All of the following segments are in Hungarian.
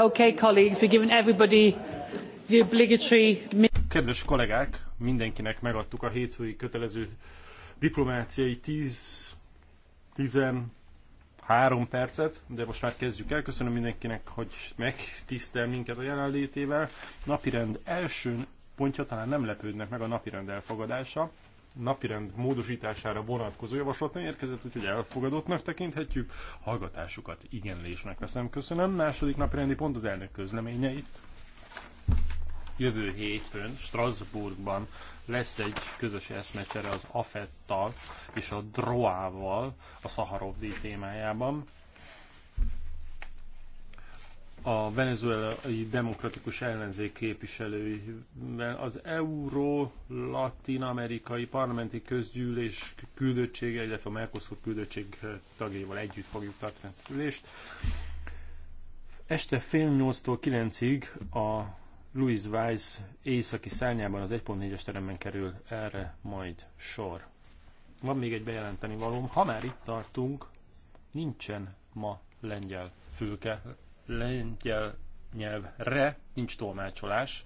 Okay, colleagues, everybody the obligatory... Kedves kollégák, mindenkinek megadtuk a hétfői kötelező diplomáciai 10 13 percet, de most már kezdjük el. Köszönöm mindenkinek, hogy megtisztel minket a jelenlétével. Napirend első pontja talán nem lepődnek meg a napirend elfogadása napirend módosítására vonatkozó javaslat nem érkezett, úgyhogy elfogadottnak tekinthetjük. Hallgatásukat igenlésnek veszem. Köszönöm. Második napirendi pont az elnök közleményeit. Jövő hétfőn Strasbourgban lesz egy közös eszmecsere az Afettal és a Droával a Szaharovdi témájában a venezuelai demokratikus ellenzék képviselőivel. Az Euró-Latin-Amerikai Parlamenti Közgyűlés küldöttsége, illetve a Mercosur küldöttség tagjaival együtt fogjuk tartani a szülést. Este fél nyolctól kilencig a Louis Weiss északi szárnyában az 1.4-es teremben kerül erre majd sor. Van még egy bejelenteni valóm. Ha már itt tartunk, nincsen ma lengyel fülke lengyel nyelvre nincs tolmácsolás.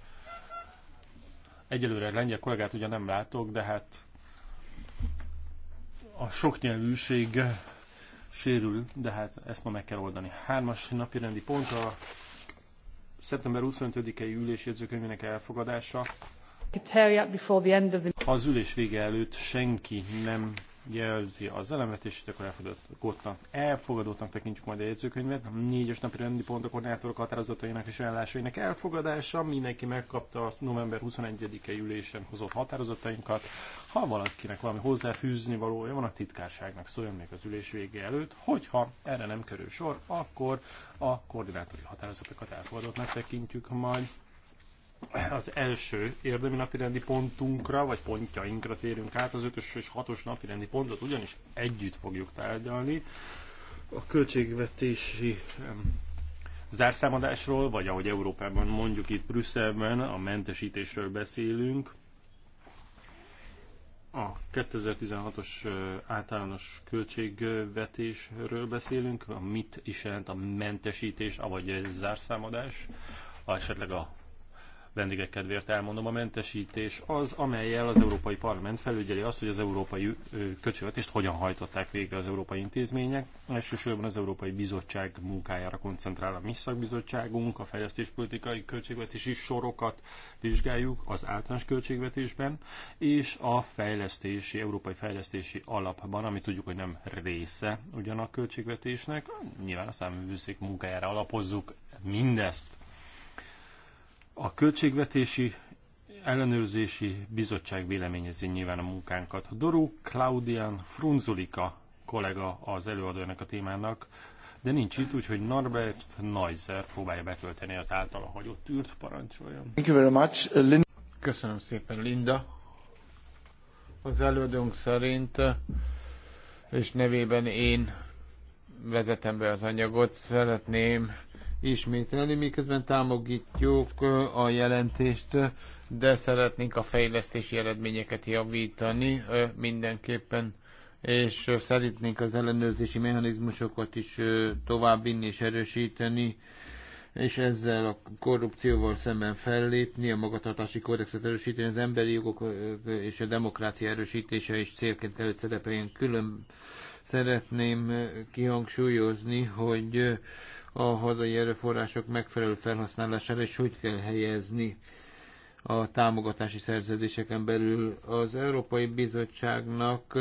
Egyelőre lengyel kollégát ugye nem látok, de hát a sok nyelvűség sérül, de hát ezt ma meg kell oldani. Hármas napi rendi pont a szeptember 25-i ülés jegyzőkönyvének elfogadása. Ha az ülés vége előtt senki nem jelzi az elemet, és akkor elfogadottnak, elfogadottnak tekintjük majd a jegyzőkönyvet. Négyes napi rendi pont a koordinátorok határozatainak és ajánlásainak elfogadása. Mindenki megkapta a november 21-e ülésen hozott határozatainkat. Ha valakinek valami hozzáfűzni valója van a titkárságnak, szóljon még az ülés vége előtt, hogyha erre nem kerül sor, akkor a koordinátori határozatokat elfogadottnak tekintjük majd az első érdemi napirendi pontunkra, vagy pontjainkra térünk át, az ötös és hatos napirendi pontot ugyanis együtt fogjuk tárgyalni. A költségvetési zárszámadásról, vagy ahogy Európában mondjuk itt Brüsszelben, a mentesítésről beszélünk. A 2016-os általános költségvetésről beszélünk, mit is jelent a mentesítés, avagy zárszámadás, a esetleg a vendégek kedvéért elmondom, a mentesítés az, amelyel az Európai Parlament felügyeli azt, hogy az európai köcsövetést hogyan hajtották végre az európai intézmények. Elsősorban az Európai Bizottság munkájára koncentrál a mi szakbizottságunk, a fejlesztéspolitikai költségvetési sorokat vizsgáljuk az általános költségvetésben, és a fejlesztési, európai fejlesztési alapban, ami tudjuk, hogy nem része ugyan a költségvetésnek, nyilván a száművőszék munkájára alapozzuk mindezt. A Költségvetési Ellenőrzési Bizottság véleményezi nyilván a munkánkat. Doru, Claudian Frunzulika kollega az előadónak a témának, de nincs itt, úgyhogy Norbert Neuser próbálja betölteni az általa hagyott ült, parancsoljon. Thank you very much. Uh, Köszönöm szépen, Linda. Az előadónk szerint, és nevében én vezetem be az anyagot, szeretném ismételni, miközben támogatjuk a jelentést, de szeretnénk a fejlesztési eredményeket javítani mindenképpen, és szeretnénk az ellenőrzési mechanizmusokat is továbbvinni és erősíteni, és ezzel a korrupcióval szemben fellépni, a magatartási kódexet erősíteni, az emberi jogok és a demokrácia erősítése is célként kell, hogy szerepeljen külön Szeretném kihangsúlyozni, hogy a hazai erőforrások megfelelő felhasználására is hogy kell helyezni a támogatási szerződéseken belül az Európai Bizottságnak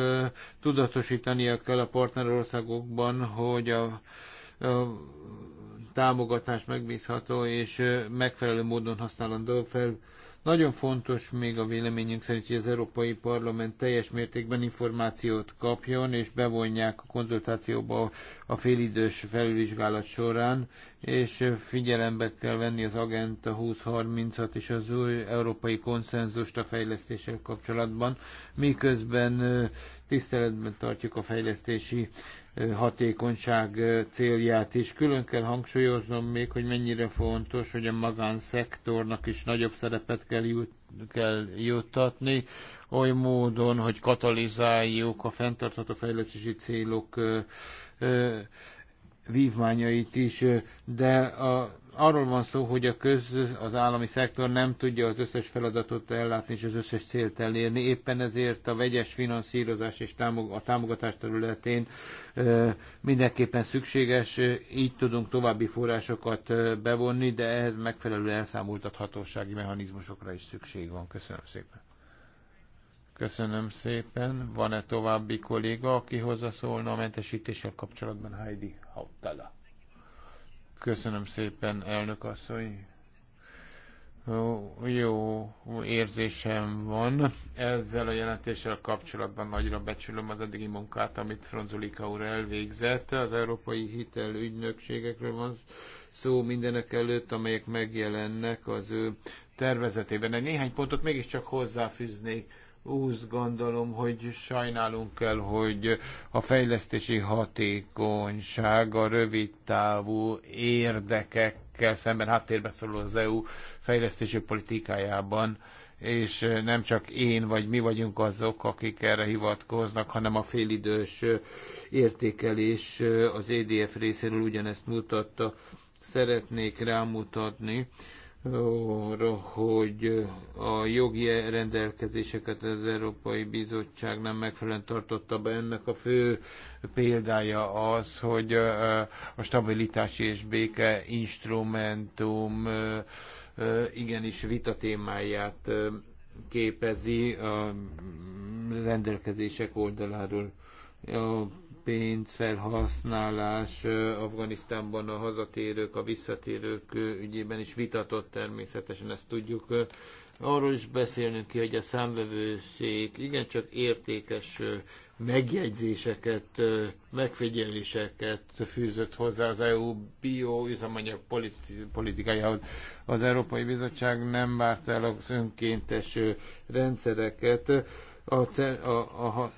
tudatosítania kell a partnerországokban, hogy a, a támogatás megbízható és megfelelő módon használandó fel nagyon fontos még a véleményünk szerint, hogy az Európai Parlament teljes mértékben információt kapjon, és bevonják a konzultációba a félidős felülvizsgálat során, és figyelembe kell venni az Agenta 2030-at és az új európai konszenzust a fejlesztéssel kapcsolatban, miközben tiszteletben tartjuk a fejlesztési hatékonyság célját is. Külön kell hangsúlyoznom még, hogy mennyire fontos, hogy a magánszektornak is nagyobb szerepet kell, jut, kell juttatni, oly módon, hogy katalizáljuk a fenntartható fejlesztési célok vívmányait is, de a arról van szó, hogy a köz, az állami szektor nem tudja az összes feladatot ellátni és az összes célt elérni. Éppen ezért a vegyes finanszírozás és a támogatás területén mindenképpen szükséges, így tudunk további forrásokat bevonni, de ehhez megfelelő elszámoltathatósági mechanizmusokra is szükség van. Köszönöm szépen. Köszönöm szépen. Van-e további kolléga, aki hozzászólna a mentesítéssel kapcsolatban? Heidi Hautala. Köszönöm szépen, elnök asszony. Jó érzésem van. Ezzel a jelentéssel kapcsolatban nagyra becsülöm az eddigi munkát, amit Franzulika úr elvégzett. Az Európai Hitelügynökségekről van szó mindenek előtt, amelyek megjelennek az ő tervezetében. De néhány pontot mégiscsak hozzáfűznék úgy gondolom, hogy sajnálunk kell, hogy a fejlesztési hatékonyság a rövid távú érdekekkel szemben háttérbe szorul az EU fejlesztési politikájában és nem csak én vagy mi vagyunk azok, akik erre hivatkoznak, hanem a félidős értékelés az EDF részéről ugyanezt mutatta. Szeretnék rámutatni, arra, hogy a jogi rendelkezéseket az Európai Bizottság nem megfelelően tartotta be. Ennek a fő példája az, hogy a stabilitási és béke instrumentum igenis vita témáját képezi a rendelkezések oldaláról. A pénzfelhasználás Afganisztánban a hazatérők, a visszatérők ügyében is vitatott természetesen, ezt tudjuk. Arról is beszélnünk ki, hogy a számvevőszék igencsak értékes megjegyzéseket, megfigyeléseket fűzött hozzá az EU bioüzemanyag politikájához. Az Európai Bizottság nem várt el az önkéntes rendszereket, a, a, a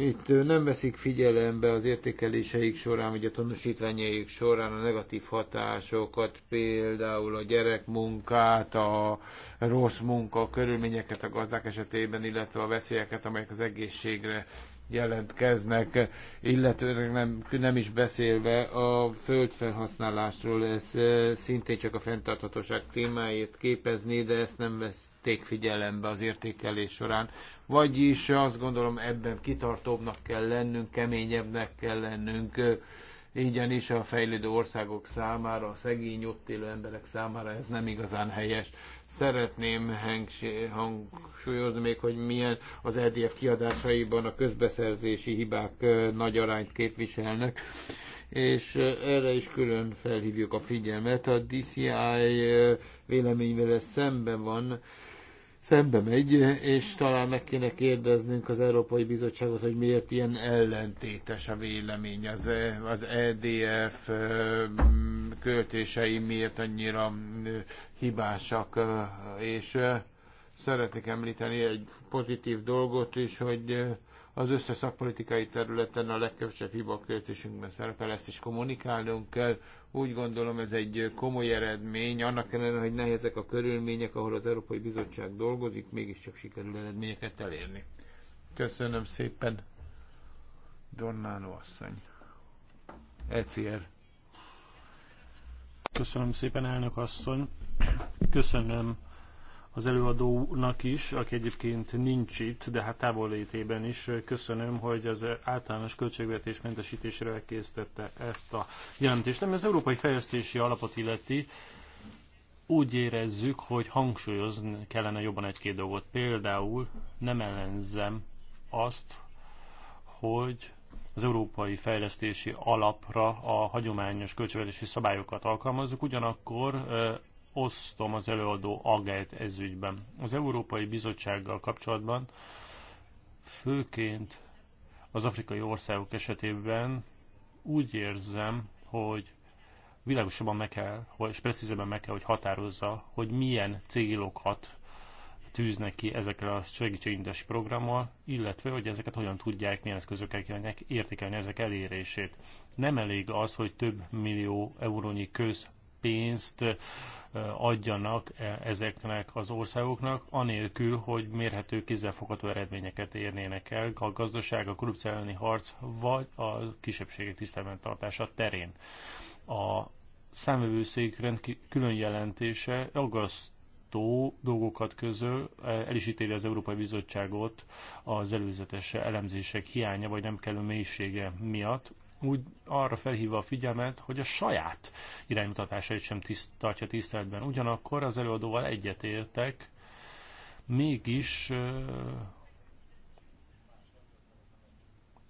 itt nem veszik figyelembe az értékeléseik során, vagy a tanúsítványaik során a negatív hatásokat, például a gyerekmunkát, a rossz munka, a körülményeket a gazdák esetében, illetve a veszélyeket, amelyek az egészségre jelentkeznek, illetőleg nem, nem is beszélve a földfelhasználásról, ez szintén csak a fenntarthatóság témáját képezni, de ezt nem veszték figyelembe az értékelés során. Vagyis azt gondolom ebben kitartóbbnak kell lennünk, keményebbnek kell lennünk, Ingyen is a fejlődő országok számára, a szegény ott élő emberek számára ez nem igazán helyes. Szeretném hangsúlyozni még, hogy milyen az EDF kiadásaiban a közbeszerzési hibák nagy arányt képviselnek és erre is külön felhívjuk a figyelmet. A DCI véleményvel szemben van, szembe megy, és talán meg kéne kérdeznünk az Európai Bizottságot, hogy miért ilyen ellentétes a vélemény az, az EDF költései miért annyira hibásak, és szeretnék említeni egy pozitív dolgot is, hogy az összes szakpolitikai területen a legkevesebb hiba költésünkben szerepel, ezt is kommunikálnunk kell, úgy gondolom ez egy komoly eredmény, annak ellenére, hogy nehezek a körülmények, ahol az Európai Bizottság dolgozik, mégiscsak sikerül eredményeket elérni. Köszönöm szépen, Donnánó asszony. Ecier. Köszönöm szépen, elnök asszony. Köszönöm az előadónak is, aki egyébként nincs itt, de hát távollétében is köszönöm, hogy az általános költségvetés mentesítésre elkészítette ezt a jelentést. Nem, az Európai Fejlesztési Alapot illeti, úgy érezzük, hogy hangsúlyozni kellene jobban egy-két dolgot. Például nem ellenzem azt, hogy az Európai Fejlesztési Alapra a hagyományos költségvetési szabályokat alkalmazzuk, ugyanakkor osztom az előadó agályt ezügyben. Az Európai Bizottsággal kapcsolatban főként az afrikai országok esetében úgy érzem, hogy világosabban meg kell, és precízebben meg kell, hogy határozza, hogy milyen célokat tűznek ki ezekkel a segítségnyújtási programmal, illetve hogy ezeket hogyan tudják, milyen eszközökkel kellene értékelni ezek elérését. Nem elég az, hogy több millió eurónyi köz pénzt adjanak e, ezeknek az országoknak, anélkül, hogy mérhető, kézzelfogható eredményeket érnének el a gazdaság, a korrupció elleni harc vagy a kisebbségek tiszteletben tartása terén. A számvevőszék külön jelentése aggasztó dolgokat közöl, e, el is ítéli az Európai Bizottságot az előzetes elemzések hiánya vagy nem kellő mélysége miatt úgy arra felhívva a figyelmet, hogy a saját iránymutatásait sem tiszt, tartja tiszteletben. Ugyanakkor az előadóval egyetértek, mégis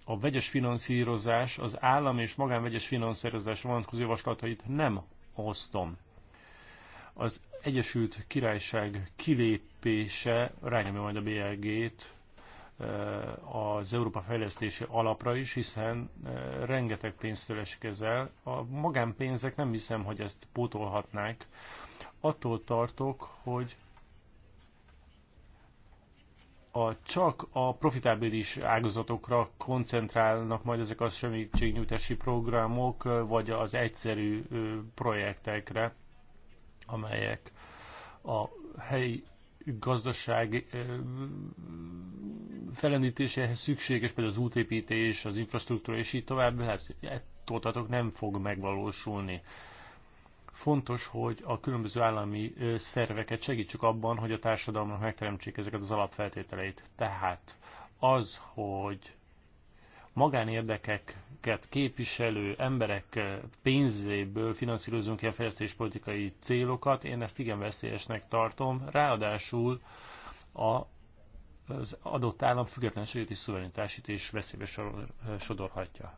a vegyes finanszírozás, az állam és magánvegyes finanszírozás vonatkozó javaslatait nem osztom. Az Egyesült Királyság kilépése rányomja majd a BLG-t az Európa fejlesztési alapra is, hiszen rengeteg pénztől esik ezzel. A magánpénzek nem hiszem, hogy ezt pótolhatnák. Attól tartok, hogy a, csak a profitábilis ágazatokra koncentrálnak majd ezek a segítségnyújtási programok, vagy az egyszerű projektekre, amelyek a helyi gazdaság felendítéséhez szükséges, például az útépítés, az infrastruktúra és így tovább, hát ettől nem fog megvalósulni fontos, hogy a különböző állami szerveket segítsük abban, hogy a társadalomnak megteremtsék ezeket az alapfeltételeit. Tehát az, hogy magánérdekek értékeket képviselő emberek eh, pénzéből finanszírozunk ilyen fejlesztéspolitikai célokat, én ezt igen veszélyesnek tartom. Ráadásul a az adott állam függetlenségét és szuverenitásit is veszélybe eh, sodorhatja.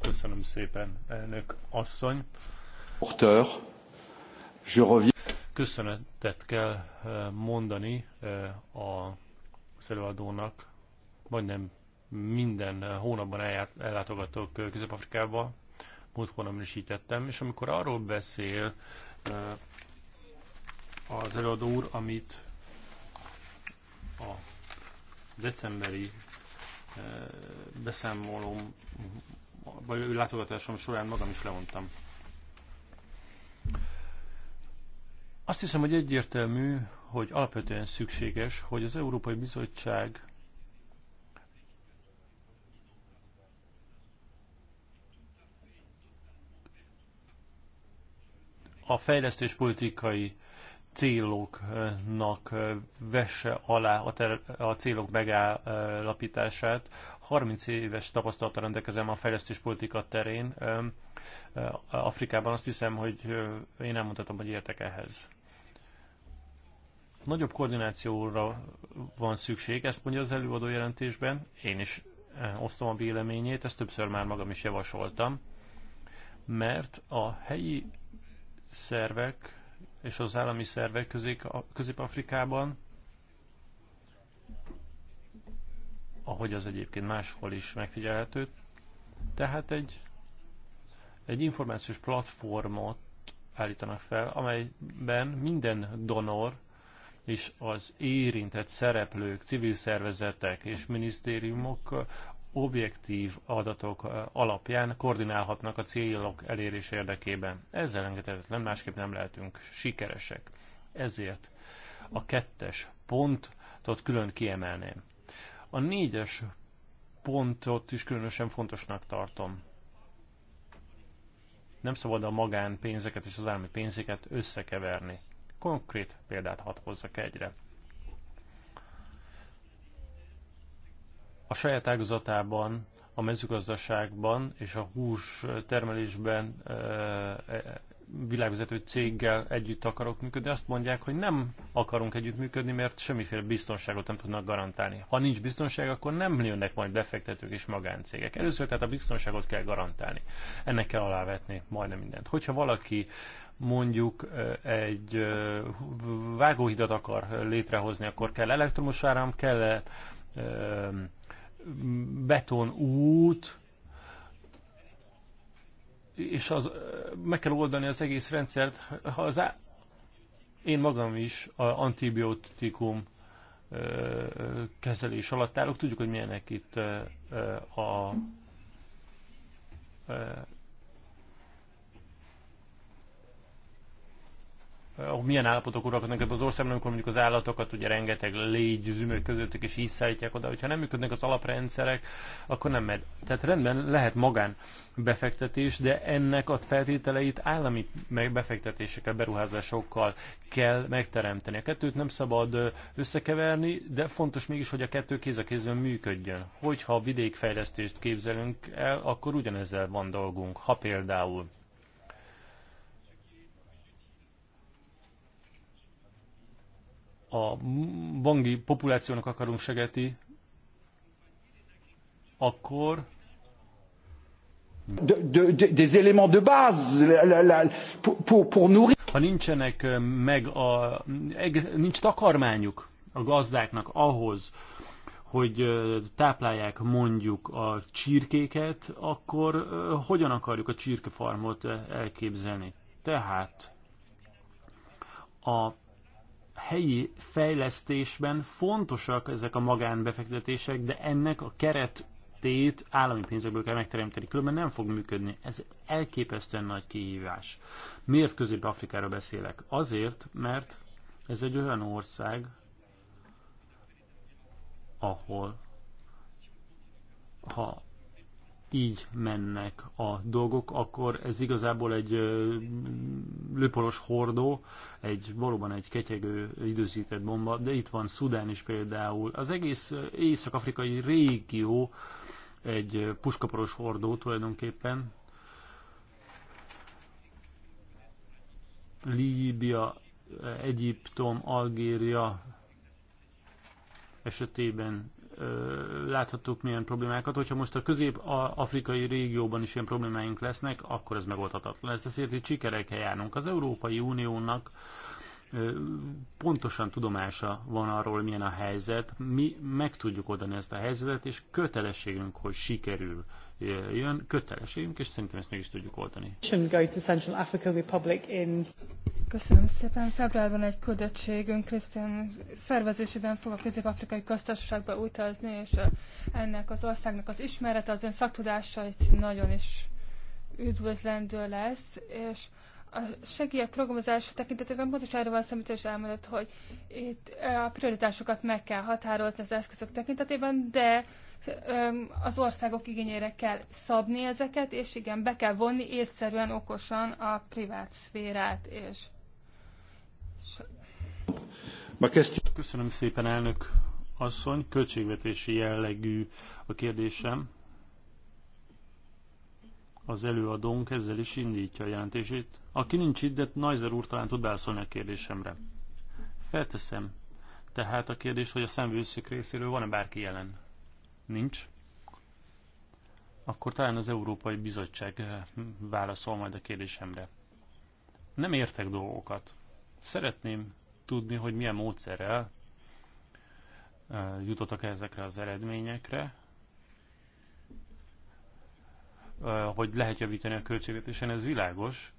Köszönöm szépen, elnök asszony. Köszönetet kell eh, mondani a előadónak majdnem minden hónapban eljárt, ellátogatok Közép-Afrikába, múlt hónapban is így tettem, és amikor arról beszél az előadó úr, amit a decemberi beszámolóm, vagy látogatásom során magam is levontam. Azt hiszem, hogy egyértelmű, hogy alapvetően szükséges, hogy az Európai Bizottság a fejlesztés politikai céloknak vesse alá a, ter- a célok megállapítását. 30 éves tapasztalata rendelkezem a politika terén. Afrikában azt hiszem, hogy én nem mondhatom, hogy értek ehhez. Nagyobb koordinációra van szükség, ezt mondja az előadó jelentésben. Én is osztom a véleményét, ezt többször már magam is javasoltam, mert a helyi szervek és az állami szervek Közép-Afrikában, ahogy az egyébként máshol is megfigyelhető. Tehát egy, egy információs platformot állítanak fel, amelyben minden donor és az érintett szereplők, civil szervezetek és minisztériumok objektív adatok alapján koordinálhatnak a célok elérés érdekében. Ezzel engedhetetlen, másképp nem lehetünk sikeresek. Ezért a kettes pontot külön kiemelném. A négyes pontot is különösen fontosnak tartom. Nem szabad a magánpénzeket és az állami pénzeket összekeverni. Konkrét példát hadd hozzak egyre. a saját ágazatában, a mezőgazdaságban és a hús termelésben világvezető céggel együtt akarok működni, azt mondják, hogy nem akarunk együtt működni, mert semmiféle biztonságot nem tudnak garantálni. Ha nincs biztonság, akkor nem jönnek majd befektetők és magáncégek. Először tehát a biztonságot kell garantálni. Ennek kell alávetni majdnem mindent. Hogyha valaki mondjuk egy vágóhidat akar létrehozni, akkor kell elektromos áram, kell beton út és az, meg kell oldani az egész rendszert. Ha az á... Én magam is a antibiotikum kezelés alatt állok. Tudjuk, hogy milyenek itt a Eh, hogy milyen állapotok uralkodnak ebben az országban, amikor mondjuk az állatokat ugye rengeteg légy, zümök közöttük és szállítják oda, hogyha nem működnek az alaprendszerek, akkor nem megy. Tehát rendben lehet magán befektetés, de ennek a feltételeit állami befektetésekkel, beruházásokkal kell megteremteni. A kettőt nem szabad összekeverni, de fontos mégis, hogy a kettő kéz a kézben működjön. Hogyha vidékfejlesztést képzelünk el, akkor ugyanezzel van dolgunk. Ha például a bongi populációnak akarunk segíteni, akkor de, de, de, des éléments de base la, la, pour, pour nourrir. Ha nincsenek meg a, nincs takarmányuk a gazdáknak ahhoz, hogy táplálják mondjuk a csirkéket, akkor hogyan akarjuk a csirkefarmot elképzelni? Tehát a helyi fejlesztésben fontosak ezek a magánbefektetések, de ennek a keret tét állami pénzekből kell megteremteni, különben nem fog működni. Ez elképesztően nagy kihívás. Miért Közép-Afrikára beszélek? Azért, mert ez egy olyan ország, ahol ha így mennek a dolgok, akkor ez igazából egy lőporos hordó, egy valóban egy ketyegő időzített bomba, de itt van Szudán is például. Az egész észak-afrikai régió egy puskaporos hordó tulajdonképpen. Líbia, Egyiptom, Algéria esetében láthattuk milyen problémákat. Hogyha most a közép-afrikai régióban is ilyen problémáink lesznek, akkor ez megoldhatatlan. Ez azért itt sikerekkel járunk. Az Európai Uniónak pontosan tudomása van arról, milyen a helyzet. Mi meg tudjuk odani ezt a helyzetet, és kötelességünk, hogy sikerül jön, kötelességünk, és szerintem ezt meg is tudjuk oldani. Köszönöm szépen. Februárban egy küldöttségünk Krisztián szervezésében fog a közép-afrikai köztársaságba utazni, és ennek az országnak az ismerete, az ön szaktudásait nagyon is üdvözlendő lesz, és a segélyek programozása tekintetében pontos erről van szó, is elmondott, hogy itt a prioritásokat meg kell határozni az eszközök tekintetében, de az országok igényére kell szabni ezeket, és igen, be kell vonni észszerűen, okosan a privát szférát. És... Köszönöm szépen, elnök asszony. Költségvetési jellegű a kérdésem az előadónk ezzel is indítja a jelentését. Aki nincs itt, de Neuser úr talán tud válaszolni a kérdésemre. Felteszem tehát a kérdés, hogy a szemvőszék részéről van-e bárki jelen? Nincs? Akkor talán az Európai Bizottság eh, válaszol majd a kérdésemre. Nem értek dolgokat. Szeretném tudni, hogy milyen módszerrel eh, jutottak -e ezekre az eredményekre, hogy lehet javítani a költségvetésen, ez világos,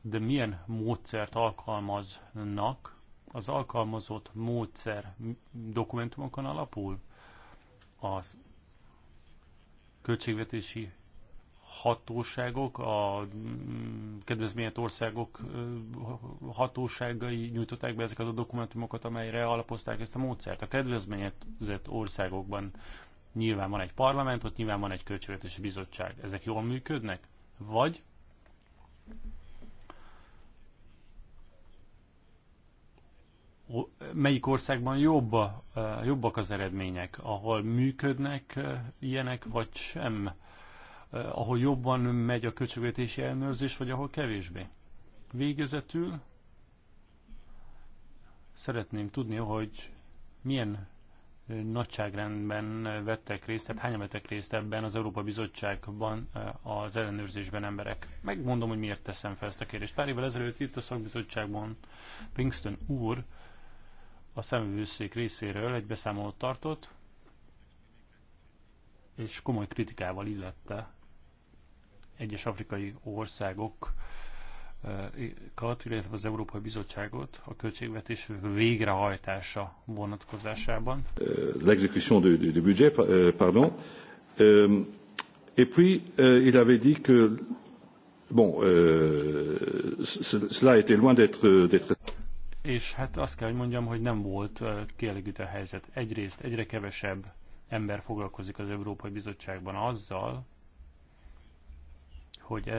de milyen módszert alkalmaznak, az alkalmazott módszer dokumentumokon alapul az költségvetési hatóságok, a mm, kedvezményet országok hatóságai nyújtották be ezeket a dokumentumokat, amelyre alapozták ezt a módszert. A kedvezményezett országokban Nyilván van egy parlament, ott nyilván van egy költségvetési bizottság. Ezek jól működnek? Vagy melyik országban jobb, jobbak az eredmények, ahol működnek ilyenek, vagy sem, ahol jobban megy a költségvetési ellenőrzés, vagy ahol kevésbé. Végezetül szeretném tudni, hogy milyen nagyságrendben vettek részt, tehát hányan vettek részt ebben az Európa Bizottságban az ellenőrzésben emberek. Megmondom, hogy miért teszem fel ezt a kérdést. Pár évvel ezelőtt itt a szakbizottságban Pinkston úr a szemvőszék részéről egy beszámolót tartott, és komoly kritikával illette egyes afrikai országok kat, illetve az Európai Bizottságot a költségvetés végrehajtása vonatkozásában. L'exécution du, du, du budget, pardon. Et puis, il avait dit que, bon, cela était loin d'être... És hát azt kell, hogy mondjam, hogy nem volt kielégítő helyzet. Egyrészt egyre kevesebb ember foglalkozik az Európai Bizottságban azzal, hogy,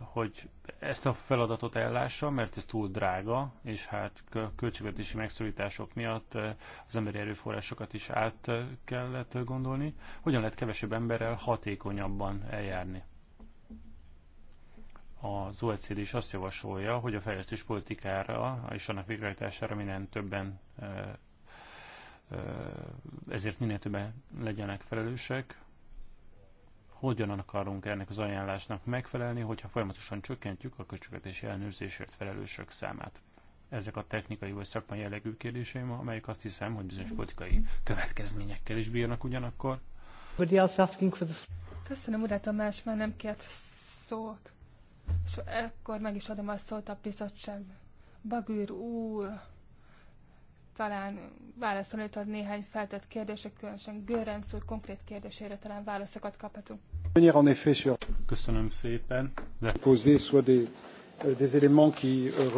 hogy ezt a feladatot ellássa, mert ez túl drága, és hát költségvetési megszorítások miatt az emberi erőforrásokat is át kellett gondolni. Hogyan lehet kevesebb emberrel hatékonyabban eljárni? Az OECD is azt javasolja, hogy a fejlesztés politikára és annak végrehajtására minden többen ezért minél többen legyenek felelősek, hogyan akarunk ennek az ajánlásnak megfelelni, hogyha folyamatosan csökkentjük a költségvetési ellenőrzésért felelősök számát. Ezek a technikai vagy szakmai jellegű kérdéseim, amelyek azt hiszem, hogy bizonyos politikai következményekkel is bírnak ugyanakkor. Köszönöm, Ura más már nem kért szót. És ekkor meg is adom a szót a bizottságban. Bagűr úr! talán válaszolni ad néhány feltett kérdések, különösen Görenc úr konkrét kérdésére talán válaszokat kaphatunk. Köszönöm szépen. De... Euh,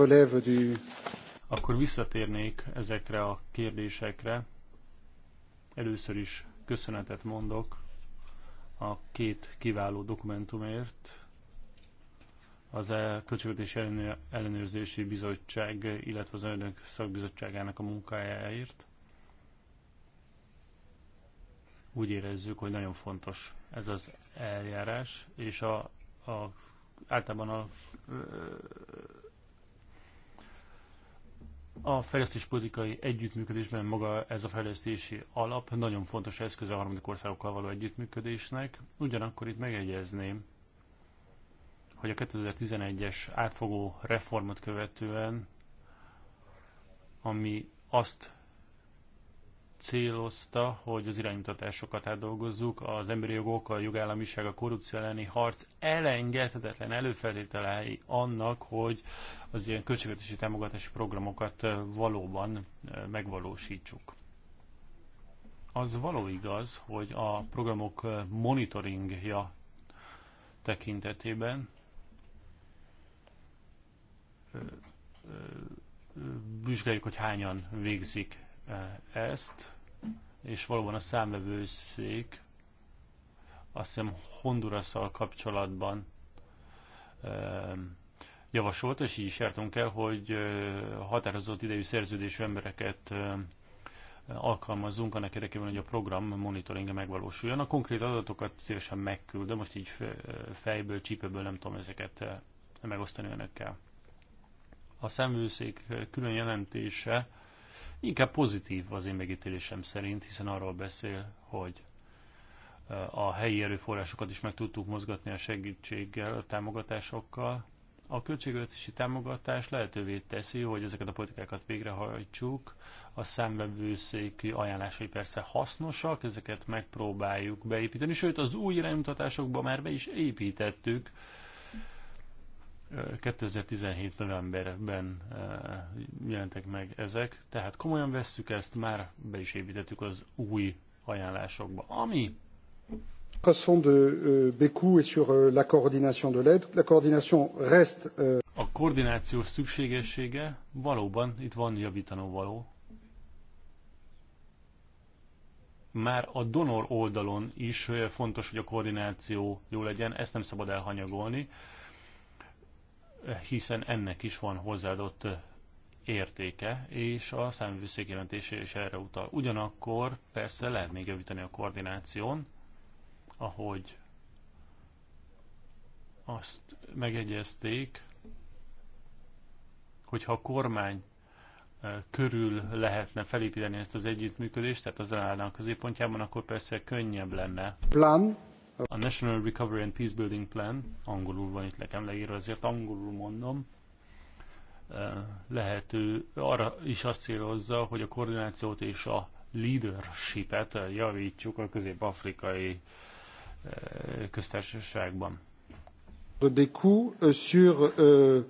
euh, Akkor visszatérnék ezekre a kérdésekre. Először is köszönetet mondok a két kiváló dokumentumért, az e, Költségvetési Ellenőrzési Bizottság, illetve az Önök Szakbizottságának a munkájáért. Úgy érezzük, hogy nagyon fontos ez az eljárás, és a, a általában a, a fejlesztéspolitikai együttműködésben maga ez a fejlesztési alap nagyon fontos eszköz a harmadik országokkal való együttműködésnek. Ugyanakkor itt megegyezném, hogy a 2011-es átfogó reformot követően, ami azt célozta, hogy az iránymutatásokat átdolgozzuk, az emberi jogok, a jogállamiság, a korrupció elleni harc elengedhetetlen előfeltételei annak, hogy az ilyen költségvetési támogatási programokat eh, valóban eh, megvalósítsuk. Az való igaz, hogy a programok eh, monitoringja tekintetében vizsgáljuk, hogy hányan végzik e, ezt, és valóban a számvevőszék azt hiszem Hondurasszal kapcsolatban e, javasolt, és így is jártunk el, hogy e, határozott idejű szerződésű embereket alkalmazzunk annak érdekében, hogy a program monitoringa megvalósuljon. A konkrét adatokat szívesen megküldöm, de most így fejből, csípőből nem tudom ezeket megosztani önökkel a szemőszék külön jelentése inkább pozitív az én megítélésem szerint, hiszen arról beszél, hogy a helyi erőforrásokat is meg tudtuk mozgatni a segítséggel, a támogatásokkal. A költségvetési támogatás lehetővé teszi, hogy ezeket a politikákat végrehajtsuk. A számvevőszéki ajánlásai persze hasznosak, ezeket megpróbáljuk beépíteni, sőt az új iránymutatásokba már be is építettük, 2017 novemberben eh, jelentek meg ezek, tehát komolyan vesszük ezt, már be is építettük az új ajánlásokba. Ami façon de eh, Bécou et sur eh, la coordination de l'aide. La coordination reste... A koordináció szükségessége valóban itt van javítanó való. Már a donor oldalon is fontos, hogy a koordináció jó legyen, ezt nem szabad elhanyagolni hiszen ennek is van hozzáadott értéke, és a számvőszék jelentése is erre utal. Ugyanakkor persze lehet még javítani a koordináción, ahogy azt megegyezték, hogyha a kormány e, körül lehetne felépíteni ezt az együttműködést, tehát az elállna a középpontjában, akkor persze könnyebb lenne. Plan a National Recovery and Peacebuilding Plan, angolul van itt nekem leírva, ezért angolul mondom, lehető, arra is azt célozza, hogy a koordinációt és a leadershipet javítsuk a közép-afrikai köztársaságban. Des coups euh, sur, euh,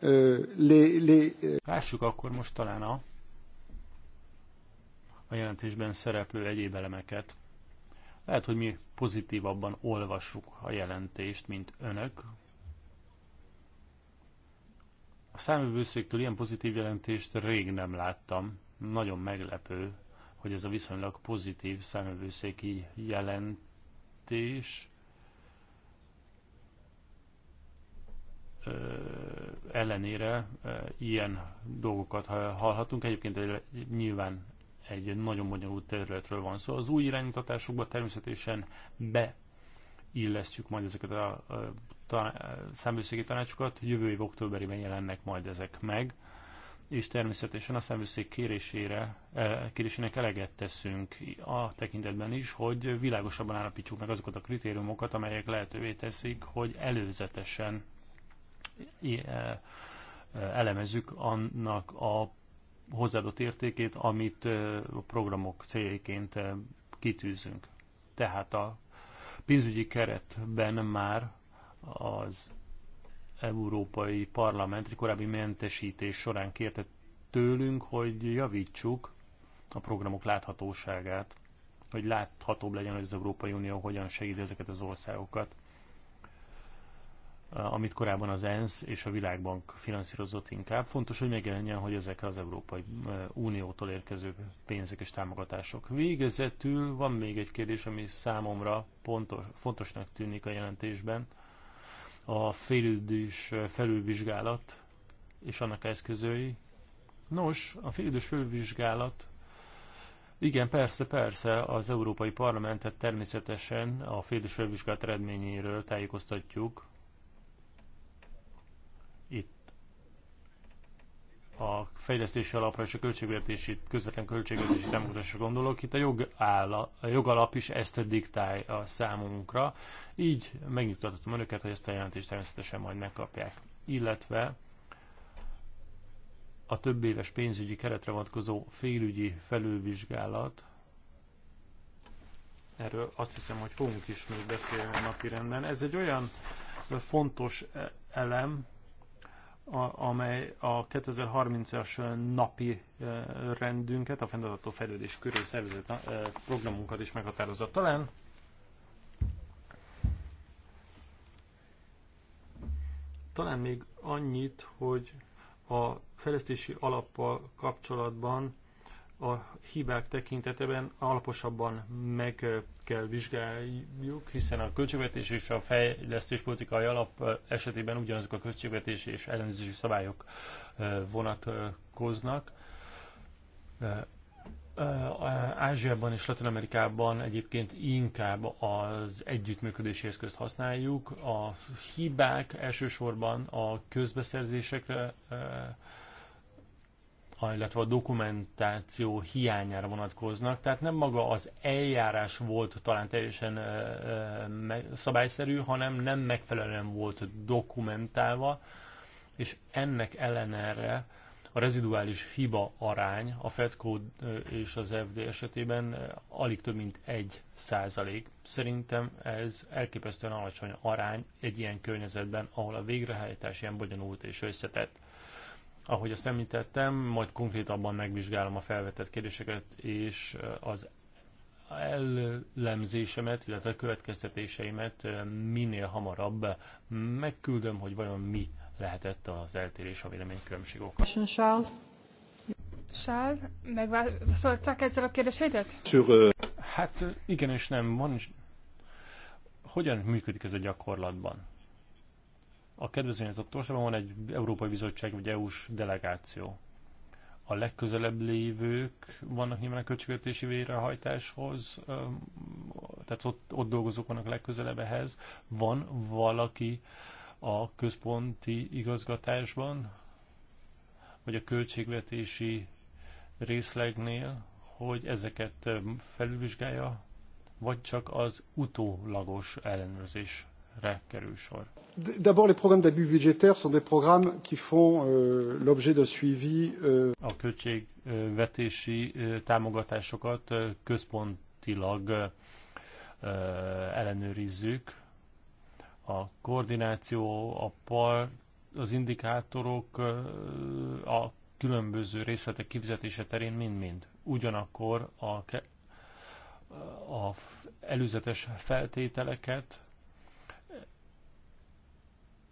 euh, les, les... Lássuk akkor most talán a, a jelentésben szereplő egyéb elemeket. Lehet, hogy mi pozitívabban olvassuk a jelentést, mint önök. A számövőszéktől ilyen pozitív jelentést rég nem láttam. Nagyon meglepő, hogy ez a viszonylag pozitív számövőszéki jelentés ellenére ilyen dolgokat hallhatunk. Egyébként nyilván egy nagyon bonyolult területről van szó. Szóval az új irányítatásokban természetesen beillesztjük majd ezeket a, a, a tanácsokat, jövő év októberében jelennek majd ezek meg, és természetesen a számvőszék kérésére, e, kérésének eleget teszünk a tekintetben is, hogy világosabban állapítsuk meg azokat a kritériumokat, amelyek lehetővé teszik, hogy előzetesen e, e, elemezzük annak a hozzáadott értékét, amit a programok céljaként kitűzünk. Tehát a pénzügyi keretben már az Európai Parlament korábbi mentesítés során kérte tőlünk, hogy javítsuk a programok láthatóságát, hogy láthatóbb legyen, hogy az Európai Unió hogyan segíti ezeket az országokat. Eh, amit korábban az ENSZ és a Világbank finanszírozott inkább. Fontos, hogy megjelenjen, hogy ezek az Európai eh, Uniótól érkező pénzek és támogatások. Végezetül van még egy kérdés, ami számomra pontos, fontosnak tűnik a jelentésben. A félüldős eh, felülvizsgálat és annak eszközei. Nos, a félüldős felülvizsgálat igen, persze, persze, az Európai Parlamentet természetesen a félidős felvizsgálat eredményéről tájékoztatjuk, a fejlesztési alapra és a költségvetési, közvetlen költségvetési támogatásra gondolok, itt a, jogálla, a jogalap is ezt diktálja a számunkra, így megnyugtatottam önöket, hogy ezt a jelentést természetesen majd megkapják. Illetve a több éves pénzügyi keretre vonatkozó félügyi felülvizsgálat, erről azt hiszem, hogy fogunk is még beszélni a renden. Ez egy olyan fontos e- elem, amely a 2030-as napi rendünket, a fenntartható fejlődés körül szervezett programunkat is meghatározza. Talán talán még annyit, hogy a fejlesztési alappal kapcsolatban a hibák tekintetében alaposabban meg kell vizsgáljuk, hiszen a költségvetés és a fejlesztés politikai alap esetében ugyanazok a költségvetési és ellenőrzési szabályok eh, vonatkoznak. Eh, eh, Ázsiában és Latin Amerikában egyébként inkább az együttműködési eszközt használjuk. A hibák elsősorban a közbeszerzésekre illetve a dokumentáció hiányára vonatkoznak, tehát nem maga az eljárás volt talán teljesen szabályszerű, hanem nem megfelelően volt dokumentálva, és ennek ellenére a reziduális hiba arány a FEDCO és az FD esetében alig több mint 1 százalék. Szerintem ez elképesztően alacsony arány egy ilyen környezetben, ahol a végrehajtás ilyen bonyolult és összetett. Ahogy azt említettem, majd konkrétabban megvizsgálom a felvetett kérdéseket, és az ellemzésemet, illetve a következtetéseimet minél hamarabb megküldöm, hogy vajon mi lehetett az eltérés a véleménykülönbség oka. Sál, megválaszolták ezzel a kérdésedet? Hát igen és nem, van is. Hogyan működik ez a gyakorlatban? A kedvezményezettek torsában van egy Európai Bizottság vagy EU-s delegáció. A legközelebb lévők vannak nyilván a költségvetési végrehajtáshoz, tehát ott, ott dolgozók vannak legközelebb ehhez. Van valaki a központi igazgatásban, vagy a költségvetési részlegnél, hogy ezeket felülvizsgálja, vagy csak az utólagos ellenőrzés re kerül sor. D'abord, les programmes d'abus budgétaires sont des programmes qui font euh, l'objet de suivi. Euh... A költségvetési euh, támogatásokat euh, központilag euh, euh, ellenőrizzük. A koordináció, a par, az indikátorok, a különböző részletek kifizetése terén mind-mind. Ugyanakkor a, a előzetes feltételeket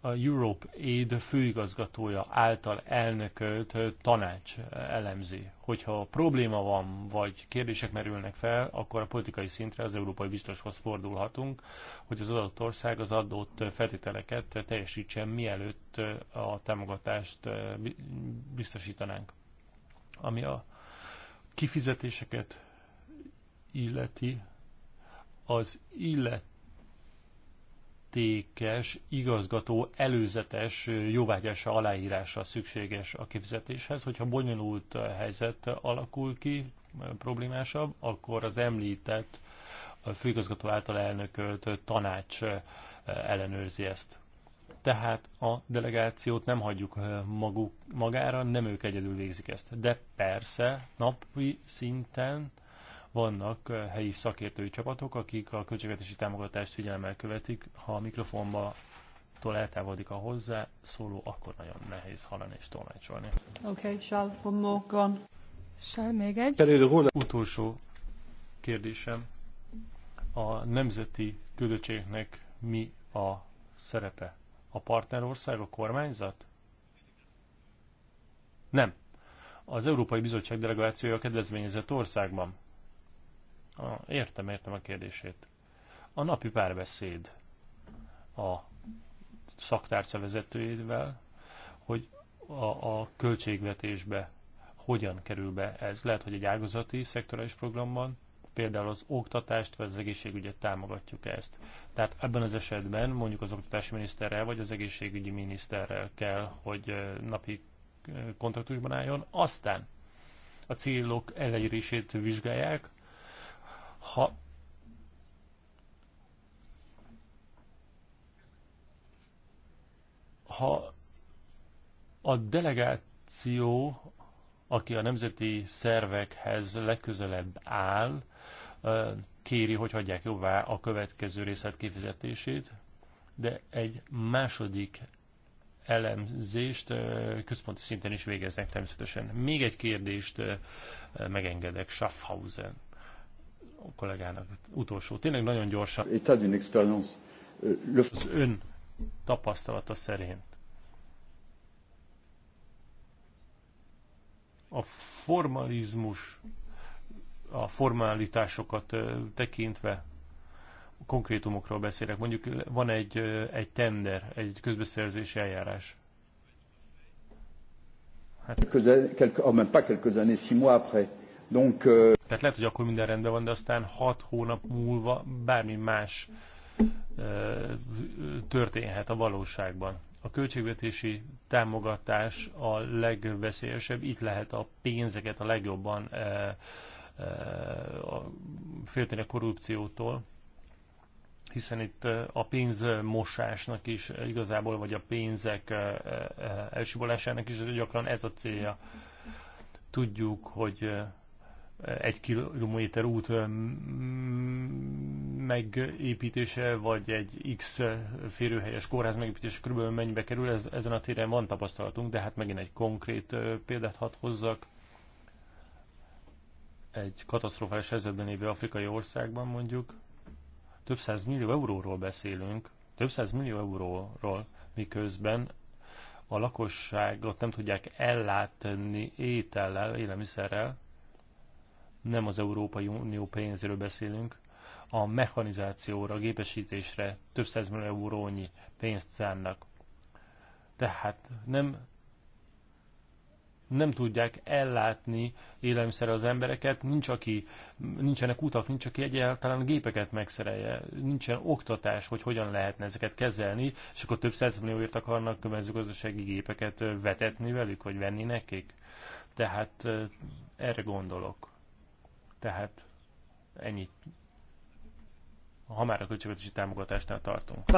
a Europe Aid főigazgatója által elnökölt tanács elemzi. Hogyha probléma van, vagy kérdések merülnek fel, akkor a politikai szintre az európai biztoshoz fordulhatunk, hogy az adott ország az adott feltételeket teljesítsen, mielőtt a támogatást biztosítanánk. Ami a kifizetéseket illeti, az illet illetékes igazgató előzetes jóvágyása aláírása szükséges a kifizetéshez. Hogyha bonyolult helyzet alakul ki, problémásabb, akkor az említett a főigazgató által elnökölt tanács eh, ellenőrzi ezt. Tehát a delegációt nem hagyjuk eh, maguk, magára, nem ők egyedül végzik ezt. De persze napi szinten vannak helyi szakértői csapatok, akik a költségvetési támogatást figyelemmel követik. Ha a mikrofonba tól eltávolodik a hozzá szóló, akkor nagyon nehéz hallani és tolmácsolni. Oké, okay, Sál, one még egy. Utolsó kérdésem. A nemzeti küldöttségnek mi a szerepe? A partnerország, a kormányzat? Nem. Az Európai Bizottság delegációja a kedvezményezett országban. A, értem, értem a kérdését. A napi párbeszéd a szaktárca vezetőjével, hogy a, a költségvetésbe hogyan kerül be ez. Lehet, hogy egy ágazati szektorális programban, például az oktatást vagy az egészségügyet támogatjuk ezt. Tehát ebben az esetben mondjuk az oktatási miniszterrel vagy az egészségügyi miniszterrel kell, hogy napi kontaktusban álljon. Aztán a célok elérését vizsgálják, ha ha a delegáció, aki a nemzeti szervekhez legközelebb áll, kéri, hogy hagyják jóvá a következő részlet kifizetését, de egy második elemzést központi szinten is végeznek természetesen. Még egy kérdést megengedek Schaffhausen a kollégának utolsó. Tényleg nagyon gyorsan. Euh, Az ön tapasztalata szerint a formalizmus, a formalitásokat tekintve konkrétumokról beszélek. Mondjuk van egy, egy tender, egy közbeszerzési eljárás. Hát... Quelques années, quelques, oh, même pas quelques années, six mois après. Donc, euh... Tehát lehet, hogy akkor minden rendben van, de aztán hat hónap múlva bármi más történhet a valóságban. A költségvetési támogatás a legveszélyesebb, itt lehet a pénzeket a legjobban félteni a korrupciótól, hiszen itt a pénzmosásnak is igazából, vagy a pénzek elsibolásának is gyakran ez a célja. Tudjuk, hogy egy kilométer út megépítése, vagy egy X férőhelyes kórház megépítése körülbelül mennyibe kerül, ez, ezen a téren van tapasztalatunk, de hát megint egy konkrét példát hadd hozzak. Egy katasztrofális helyzetben lévő afrikai országban mondjuk több száz millió euróról beszélünk, több száz millió euróról, miközben a lakosságot nem tudják ellátni étellel, élelmiszerrel, nem az Európai Unió pénzéről beszélünk, a mechanizációra, a gépesítésre több százmillió eurónyi pénzt szánnak. Tehát nem, nem tudják ellátni élelmiszerre az embereket, nincs aki, nincsenek utak, nincs aki egyáltalán gépeket megszerelje, nincsen oktatás, hogy hogyan lehetne ezeket kezelni, és akkor több százmillióért akarnak mezőgazdasági gépeket vetetni velük, vagy venni nekik. Tehát erre gondolok tehát ennyit ha már a költségvetési támogatásnál tartunk.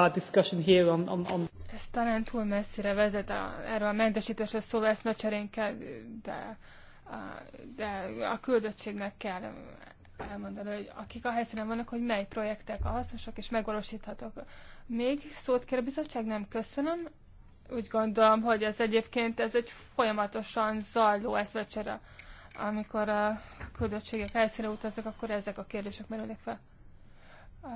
Ez talán túl messzire vezet a, erről a mentesítésről szóló eszmecserénkkel, de, de a küldöttségnek kell elmondani, hogy akik a helyszínen vannak, hogy mely projektek a hasznosak és megvalósíthatók. Még szót kér a bizottság? Nem, köszönöm. Úgy gondolom, hogy ez egyébként ez egy folyamatosan zajló eszmecsere amikor a küldöttségek helyszínre utaznak, akkor ezek a kérdések merülnek fel. A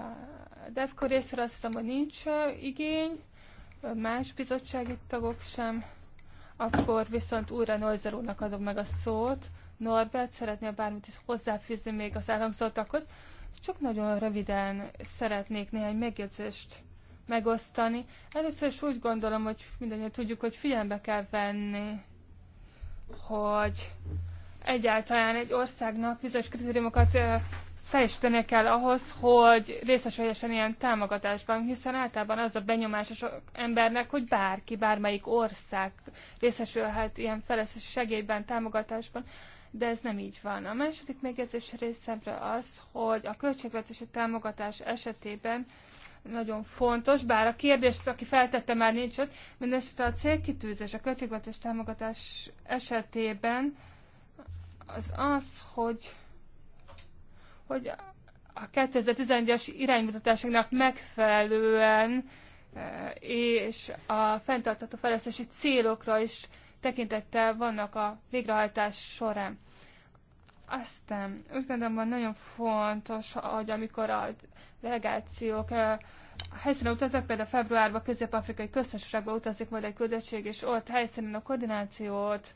DEFCO részéről azt hiszem, hogy nincs igény, más bizottsági tagok sem. Akkor viszont újra Neuser úrnak adom meg a szót. Norbert szeretnél bármit is hozzáfűzni még az elhangzottakhoz. Csak nagyon röviden szeretnék néhány megjegyzést megosztani. Először is úgy gondolom, hogy mindannyian tudjuk, hogy figyelembe kell venni, hogy egyáltalán egy országnak bizonyos kritériumokat teljesítenie kell ahhoz, hogy részesüljesen ilyen támogatásban, hiszen általában az a benyomás a sok embernek, hogy bárki, bármelyik ország részesülhet ilyen feleszes segélyben, támogatásban, de ez nem így van. A második megjegyzés részemre az, hogy a költségvetési támogatás esetében nagyon fontos, bár a kérdést, aki feltette, már nincs ott, mindenesetre a célkitűzés a költségvetési támogatás esetében az az, hogy, hogy a 2011-es iránymutatásoknak megfelelően e, és a fenntartató fejlesztési célokra is tekintettel vannak a végrehajtás során. Aztán úgy gondolom, hogy nagyon fontos, hogy amikor a delegációk e, a helyszínen utaznak, például februárban Közép-Afrikai Köztársaságba utazik majd egy küldöttség, és ott helyszínen a koordinációt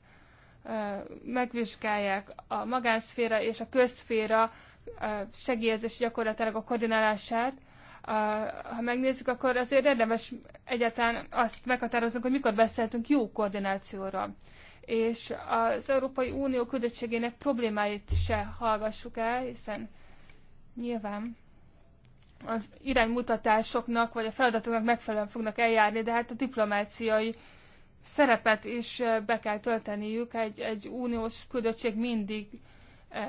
megvizsgálják a magánszféra és a közszféra segélyezés gyakorlatilag a koordinálását, ha megnézzük, akkor azért érdemes egyáltalán azt meghatároznunk, hogy mikor beszéltünk jó koordinációra, És az Európai Unió küldöttségének problémáit se hallgassuk el, hiszen nyilván az iránymutatásoknak vagy a feladatoknak megfelelően fognak eljárni, de hát a diplomáciai szerepet is be kell tölteniük. Egy, egy uniós küldöttség mindig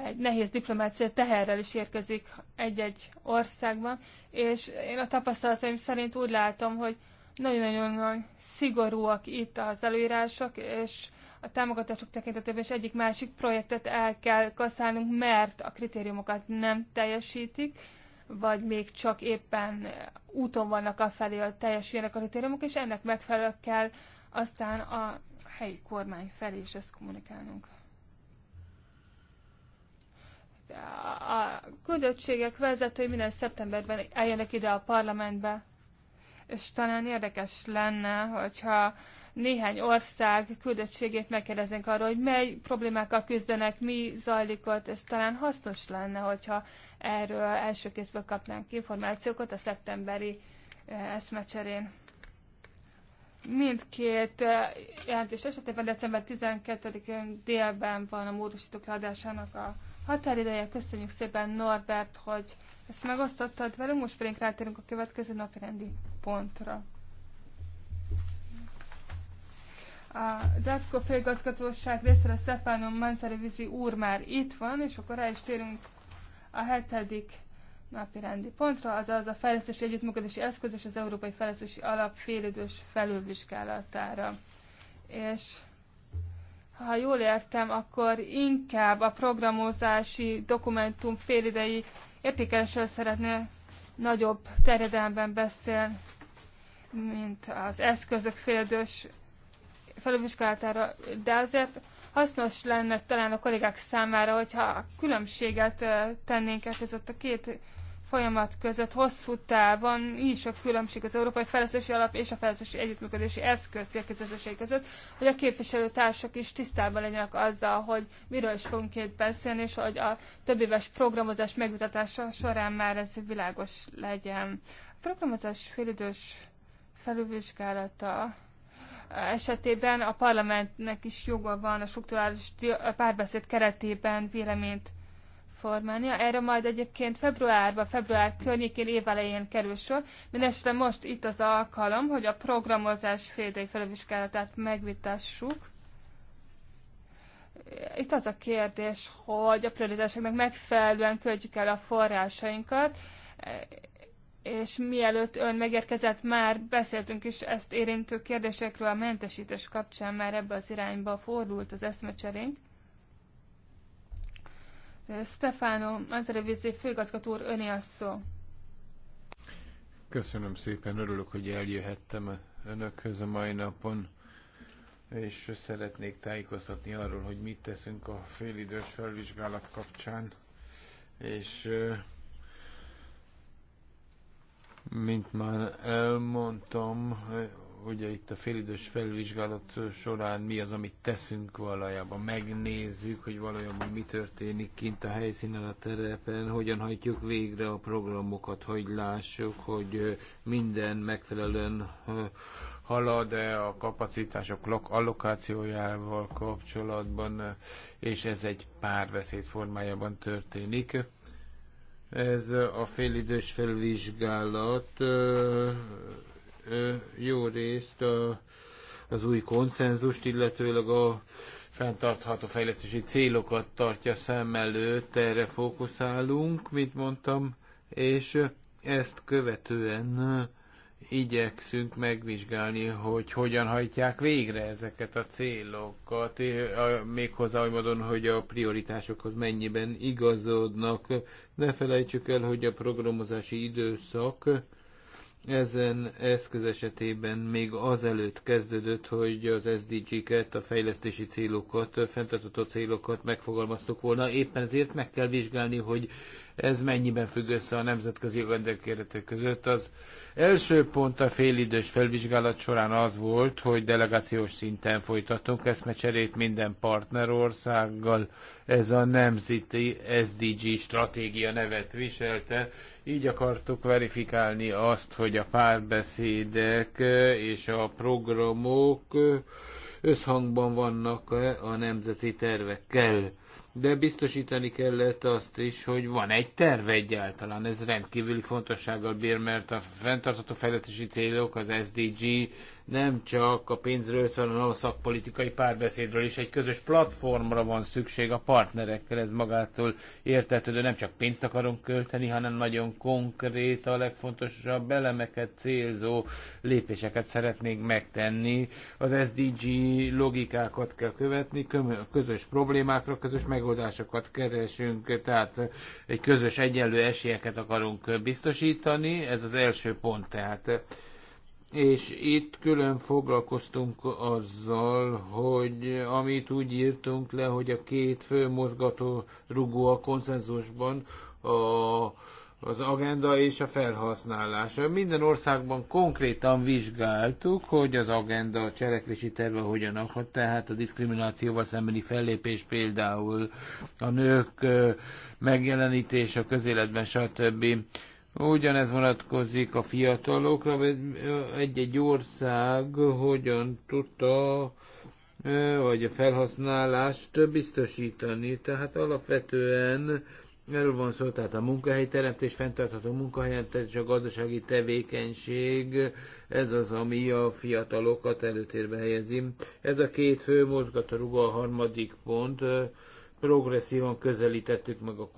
egy nehéz diplomáciai teherrel is érkezik egy-egy országban, és én a tapasztalataim szerint úgy látom, hogy nagyon-nagyon szigorúak itt az előírások, és a támogatások tekintetében is egyik másik projektet el kell kaszálnunk, mert a kritériumokat nem teljesítik, vagy még csak éppen úton vannak a felé, hogy teljesüljenek a kritériumok, és ennek megfelelően kell aztán a helyi kormány felé is ezt kommunikálnunk. A küldöttségek vezetői minden szeptemberben eljönnek ide a parlamentbe, és talán érdekes lenne, hogyha néhány ország küldöttségét megkérdeznénk arról, hogy mely problémákkal küzdenek, mi zajlik ott, ez talán hasznos lenne, hogyha erről első kézből kapnánk információkat a szeptemberi eh, eszmecserén mindkét eh, jelentés esetében december 12-én délben van a módosítók leadásának a határideje. Köszönjük szépen Norbert, hogy ezt megosztottad velünk, most pedig rátérünk a következő napirendi pontra. A DEFCO főigazgatóság részéről Stefano Manzari úr már itt van, és akkor rá is térünk a hetedik napi rendi pontra, azaz a fejlesztési együttműködési eszköz és az Európai Fejlesztési Alap félidős felülvizsgálatára. És ha jól értem, akkor inkább a programozási dokumentum félidei értékelésről szeretné nagyobb terjedelemben beszélni, mint az eszközök félidős felülvizsgálatára, de azért hasznos lenne talán a kollégák számára, hogyha a különbséget tennénk e között a két folyamat között hosszú távon így sok különbség az Európai Fejlesztési Alap és a Fejlesztési Együttműködési Eszköz célkitűzései között, hogy a képviselőtársak is tisztában legyenek azzal, hogy miről is fogunk itt beszélni, és hogy a többéves programozás megmutatása során már ez világos legyen. A programozás félidős felülvizsgálata esetében a parlamentnek is joga van a struktúrális párbeszéd keretében véleményt formálnia. Erre majd egyébként februárban, február környékén évelején kerül sor. Mindenesetre most itt az alkalom, hogy a programozás félidei felvizsgálatát megvitassuk. Itt az a kérdés, hogy a prioritásoknak megfelelően költjük el a forrásainkat, és mielőtt ön megérkezett, már beszéltünk is ezt érintő kérdésekről a mentesítés kapcsán, már ebbe az irányba fordult az eszmecserénk. Stefano Manzerevizi főigazgató úr, öné a szó. Köszönöm szépen, örülök, hogy eljöhettem önökhöz a mai napon, és szeretnék tájékoztatni arról, hogy mit teszünk a félidős felvizsgálat kapcsán, és mint már elmondtam, ugye itt a félidős felvizsgálat során mi az, amit teszünk valójában. Megnézzük, hogy valójában mi történik kint a helyszínen, a terepen, hogyan hajtjuk végre a programokat, hogy lássuk, hogy minden megfelelően halad-e a kapacitások allokációjával kapcsolatban, és ez egy párbeszéd formájában történik. Ez a félidős felvizsgálat jó részt a, az új konszenzust, illetőleg a fenntartható fejlesztési célokat tartja szem előtt, erre fókuszálunk, mint mondtam, és ezt követően igyekszünk megvizsgálni, hogy hogyan hajtják végre ezeket a célokat, méghozzá úgy módon, hogy a prioritásokhoz mennyiben igazodnak. Ne felejtsük el, hogy a programozási időszak ezen eszköz esetében még azelőtt kezdődött, hogy az SDG-ket, a fejlesztési célokat, fenntartató célokat megfogalmaztuk volna. Éppen ezért meg kell vizsgálni, hogy ez mennyiben függ össze a nemzetközi jogendekéretek között. Az első pont a félidős felvizsgálat során az volt, hogy delegációs szinten folytatunk eszmecserét minden partnerországgal. Ez a nemzeti SDG stratégia nevet viselte. Így akartuk verifikálni azt, hogy a párbeszédek és a programok összhangban vannak a nemzeti tervekkel de biztosítani kellett azt is, hogy van egy terve egyáltalán. Ez rendkívüli fontossággal bír, mert a fenntartható fejlesztési célok, az SDG nem csak a pénzről szól, hanem a szakpolitikai párbeszédről is. Egy közös platformra van szükség a partnerekkel, ez magától értetődő. Nem csak pénzt akarunk költeni, hanem nagyon konkrét, a legfontosabb elemeket célzó lépéseket szeretnénk megtenni. Az SDG logikákat kell követni, közös problémákra, közös megoldásokat keresünk, tehát egy közös egyenlő esélyeket akarunk biztosítani. Ez az első pont, tehát és itt külön foglalkoztunk azzal, hogy amit úgy írtunk le, hogy a két fő mozgató rugó a konszenzusban a, az agenda és a felhasználás. Minden országban konkrétan vizsgáltuk, hogy az agenda, a cselekvési terve hogyan akad, tehát a diszkriminációval szembeni fellépés például, a nők megjelenítése a közéletben, stb Ugyanez vonatkozik a fiatalokra, egy-egy ország hogyan tudta vagy a felhasználást biztosítani. Tehát alapvetően erről van szó, tehát a munkahelyteremtés, fenntartható munkahelyteremtés, a gazdasági tevékenység, ez az, ami a fiatalokat előtérbe helyezi. Ez a két fő mozgatórugó, a harmadik pont, progresszívan közelítettük meg a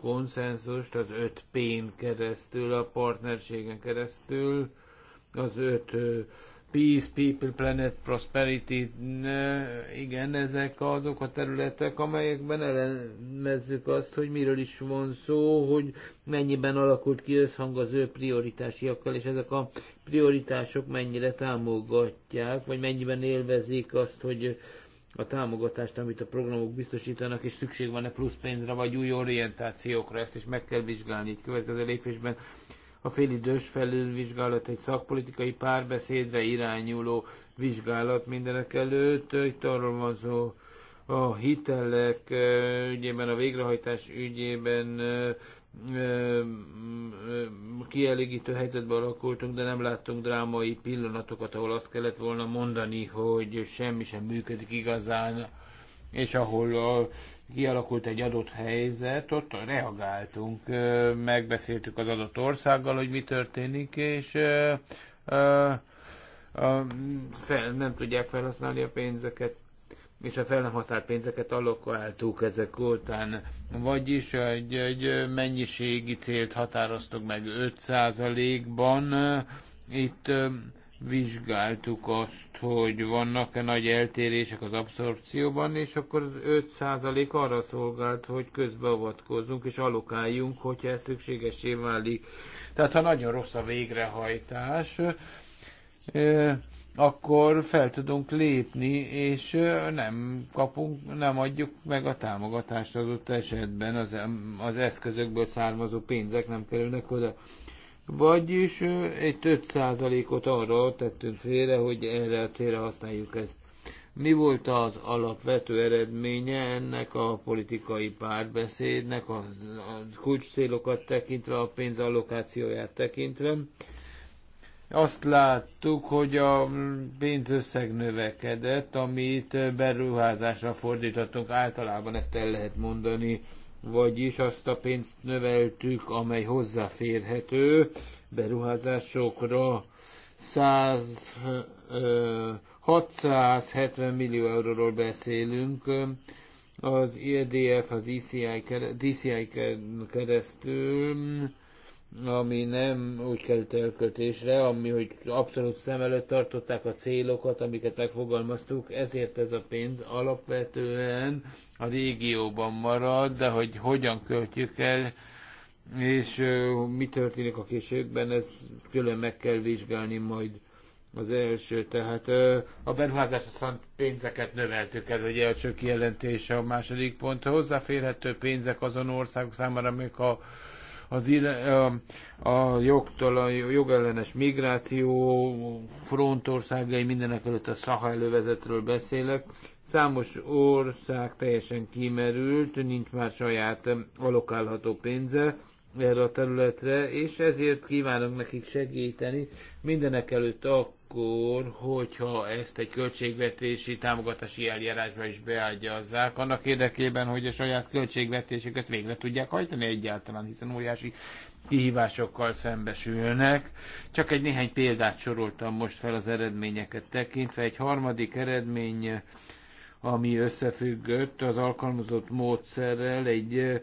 konszenzust az 5 P-n keresztül, a partnerségen keresztül, az 5 Peace, People, Planet, Prosperity, igen, ezek azok a területek, amelyekben elemezzük azt, hogy miről is van szó, hogy mennyiben alakult ki összhang az ő prioritásiakkal, és ezek a prioritások mennyire támogatják, vagy mennyiben élvezik azt, hogy a támogatást, amit a programok biztosítanak, és szükség van-e plusz pénzre, vagy új orientációkra, ezt is meg kell vizsgálni egy következő lépésben. A félidős felülvizsgálat egy szakpolitikai párbeszédre irányuló vizsgálat mindenek előtt. Itt arról van szó, a hitelek eh, ügyében, a végrehajtás ügyében eh, kielégítő helyzetben alakultunk, de nem láttunk drámai pillanatokat, ahol azt kellett volna mondani, hogy semmi sem működik igazán, és ahol a, kialakult egy adott helyzet, ott reagáltunk, megbeszéltük az adott országgal, hogy mi történik, és fel, nem tudják felhasználni a pénzeket és a fel nem használt pénzeket allokáltuk ezek után. Vagyis egy, egy mennyiségi célt határoztuk meg 5%-ban. Itt vizsgáltuk azt, hogy vannak-e nagy eltérések az abszorpcióban, és akkor az 5% arra szolgált, hogy közbeavatkozzunk és alokáljunk, hogyha ez szükségesé válik. Tehát ha nagyon rossz a végrehajtás, akkor fel tudunk lépni, és nem kapunk, nem adjuk meg a támogatást adott esetben, az, az eszközökből származó pénzek nem kerülnek oda. Vagyis egy 5%-ot arra tettünk félre, hogy erre a célra használjuk ezt. Mi volt az alapvető eredménye ennek a politikai párbeszédnek, a, a kulcs célokat tekintve, a pénz allokációját tekintve? azt láttuk, hogy a pénzösszeg növekedett, amit beruházásra fordítottunk. Általában ezt el lehet mondani, vagyis azt a pénzt növeltük, amely hozzáférhető beruházásokra. 100, 670 millió euróról beszélünk, az EDF, az DCI e keresztül ami nem úgy került elköltésre, ami hogy abszolút szem előtt tartották a célokat, amiket megfogalmaztuk, ezért ez a pénz alapvetően a régióban marad, de hogy hogyan költjük el, és uh, mi történik a későbben, ez külön meg kell vizsgálni majd az első. Tehát uh, a beruházásos pénzeket növeltük, ez egy első kijelentése a második pont. Hozzáférhető pénzek azon országok számára, amik a az a, a a jogellenes migráció frontországai, mindenek előtt a Szahelővezetről beszélek. Számos ország teljesen kimerült, nincs már saját alokálható pénze, erre a területre, és ezért kívánunk nekik segíteni mindenek előtt akkor, hogyha ezt egy költségvetési támogatási eljárásba is beágyazzák, annak érdekében, hogy a saját költségvetésüket végre tudják hajtani egyáltalán, hiszen óriási kihívásokkal szembesülnek. Csak egy néhány példát soroltam most fel az eredményeket tekintve. Egy harmadik eredmény, ami összefüggött az alkalmazott módszerrel, egy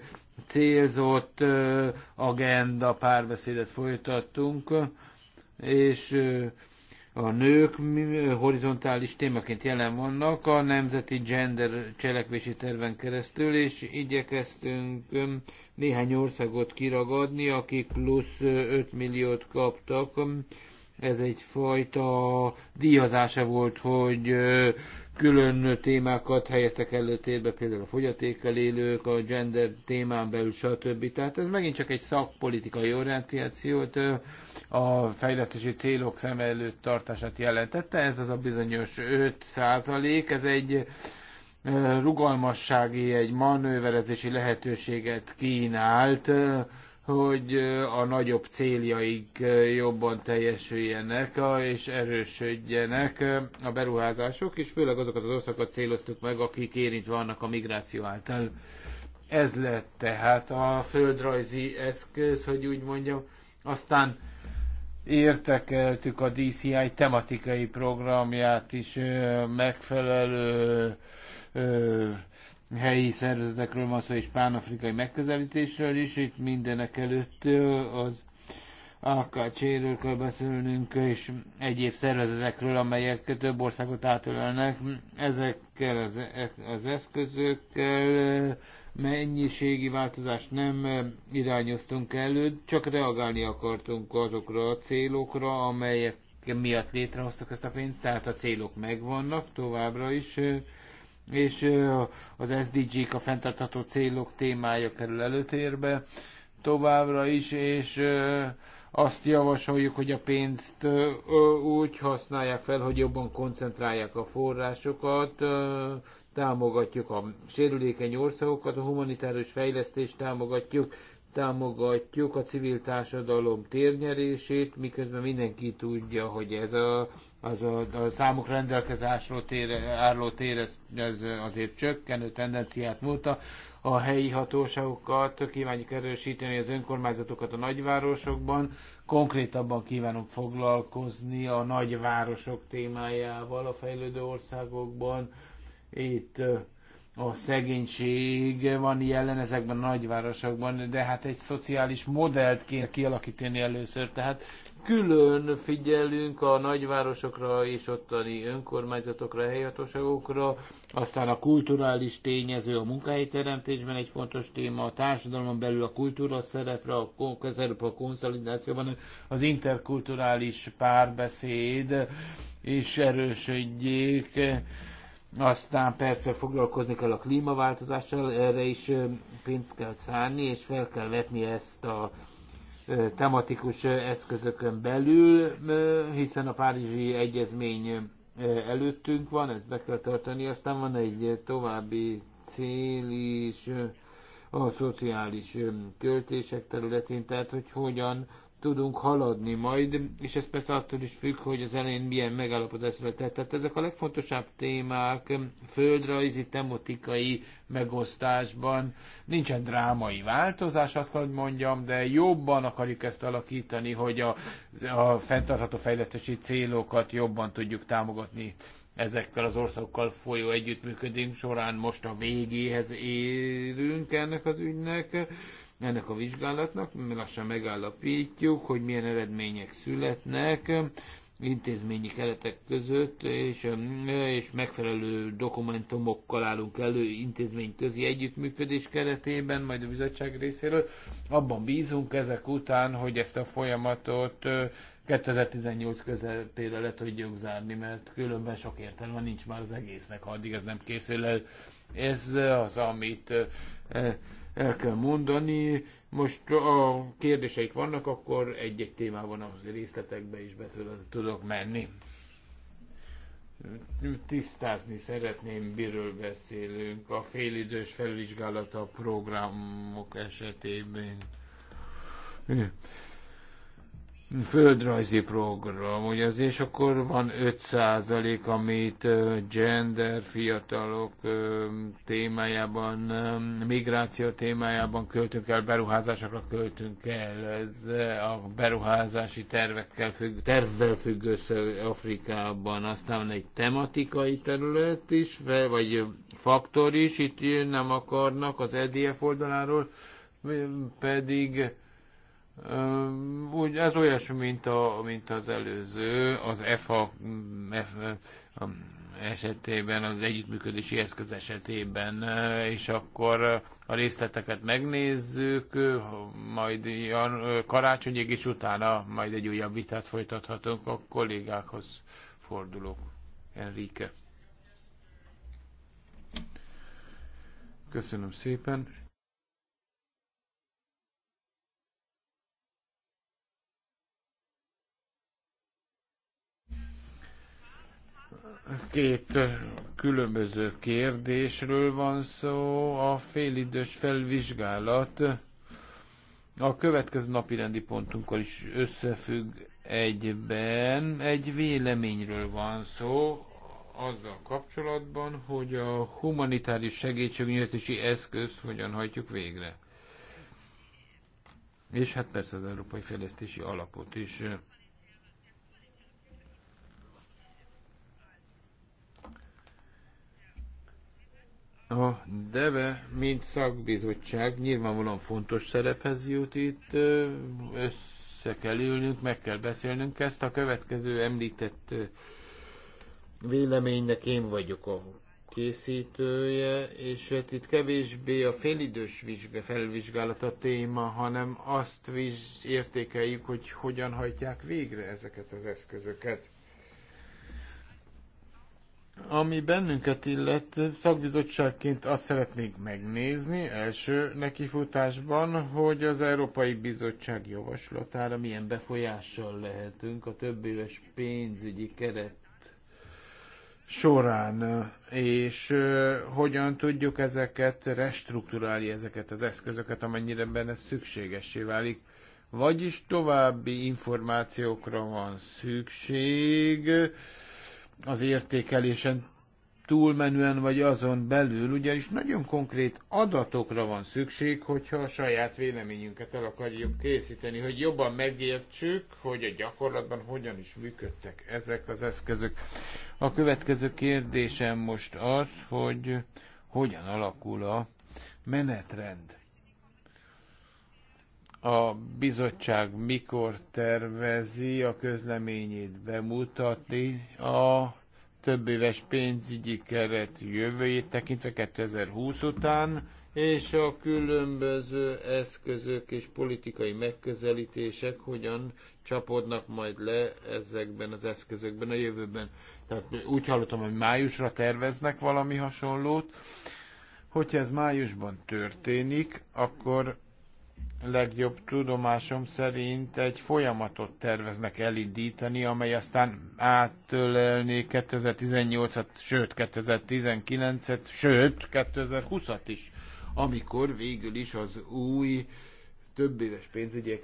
célzott agenda párbeszédet folytattunk, és a nők horizontális témaként jelen vannak a Nemzeti Gender Cselekvési Terven keresztül, és igyekeztünk néhány országot kiragadni, akik plusz 5 milliót kaptak. Ez egyfajta díjazása volt, hogy külön témákat helyeztek előtérbe, például a fogyatékkal élők, a gender témán belül, stb. Tehát ez megint csak egy szakpolitikai orientációt, a fejlesztési célok szem előtt tartását jelentette, ez az a bizonyos 5 százalék, ez egy rugalmassági, egy manőverezési lehetőséget kínált hogy a nagyobb céljaik jobban teljesüljenek és erősödjenek a beruházások, és főleg azokat az országokat céloztuk meg, akik érintve vannak a migráció által. Ez lett tehát a földrajzi eszköz, hogy úgy mondjam. Aztán értekeltük a DCI tematikai programját is megfelelő helyi szervezetekről van szó, és pánafrikai megközelítésről is. Itt mindenek előtt az AKC-ről kell beszélnünk, és egyéb szervezetekről, amelyek több országot átölelnek. Ezekkel az, az eszközökkel mennyiségi változást nem irányoztunk elő, csak reagálni akartunk azokra a célokra, amelyek miatt létrehoztuk ezt a pénzt, tehát a célok megvannak továbbra is, és az SDG-k, a fenntartható célok témája kerül előtérbe továbbra is, és azt javasoljuk, hogy a pénzt úgy használják fel, hogy jobban koncentrálják a forrásokat, támogatjuk a sérülékeny országokat, a humanitárius fejlesztést támogatjuk, támogatjuk a civil társadalom térnyerését, miközben mindenki tudja, hogy ez a az a, a számok rendelkezésről tére, álló tér ez, ez azért csökkenő tendenciát múlta. A helyi hatóságokat kívánjuk erősíteni, az önkormányzatokat a nagyvárosokban, konkrétabban kívánom foglalkozni a nagyvárosok témájával a fejlődő országokban. Itt a szegénység van jelen ezekben a nagyvárosokban, de hát egy szociális modellt kéne kialakítani először. Tehát külön figyelünk a nagyvárosokra és ottani önkormányzatokra, helyhatóságokra, aztán a kulturális tényező a munkahelyteremtésben egy fontos téma, a társadalomon belül a kultúra szerepre, a a konszolidációban, az interkulturális párbeszéd, és erősödjék. Aztán persze foglalkozni kell a klímaváltozással, erre is pénzt kell szállni, és fel kell vetni ezt a tematikus eszközökön belül, hiszen a Párizsi Egyezmény előttünk van, ezt be kell tartani. Aztán van egy további cél is a szociális költések területén, tehát hogy hogyan tudunk haladni majd, és ez persze attól is függ, hogy az elején milyen megállapodás született. Tehát ezek a legfontosabb témák mm, földrajzi, tematikai megosztásban. Nincsen drámai változás, azt kell, hogy mondjam, de jobban akarjuk ezt alakítani, hogy a, a fenntartható fejlesztési célokat jobban tudjuk támogatni ezekkel az országokkal folyó együttműködés során most a végéhez érünk ennek az ügynek ennek a vizsgálatnak, lassan megállapítjuk, hogy milyen eredmények születnek um, intézményi keretek között, és, um, és megfelelő dokumentumokkal állunk elő intézmény közi együttműködés keretében, majd a bizottság részéről. Abban bízunk ezek után, hogy ezt a folyamatot 2018 közepére le tudjuk zárni, mert különben sok értelme nincs már az egésznek, ha addig ez nem készül el. Ez az, amit el kell mondani. Most a kérdéseik vannak, akkor egy-egy témában a részletekbe is be tudok menni. Tisztázni szeretném, miről beszélünk. A félidős felvizsgálata programok esetében földrajzi program, ugye az, és akkor van 5% amit gender, fiatalok témájában, migráció témájában költünk el, beruházásokra költünk el, ez a beruházási tervekkel függ, tervvel függ össze Afrikában, aztán egy tematikai terület is, vagy faktor is, itt nem akarnak az EDF oldaláról, pedig úgy, ez olyasmi, mint, a, mint az előző, az EFA F, mm, esetében, az együttműködési eszköz esetében, és akkor a részleteket megnézzük, majd karácsonyig, is utána majd egy újabb vitát folytathatunk a kollégákhoz fordulok. Enrique. Köszönöm szépen. Két különböző kérdésről van szó. A félidős felvizsgálat a következő napi rendi pontunkkal is összefügg egyben. Egy véleményről van szó azzal kapcsolatban, hogy a humanitárius segítségnyújtási eszköz hogyan hajtjuk végre. És hát persze az Európai Fejlesztési Alapot is. A DEVE, mint szakbizottság nyilvánvalóan fontos szerephez jut itt, össze kell ülnünk, meg kell beszélnünk ezt. A következő említett véleménynek én vagyok a készítője, és hát itt kevésbé a félidős vizsga, felvizsgálat a téma, hanem azt viz, értékeljük, hogy hogyan hajtják végre ezeket az eszközöket. Ami bennünket illet, szakbizottságként azt szeretnénk megnézni első nekifutásban, hogy az Európai Bizottság javaslatára milyen befolyással lehetünk a több éves pénzügyi keret során, és hogyan tudjuk ezeket restruktúrálni, ezeket az eszközöket, amennyire benne szükségessé válik. Vagyis további információkra van szükség, az értékelésen túlmenően vagy azon belül, ugyanis nagyon konkrét adatokra van szükség, hogyha a saját véleményünket el akarjuk készíteni, hogy jobban megértsük, hogy a gyakorlatban hogyan is működtek ezek az eszközök. A következő kérdésem most az, hogy hogyan alakul a menetrend a bizottság mikor tervezi a közleményét bemutatni a több éves pénzügyi keret jövőjét tekintve 2020 után, és a különböző eszközök és politikai megközelítések hogyan csapodnak majd le ezekben az eszközökben a jövőben. Tehát úgy hallottam, hogy májusra terveznek valami hasonlót. Hogyha ez májusban történik, akkor legjobb tudomásom szerint egy folyamatot terveznek elindítani, amely aztán áttölelni 2018-at, sőt 2019-et, sőt 2020-at is, amikor végül is az új több éves pénzügyi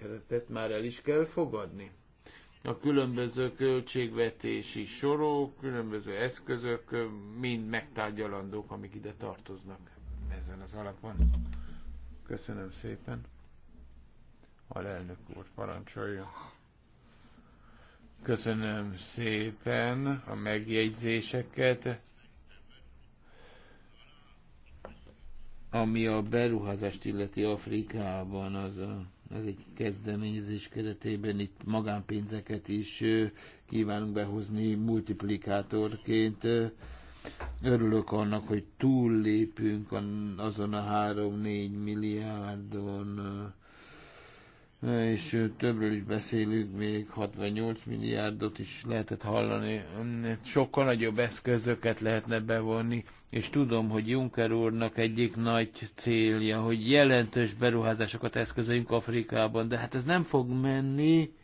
már el is kell fogadni. A különböző költségvetési sorok, különböző eszközök mind megtárgyalandók, amik ide tartoznak ezen az alapon. Köszönöm szépen. Alelnök úr, parancsolja. Köszönöm szépen a megjegyzéseket. Ami a beruházást illeti Afrikában, az, a, az egy kezdeményezés keretében itt magánpénzeket is kívánunk behozni multiplikátorként. Örülök annak, hogy túllépünk azon a 3-4 milliárdon, és többről is beszélünk, még 68 milliárdot is lehetett hallani. Sokkal nagyobb eszközöket lehetne bevonni, és tudom, hogy Juncker úrnak egyik nagy célja, hogy jelentős beruházásokat eszközöljünk Afrikában, de hát ez nem fog menni,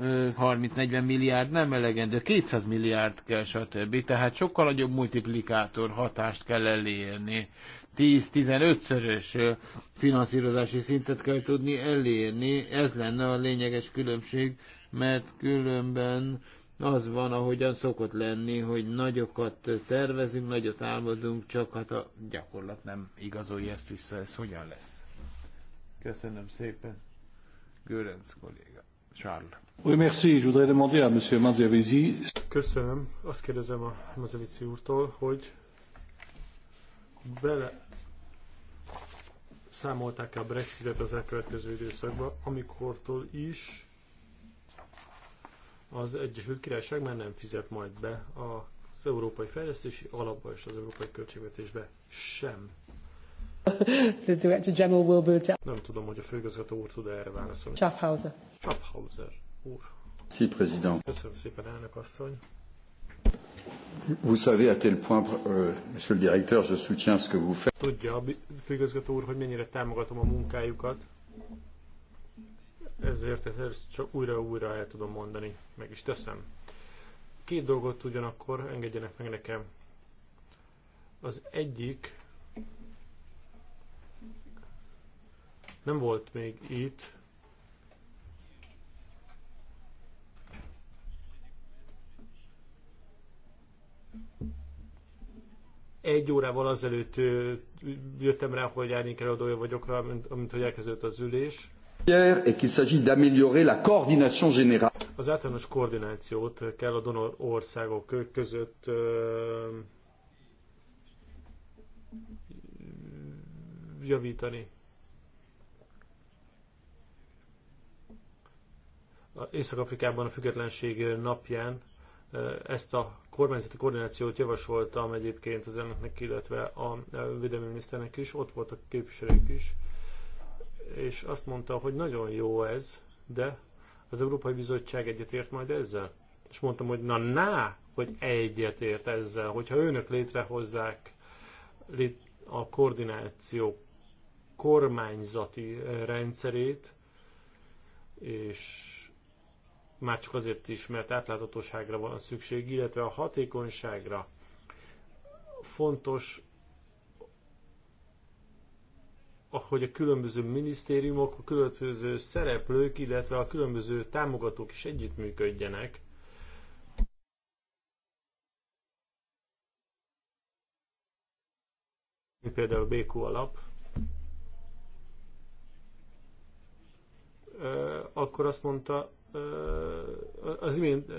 30-40 milliárd nem elegendő, 200 milliárd kell, stb. Tehát sokkal nagyobb multiplikátor hatást kell elérni. 10-15-szörös finanszírozási szintet kell tudni elérni. Ez lenne a lényeges különbség, mert különben az van, ahogyan szokott lenni, hogy nagyokat tervezünk, nagyot álmodunk, csak hát a gyakorlat nem igazolja ezt vissza, ez hogyan lesz. Köszönöm szépen. Görenc kolléga. Charles. Oui, merci. Je voudrais demander à Monsieur Mazzavizi. Köszönöm. Azt kérdezem a Mazzavizi úrtól, hogy bele számolták -e a Brexitet az elkövetkező időszakba, amikortól is az Egyesült Királyság már nem fizet majd be az Európai Fejlesztési Alapba és az Európai Költségvetésbe sem. The Director General will be... Nem tudom, hogy a főigazgató úr tud -e erre válaszolni. Schaffhauser. Schaffhauser úr. Sí, Köszönöm szépen, elnök asszony. Vous savez à quel point, euh, monsieur le directeur, je soutiens ce que vous faites. Tudja, főigazgató úr, hogy mennyire támogatom a munkájukat. Ezért ezt csak újra-újra el tudom mondani, meg is teszem. Két dolgot ugyanakkor engedjenek meg nekem. Az egyik nem volt még itt, egy órával azelőtt jöttem rá, hogy árnyék előadója vagyok rá, mint, amint hogy elkezdődött az ülés. Az általános koordinációt kell a donor országok között javítani. Észak-Afrikában a függetlenség napján ezt a kormányzati koordinációt javasoltam egyébként az elnöknek, illetve a védelmi miniszternek is, ott voltak képviselők is, és azt mondta, hogy nagyon jó ez, de az Európai Bizottság egyetért majd ezzel. És mondtam, hogy na ná, hogy egyetért ezzel, hogyha önök létrehozzák a koordináció kormányzati rendszerét, és már csak azért is, mert átláthatóságra van szükség, illetve a hatékonyságra fontos, hogy a különböző minisztériumok, a különböző szereplők, illetve a különböző támogatók is együttműködjenek, például a BQ alap, akkor azt mondta, az imént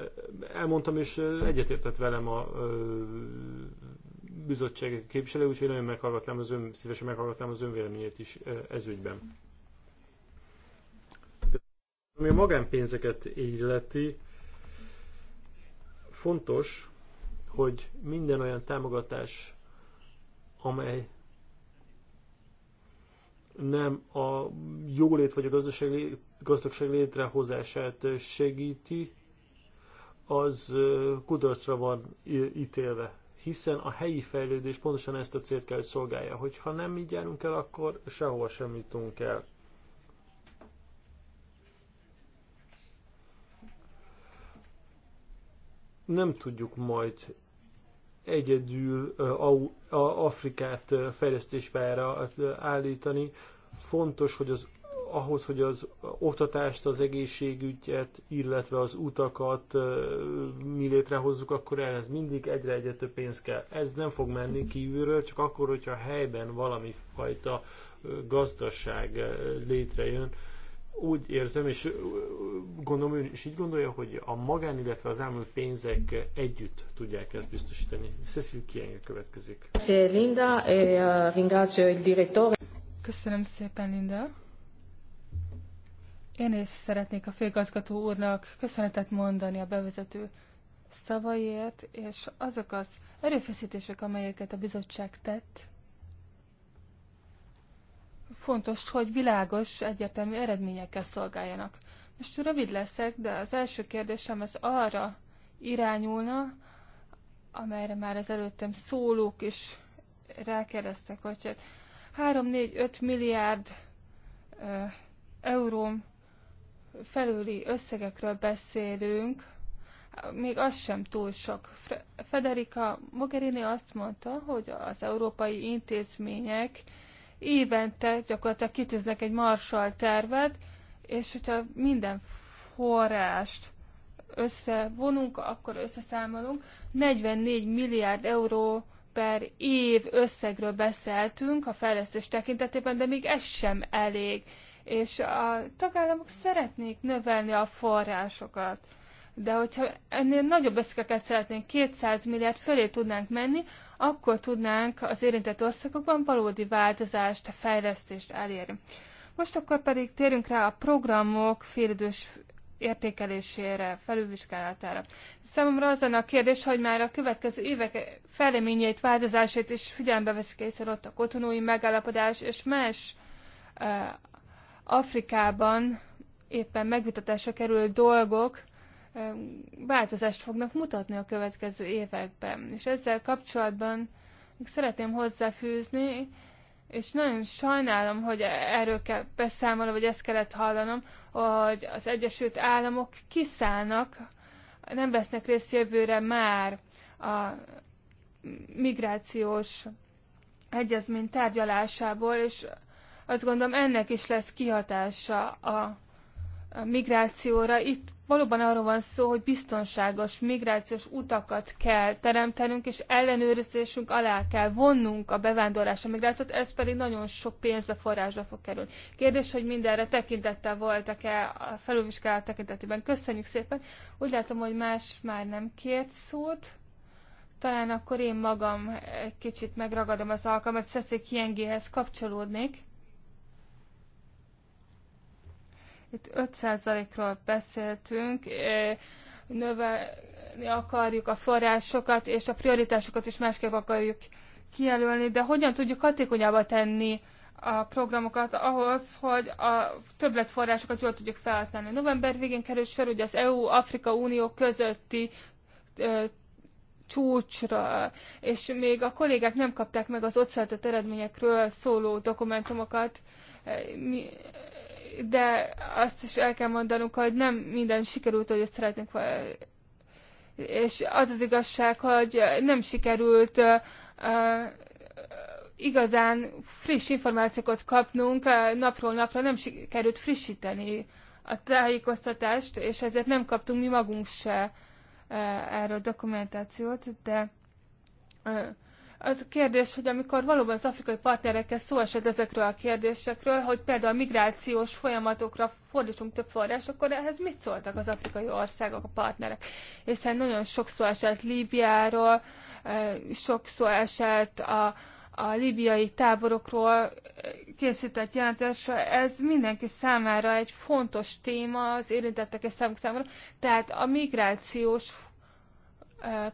elmondtam, és egyetértett velem a bizottság képviselő, úgyhogy nagyon meghallgattam az ön, szívesen meghallgattam az önvéleményét is ezügyben. Ami a magánpénzeket illeti, fontos, hogy minden olyan támogatás, amely nem a jólét vagy a gazdasági gazdagság létrehozását segíti, az kudarcra van ítélve, hiszen a helyi fejlődés pontosan ezt a célt kell, hogy szolgálja. Hogyha nem így járunk el, akkor sehova sem jutunk el. Nem tudjuk majd egyedül Afrikát fejlesztésbe állítani. Fontos, hogy az ahhoz, hogy az oktatást, az egészségügyet, illetve az utakat mi létrehozzuk, akkor ehhez mindig egyre egyre több pénz kell. Ez nem fog menni kívülről, csak akkor, hogyha helyben valami fajta gazdaság létrejön, úgy érzem, és gondolom ő is így gondolja, hogy a magán, illetve az állami pénzek együtt tudják ezt biztosítani. Cecil Kieng következik. Linda, e, Köszönöm szépen, Linda. Én is szeretnék a főgazgató úrnak köszönetet mondani a bevezető szavaiért, és azok az erőfeszítések, amelyeket a bizottság tett, fontos, hogy világos, egyértelmű eredményekkel szolgáljanak. Most rövid leszek, de az első kérdésem az arra irányulna, amelyre már az előttem szólók is rákérdeztek, hogy 3-4-5 milliárd euróm felüli összegekről beszélünk, még az sem túl sok. Federica Mogherini azt mondta, hogy az európai intézmények évente gyakorlatilag kitűznek egy marsal tervet, és hogyha minden forrást összevonunk, akkor összeszámolunk. 44 milliárd euró per év összegről beszéltünk a fejlesztés tekintetében, de még ez sem elég és a tagállamok szeretnék növelni a forrásokat. De hogyha ennél nagyobb összegeket szeretnénk, 200 milliárd fölé tudnánk menni, akkor tudnánk az érintett országokban valódi változást, fejlesztést elérni. Most akkor pedig térünk rá a programok félidős értékelésére, felülvizsgálatára. Számomra az lenne a kérdés, hogy már a következő évek fejleményeit, változásait is figyelembe veszik, észre ott a kotonói megállapodás és más eh, Afrikában éppen megvitatásra kerülő dolgok változást fognak mutatni a következő években. És ezzel kapcsolatban szeretném hozzáfűzni, és nagyon sajnálom, hogy erről kell beszámolnom, vagy ezt kellett hallanom, hogy az Egyesült Államok kiszállnak, nem vesznek részt jövőre már a migrációs egyezmény tárgyalásából, és azt gondolom ennek is lesz kihatása a, a migrációra. Itt valóban arról van szó, hogy biztonságos migrációs utakat kell teremtenünk, és ellenőrzésünk alá kell vonnunk a bevándorlás a migrációt, ez pedig nagyon sok pénzbe, forrásra fog kerülni. Kérdés, hogy mindenre tekintettel voltak-e a felülvizsgálat tekintetében. Köszönjük szépen. Úgy látom, hogy más már nem kért szót. Talán akkor én magam egy kicsit megragadom az alkalmat, Szeszély Hiengéhez kapcsolódnék. Itt 5%-ról beszéltünk, növelni akarjuk a forrásokat, és a prioritásokat is másképp akarjuk kijelölni, de hogyan tudjuk hatékonyabbá tenni a programokat ahhoz, hogy a többletforrásokat jól tudjuk felhasználni. November végén kerül sor ugye az EU-Afrika Unió közötti ö, csúcsra, és még a kollégák nem kapták meg az ott eredményekről szóló dokumentumokat. Mi, de azt is el kell mondanunk, hogy nem minden sikerült, hogy ezt szeretnénk és az az igazság, hogy nem sikerült uh, uh, igazán friss információkat kapnunk, uh, napról napra nem sikerült frissíteni a tájékoztatást, és ezért nem kaptunk mi magunk se erről a dokumentációt, de az a kérdés, hogy amikor valóban az afrikai partnerekkel szó esett ezekről a kérdésekről, hogy például a migrációs folyamatokra fordítsunk több forrás, akkor ehhez mit szóltak az afrikai országok, a partnerek? Hiszen nagyon sok szó esett Líbiáról, sok szó esett a, a libiai táborokról készített jelentés, ez mindenki számára egy fontos téma az érintettek és számuk számára, tehát a migrációs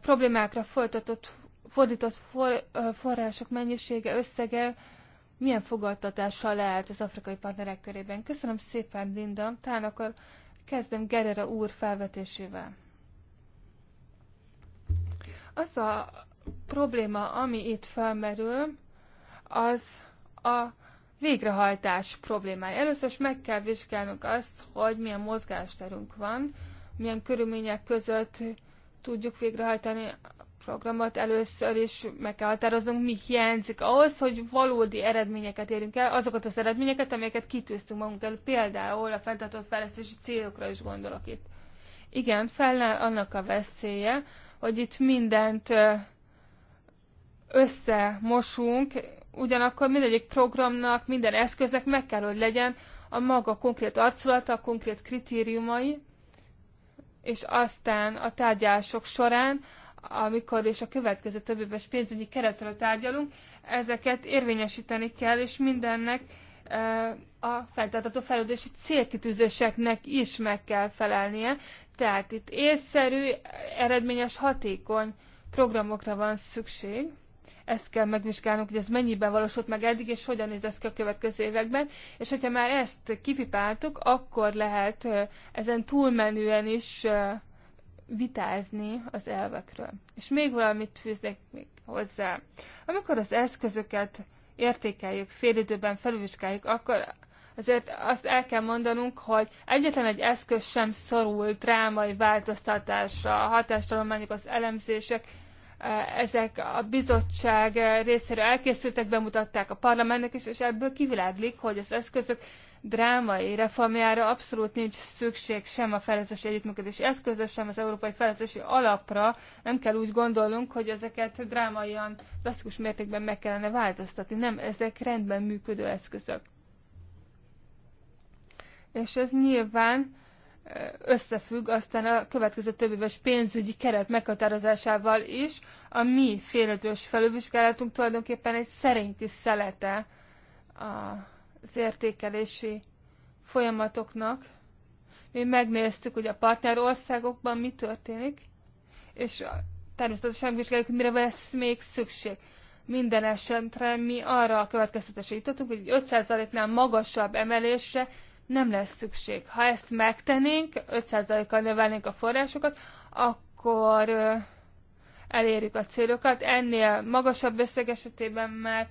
problémákra folytatott fordított for, források mennyisége, összege milyen fogadtatással lehet az afrikai partnerek körében. Köszönöm szépen, Linda. Talán akkor kezdem Gerera úr felvetésével. Az a probléma, ami itt felmerül, az a végrehajtás problémája. Először is meg kell vizsgálnunk azt, hogy milyen mozgásterünk van, milyen körülmények között tudjuk végrehajtani programot először is meg kell határoznunk, mi hiányzik ahhoz, hogy valódi eredményeket érjünk el, azokat az eredményeket, amelyeket kitűztünk magunk elő, például a fenntartott fejlesztési célokra is gondolok itt. Igen, felnál annak a veszélye, hogy itt mindent összemosunk, ugyanakkor mindegyik programnak, minden eszköznek meg kell, hogy legyen a maga konkrét arculata, a konkrét kritériumai, és aztán a tárgyalások során amikor és a következő többéves pénzügyi keretről tárgyalunk, ezeket érvényesíteni kell, és mindennek a feltartató fejlődési célkitűzéseknek is meg kell felelnie. Tehát itt észszerű, eredményes, hatékony programokra van szükség. Ezt kell megvizsgálnunk, hogy ez mennyiben valósult meg eddig, és hogyan néz ez ki a következő években. És hogyha már ezt kipipáltuk, akkor lehet ezen túlmenően is vitázni az elvekről. És még valamit fűznék még hozzá. Amikor az eszközöket értékeljük, időben felvizsgáljuk, akkor azért azt el kell mondanunk, hogy egyetlen egy eszköz sem szorul drámai változtatásra, a hatástanulmányok, az elemzések, eh, ezek a bizottság eh, részéről elkészültek, bemutatták a parlamentnek is, és ebből kiviláglik, hogy az eszközök drámai reformjára abszolút nincs szükség sem a fejlesztési együttműködés eszközre, sem az európai fejlesztési alapra. Nem kell úgy gondolnunk, hogy ezeket drámaian, klasszikus mértékben meg kellene változtatni. Nem, ezek rendben működő eszközök. És ez nyilván összefügg aztán a következő éves pénzügyi keret meghatározásával is. A mi félidős felülvizsgálatunk tulajdonképpen egy szerinti szelete a az értékelési folyamatoknak. Mi megnéztük, hogy a partner országokban mi történik, és természetesen vizsgáljuk, mire lesz még szükség. Minden esetre mi arra a következtetésre jutottunk, hogy 5%-nál magasabb emelésre nem lesz szükség. Ha ezt megtennénk, 5%-kal növelnénk a forrásokat, akkor elérjük a célokat. Ennél magasabb összeg esetében már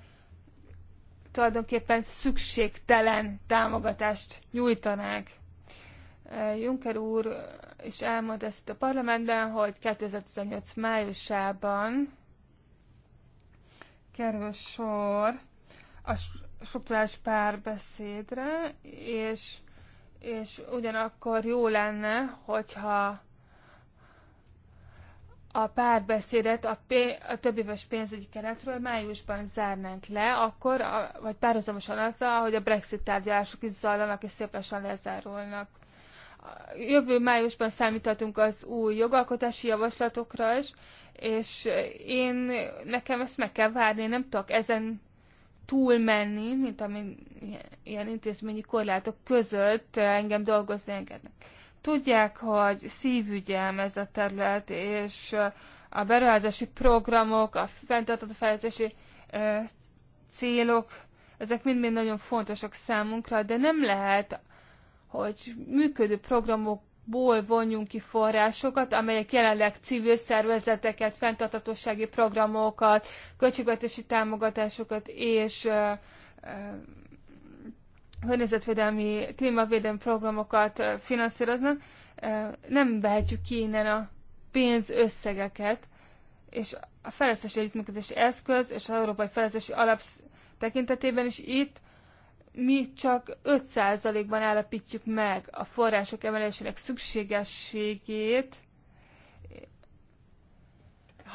tulajdonképpen szükségtelen támogatást nyújtanák. Eh, Juncker úr is elmondta ezt a parlamentben, hogy 2018 májusában kerül sor a struktúrás párbeszédre, és, és ugyanakkor jó lenne, hogyha a párbeszédet a, pé- a több éves pénzügyi keretről májusban zárnánk le, akkor, a, vagy párhuzamosan azzal, hogy a Brexit tárgyalások is zajlanak és szép lassan lezárulnak. Jövő májusban számíthatunk az új jogalkotási javaslatokra is, és én, nekem ezt meg kell várni, nem tudok ezen túlmenni, mint ami ilyen intézményi korlátok között engem dolgozni engednek. Tudják, hogy szívügyem ez a terület, és a beruházási programok, a fenntartató fejlesztési célok, ezek mind-mind nagyon fontosak számunkra, de nem lehet, hogy működő programok ból vonjunk ki forrásokat, amelyek jelenleg civil szervezeteket, fenntartatósági programokat, költségvetési támogatásokat és környezetvédelmi, klímavédelmi programokat finanszíroznak, nem vehetjük ki innen a pénzösszegeket, és a fejlesztési együttműködési eszköz és az Európai Fejlesztési Alap tekintetében is itt mi csak 5%-ban állapítjuk meg a források emelésének szükségességét,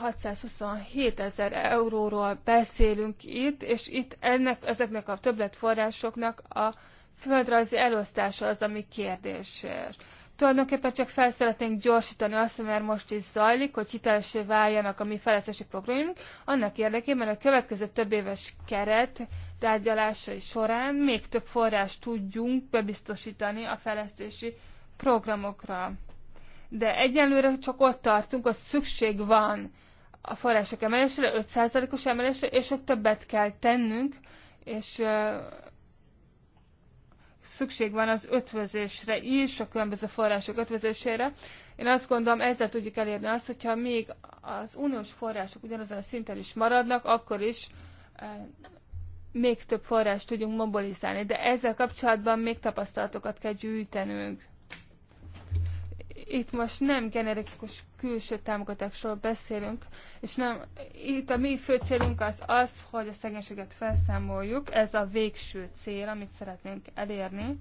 627 ezer euróról beszélünk itt, és itt ennek, ezeknek a többletforrásoknak a földrajzi elosztása az, ami kérdéses. Tulajdonképpen csak fel szeretnénk gyorsítani azt, mert most is zajlik, hogy hitelesé váljanak a mi fejlesztési programunk, annak érdekében a következő több éves keret tárgyalásai során még több forrás tudjunk bebiztosítani a fejlesztési programokra de egyelőre csak ott tartunk, hogy szükség van a források emelésére, 5%-os emelésre, és ott többet kell tennünk, és szükség van az ötvözésre is, a különböző források ötvözésére. Én azt gondolom, ezzel tudjuk elérni azt, hogyha még az uniós források ugyanazon a szinten is maradnak, akkor is még több forrást tudjunk mobilizálni. De ezzel kapcsolatban még tapasztalatokat kell gyűjtenünk itt most nem generikus külső támogatásról beszélünk, és nem, itt a mi fő célunk az az, hogy a szegénységet felszámoljuk, ez a végső cél, amit szeretnénk elérni.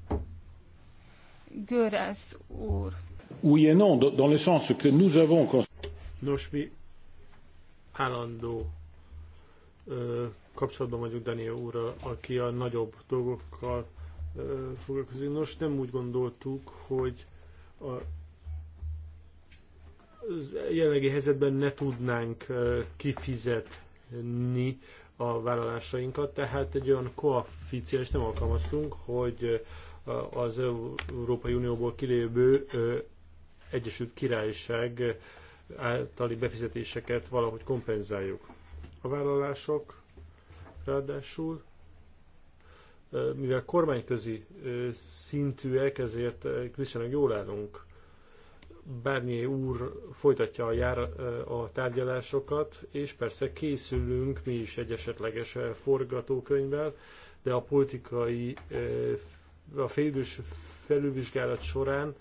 Görez úr. Oui et non, dans le sens que nous avons... Nos, mi állandó ö, kapcsolatban vagyunk Daniel úrral, aki a nagyobb dolgokkal ö, foglalkozik. Nos, nem úgy gondoltuk, hogy a jelenlegi helyzetben ne tudnánk kifizetni a vállalásainkat, tehát egy olyan koeficiens nem alkalmaztunk, hogy az Európai Unióból kilévő Egyesült Királyság általi befizetéseket valahogy kompenzáljuk. A vállalások ráadásul, mivel kormányközi szintűek, ezért viszonylag jól állunk Bernier úr folytatja a, jár, a tárgyalásokat, és persze készülünk mi is egy esetleges forgatókönyvvel, de a politikai, a félidős felülvizsgálat során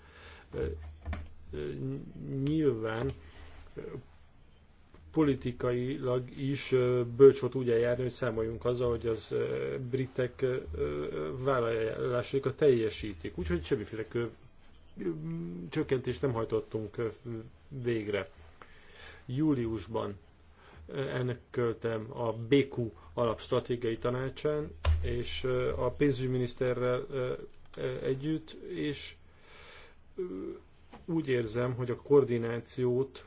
nyilván politikailag is bölcs volt úgy eljárni, hogy számoljunk azzal, hogy az britek vállalásaikat teljesítik. Úgyhogy semmiféle csökkentést nem hajtottunk végre. Júliusban ennek költem a BQ alapstratégiai tanácsán, és a pénzügyminiszterrel együtt, és úgy érzem, hogy a koordinációt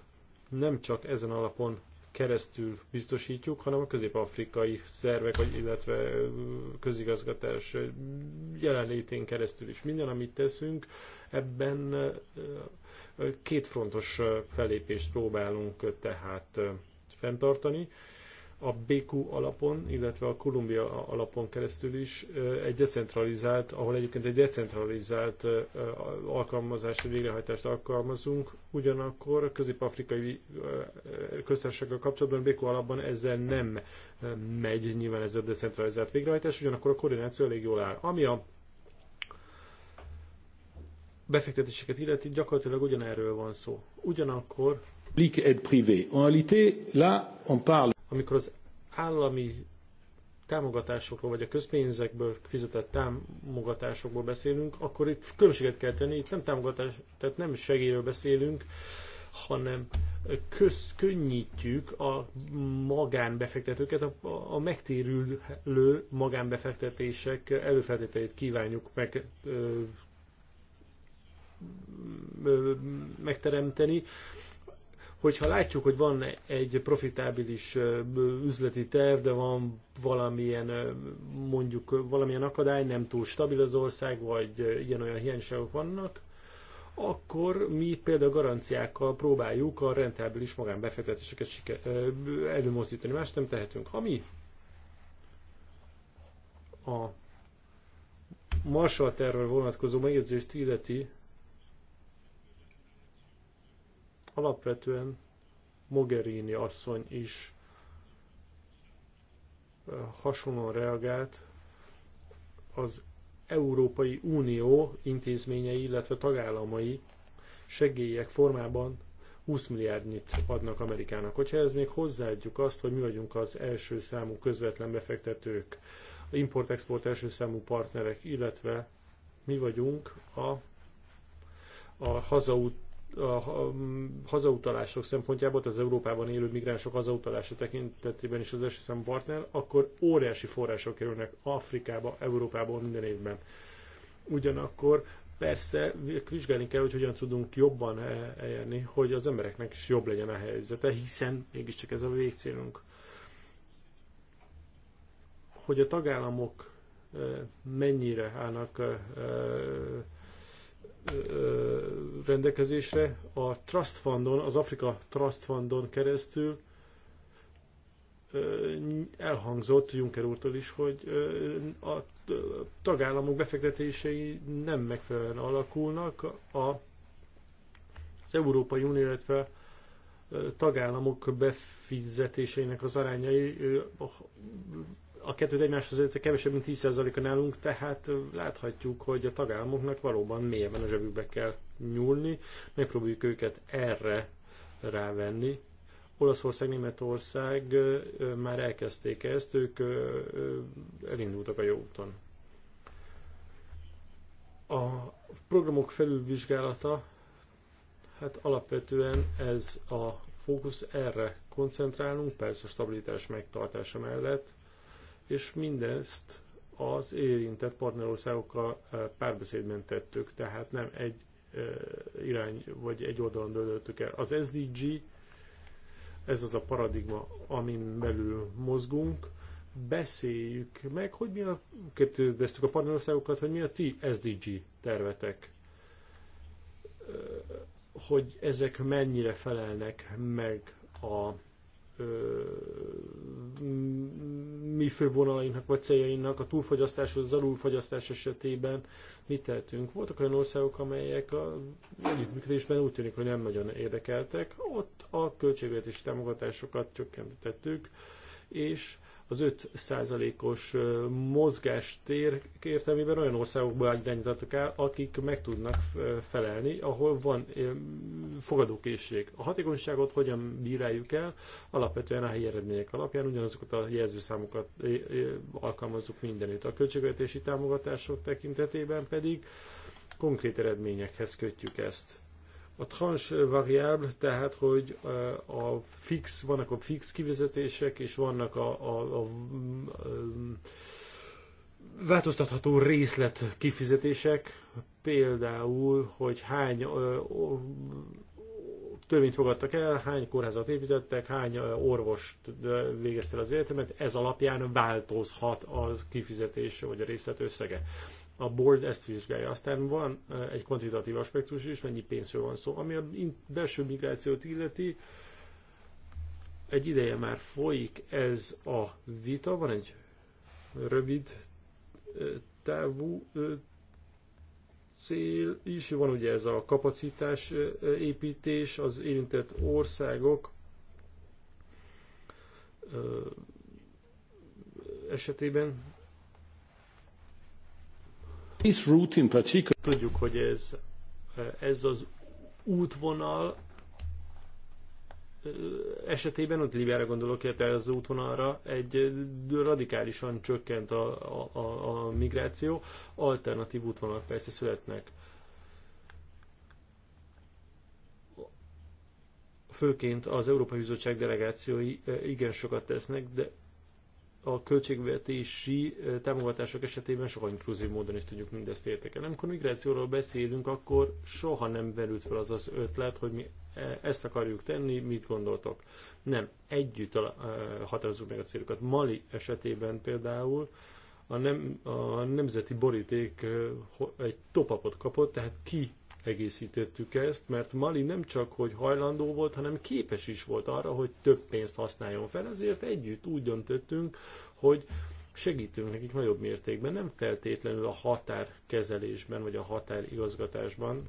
nem csak ezen alapon keresztül biztosítjuk, hanem a közép-afrikai szervek, illetve közigazgatás jelenlétén keresztül is. Minden, amit teszünk, Ebben kétfrontos felépést próbálunk tehát fenntartani a BQ alapon, illetve a Kolumbia alapon keresztül is egy decentralizált, ahol egyébként egy decentralizált alkalmazást, végrehajtást alkalmazunk, ugyanakkor a közép-afrikai köztársasággal kapcsolatban BQ alapban ezzel nem megy nyilván ez a decentralizált végrehajtás, ugyanakkor a koordináció elég jól áll. Ami a befektetéseket illeti, gyakorlatilag ugyanerről van szó. Ugyanakkor amikor az állami támogatásokról, vagy a közpénzekből fizetett támogatásokból beszélünk, akkor itt különbséget kell tenni, itt nem támogatás, tehát nem segélyről beszélünk, hanem köz, könnyítjük a magánbefektetőket, a, a megtérülő magánbefektetések előfeltételét kívánjuk meg ö, megteremteni. Hogyha látjuk, hogy van egy profitábilis üzleti terv, de van valamilyen mondjuk valamilyen akadály, nem túl stabil az ország, vagy ilyen-olyan hiányságok vannak, akkor mi például garanciákkal próbáljuk a rentábilis magánbefektetéseket előmozdítani. Más nem tehetünk. Ami a Marshall tervre vonatkozó megjegyzést illeti, alapvetően Mogherini asszony is hasonlóan reagált az Európai Unió intézményei, illetve tagállamai segélyek formában 20 milliárdnyit adnak Amerikának. Hogyha ez még hozzáadjuk azt, hogy mi vagyunk az első számú közvetlen befektetők, import-export első számú partnerek, illetve mi vagyunk a, a hazaut a hazautalások szempontjából, az Európában élő migránsok hazautalása tekintetében is az SSM partner, akkor óriási források kerülnek Afrikába, Európába minden évben. Ugyanakkor persze vizsgálni kell, hogy hogyan tudunk jobban e, elérni, hogy az embereknek is jobb legyen a helyzete, hiszen mégiscsak ez a végcélunk. Hogy a tagállamok e, mennyire állnak e, rendelkezésre a Trust Fundon, az Afrika Trust Fundon keresztül elhangzott Juncker úrtól is, hogy a tagállamok befektetései nem megfelelően alakulnak, a, az Európai Unió, illetve tagállamok befizetéseinek az arányai a kettőt egymáshoz kevesebb, mint 10%-a nálunk, tehát láthatjuk, hogy a tagállamoknak valóban mélyebben a zsebükbe kell nyúlni, megpróbáljuk őket erre rávenni. Olaszország, Németország már elkezdték ezt, ők elindultak a jó úton. A programok felülvizsgálata, hát alapvetően ez a fókusz erre koncentrálunk, persze a stabilitás megtartása mellett, és mindezt az érintett partnerországokkal párbeszédben tettük, tehát nem egy irány, vagy egy oldalon döntöttük el. Az SDG, ez az a paradigma, amin belül mozgunk, beszéljük meg, hogy mi a, kérdeztük a partnerországokat, hogy mi a ti SDG tervetek, hogy ezek mennyire felelnek meg a mi fő vonalainknak vagy céljainknak a túlfogyasztáshoz, az alulfogyasztás esetében mit tehetünk. Voltak olyan országok, amelyek a együttműködésben úgy tűnik, hogy nem nagyon érdekeltek. Ott a költségvetési támogatásokat csökkentettük, és az 5%-os mozgástér értelmében olyan országokba irányítottak el, akik meg tudnak felelni, ahol van fogadókészség. A hatékonyságot hogyan bíráljuk el? Alapvetően a helyi eredmények alapján ugyanazokat a jelzőszámokat alkalmazzuk mindenütt. A költségvetési támogatások tekintetében pedig konkrét eredményekhez kötjük ezt. A trans variábl, tehát, hogy a fix, vannak a fix kivezetések, és vannak a, a, a, változtatható részlet kifizetések, például, hogy hány törvényt fogadtak el, hány kórházat építettek, hány orvost végezte az életemet. ez alapján változhat a kifizetés vagy a részlet összege a board ezt vizsgálja. Aztán van egy kvantitatív aspektus is, mennyi pénzről van szó. Ami a belső migrációt illeti, egy ideje már folyik ez a vita, van egy rövid távú cél is, van ugye ez a kapacitás építés, az érintett országok esetében This route in particular... Tudjuk, hogy ez, ez az útvonal esetében, ott Libyára gondolok, érte az útvonalra, egy radikálisan csökkent a, a, a, a migráció, alternatív útvonalak persze születnek. Főként az Európai Bizottság delegációi igen sokat tesznek, de a költségvetési támogatások esetében soha inkluzív módon is tudjuk mindezt értékelni. Amikor migrációról beszélünk, akkor soha nem verült fel az az ötlet, hogy mi e, ezt akarjuk tenni, mit gondoltok. Nem, együtt határozunk meg a célokat. Mali esetében például a, nem, a nemzeti boríték egy topapot kapott, tehát ki egészítettük ezt, mert Mali nem csak, hogy hajlandó volt, hanem képes is volt arra, hogy több pénzt használjon fel, ezért együtt úgy döntöttünk, hogy segítünk nekik nagyobb mértékben, nem feltétlenül a határkezelésben vagy a határigazgatásban,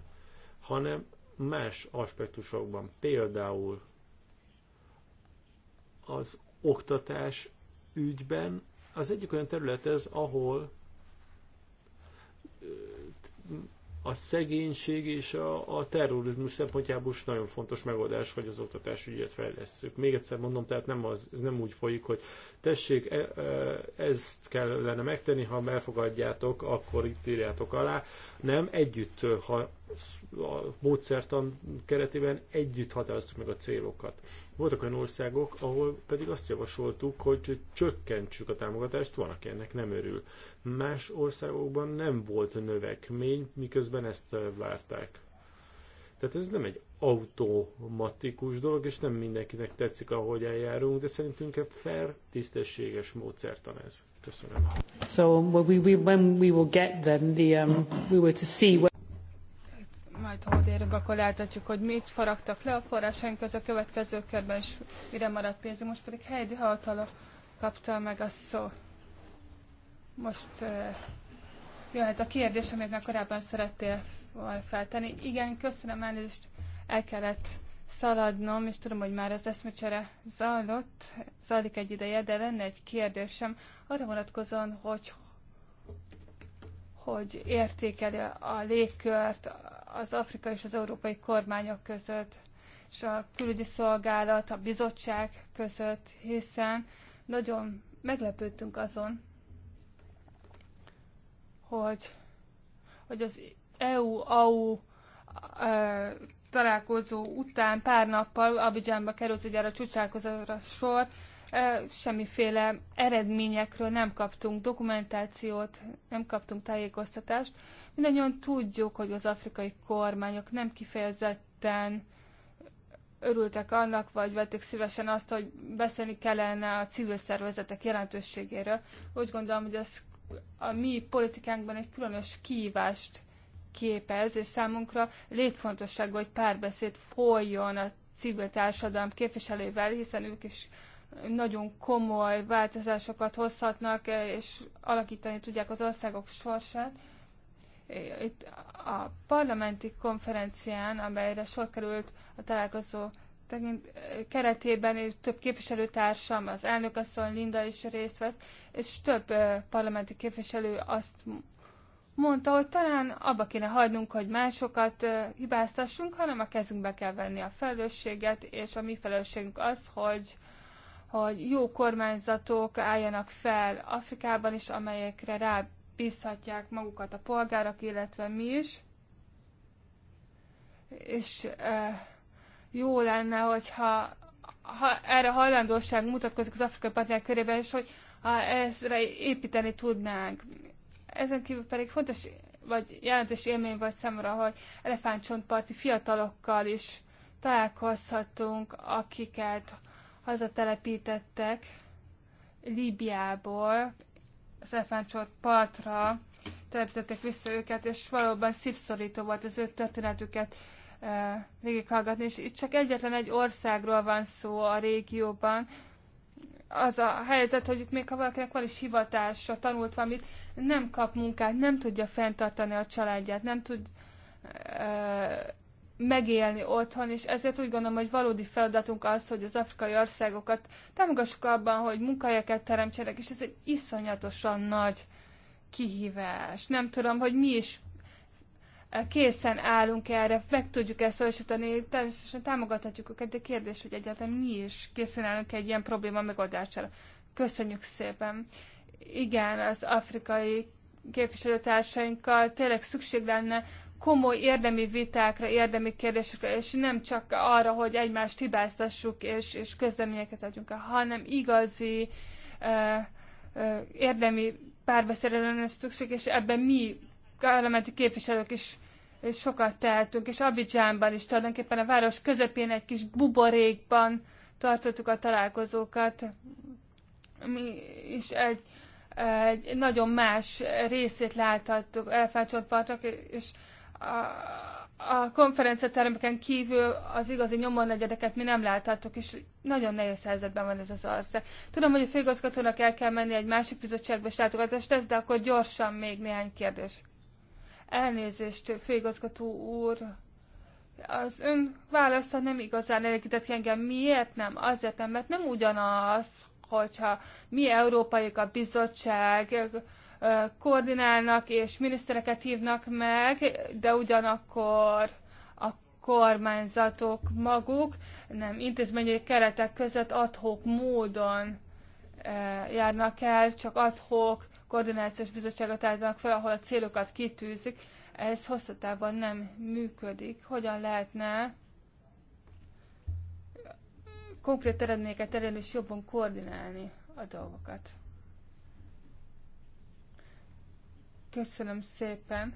hanem más aspektusokban, például az oktatás ügyben, az egyik olyan terület ez, ahol a szegénység és a, a terrorizmus szempontjából is nagyon fontos megoldás, hogy az oktatás ügyet fejlesszük. Még egyszer mondom, tehát nem az, ez nem úgy folyik, hogy tessék, e, e, ezt kellene megtenni, ha elfogadjátok, akkor itt írjátok alá. Nem, együtt ha a módszertan keretében együtt határoztuk meg a célokat. Voltak olyan országok, ahol pedig azt javasoltuk, hogy csökkentsük a támogatást, van, aki ennek nem örül. Más országokban nem volt növekmény, miközben ezt várták. Tehát ez nem egy automatikus dolog, és nem mindenkinek tetszik, ahogy eljárunk, de szerintünk egy fair, tisztességes módszertan ez. Köszönöm. So when we, when we will get them, the, um, we were to see majd ha odérünk, akkor láthatjuk, hogy mit faragtak le a forrásaink az a következő körben, és mire maradt pénz. Most pedig Heidi Hautala kapta meg a szó. Most uh, jöhet a kérdés, amit már korábban szerettél volna feltenni. Igen, köszönöm elnézést, el kellett szaladnom, és tudom, hogy már az eszmecsere zajlott, zajlik egy ideje, de lenne egy kérdésem arra vonatkozóan, hogy hogy értékeli a légkört, az afrikai és az európai kormányok között, és a külügyi szolgálat, a bizottság között, hiszen nagyon meglepődtünk azon, hogy, hogy az EU-AU e, találkozó után pár nappal Abidjánba került ugye a csúcsálkozóra sor, semmiféle eredményekről nem kaptunk dokumentációt, nem kaptunk tájékoztatást. Mindannyian tudjuk, hogy az afrikai kormányok nem kifejezetten örültek annak, vagy vették szívesen azt, hogy beszélni kellene a civil szervezetek jelentőségéről. Úgy gondolom, hogy ez a mi politikánkban egy különös kívást képez, és számunkra létfontosságú, hogy párbeszéd folyjon a civil társadalom képviselővel, hiszen ők is nagyon komoly változásokat hozhatnak, és alakítani tudják az országok sorsát. Itt a parlamenti konferencián, amelyre sor került a találkozó keretében és több képviselőtársam, az elnökasszony Linda is részt vesz, és több parlamenti képviselő azt mondta, hogy talán abba kéne hagynunk, hogy másokat hibáztassunk, hanem a kezünkbe kell venni a felelősséget, és a mi felelősségünk az, hogy, hogy jó kormányzatok álljanak fel Afrikában is, amelyekre rábízhatják magukat a polgárok, illetve mi is. És e, jó lenne, hogyha ha erre hajlandóság mutatkozik az afrikai partnerek körében, és hogy ha ezre építeni tudnánk. Ezen kívül pedig fontos, vagy jelentős élmény volt számomra, hogy elefántcsontparti fiatalokkal is találkozhatunk, akiket hazatelepítettek Líbiából, az elfáncsolt partra telepítették vissza őket, és valóban szívszorító volt az ő történetüket e, végighallgatni, és itt csak egyetlen egy országról van szó a régióban, az a helyzet, hogy itt még ha valakinek van is hivatása, tanult valamit, nem kap munkát, nem tudja fenntartani a családját, nem tud e, megélni otthon, és ezért úgy gondolom, hogy valódi feladatunk az, hogy az afrikai országokat támogassuk abban, hogy munkahelyeket teremtsenek, és ez egy iszonyatosan nagy kihívás. Nem tudom, hogy mi is készen állunk erre, meg tudjuk ezt valósítani, természetesen támogathatjuk őket, de kérdés, hogy egyáltalán mi is készen állunk egy ilyen probléma megoldására. Köszönjük szépen! Igen, az afrikai képviselőtársainkkal tényleg szükség lenne komoly érdemi vitákra, érdemi kérdésekre, és nem csak arra, hogy egymást hibáztassuk és, és közleményeket adjunk, hanem igazi eh, eh, érdemi párbeszédre lenne szükség, és ebben mi parlamenti képviselők is és sokat tehetünk, és Abidzsánban is tulajdonképpen a város közepén egy kis buborékban tartottuk a találkozókat. Mi is egy, egy nagyon más részét láthattuk Elfácsolt partok, és a konferenciatermeken kívül az igazi nyomonegyedeket mi nem láthattuk, és nagyon nehéz helyzetben van ez az ország. Tudom, hogy a főigazgatónak el kell menni egy másik bizottságba és látogatást tesz, de akkor gyorsan még néhány kérdés. Elnézést, főigazgató úr, az ön válasza nem igazán elégített engem. Miért nem? Azért nem, mert nem ugyanaz, hogyha mi európaiak a bizottság, koordinálnak és minisztereket hívnak meg, de ugyanakkor a kormányzatok maguk nem intézményi keretek között adhok módon járnak el, csak adhok koordinációs bizottságot állítanak fel, ahol a célokat kitűzik. Ez hosszatában nem működik. Hogyan lehetne konkrét eredményeket elérni és jobban koordinálni a dolgokat? Köszönöm szépen.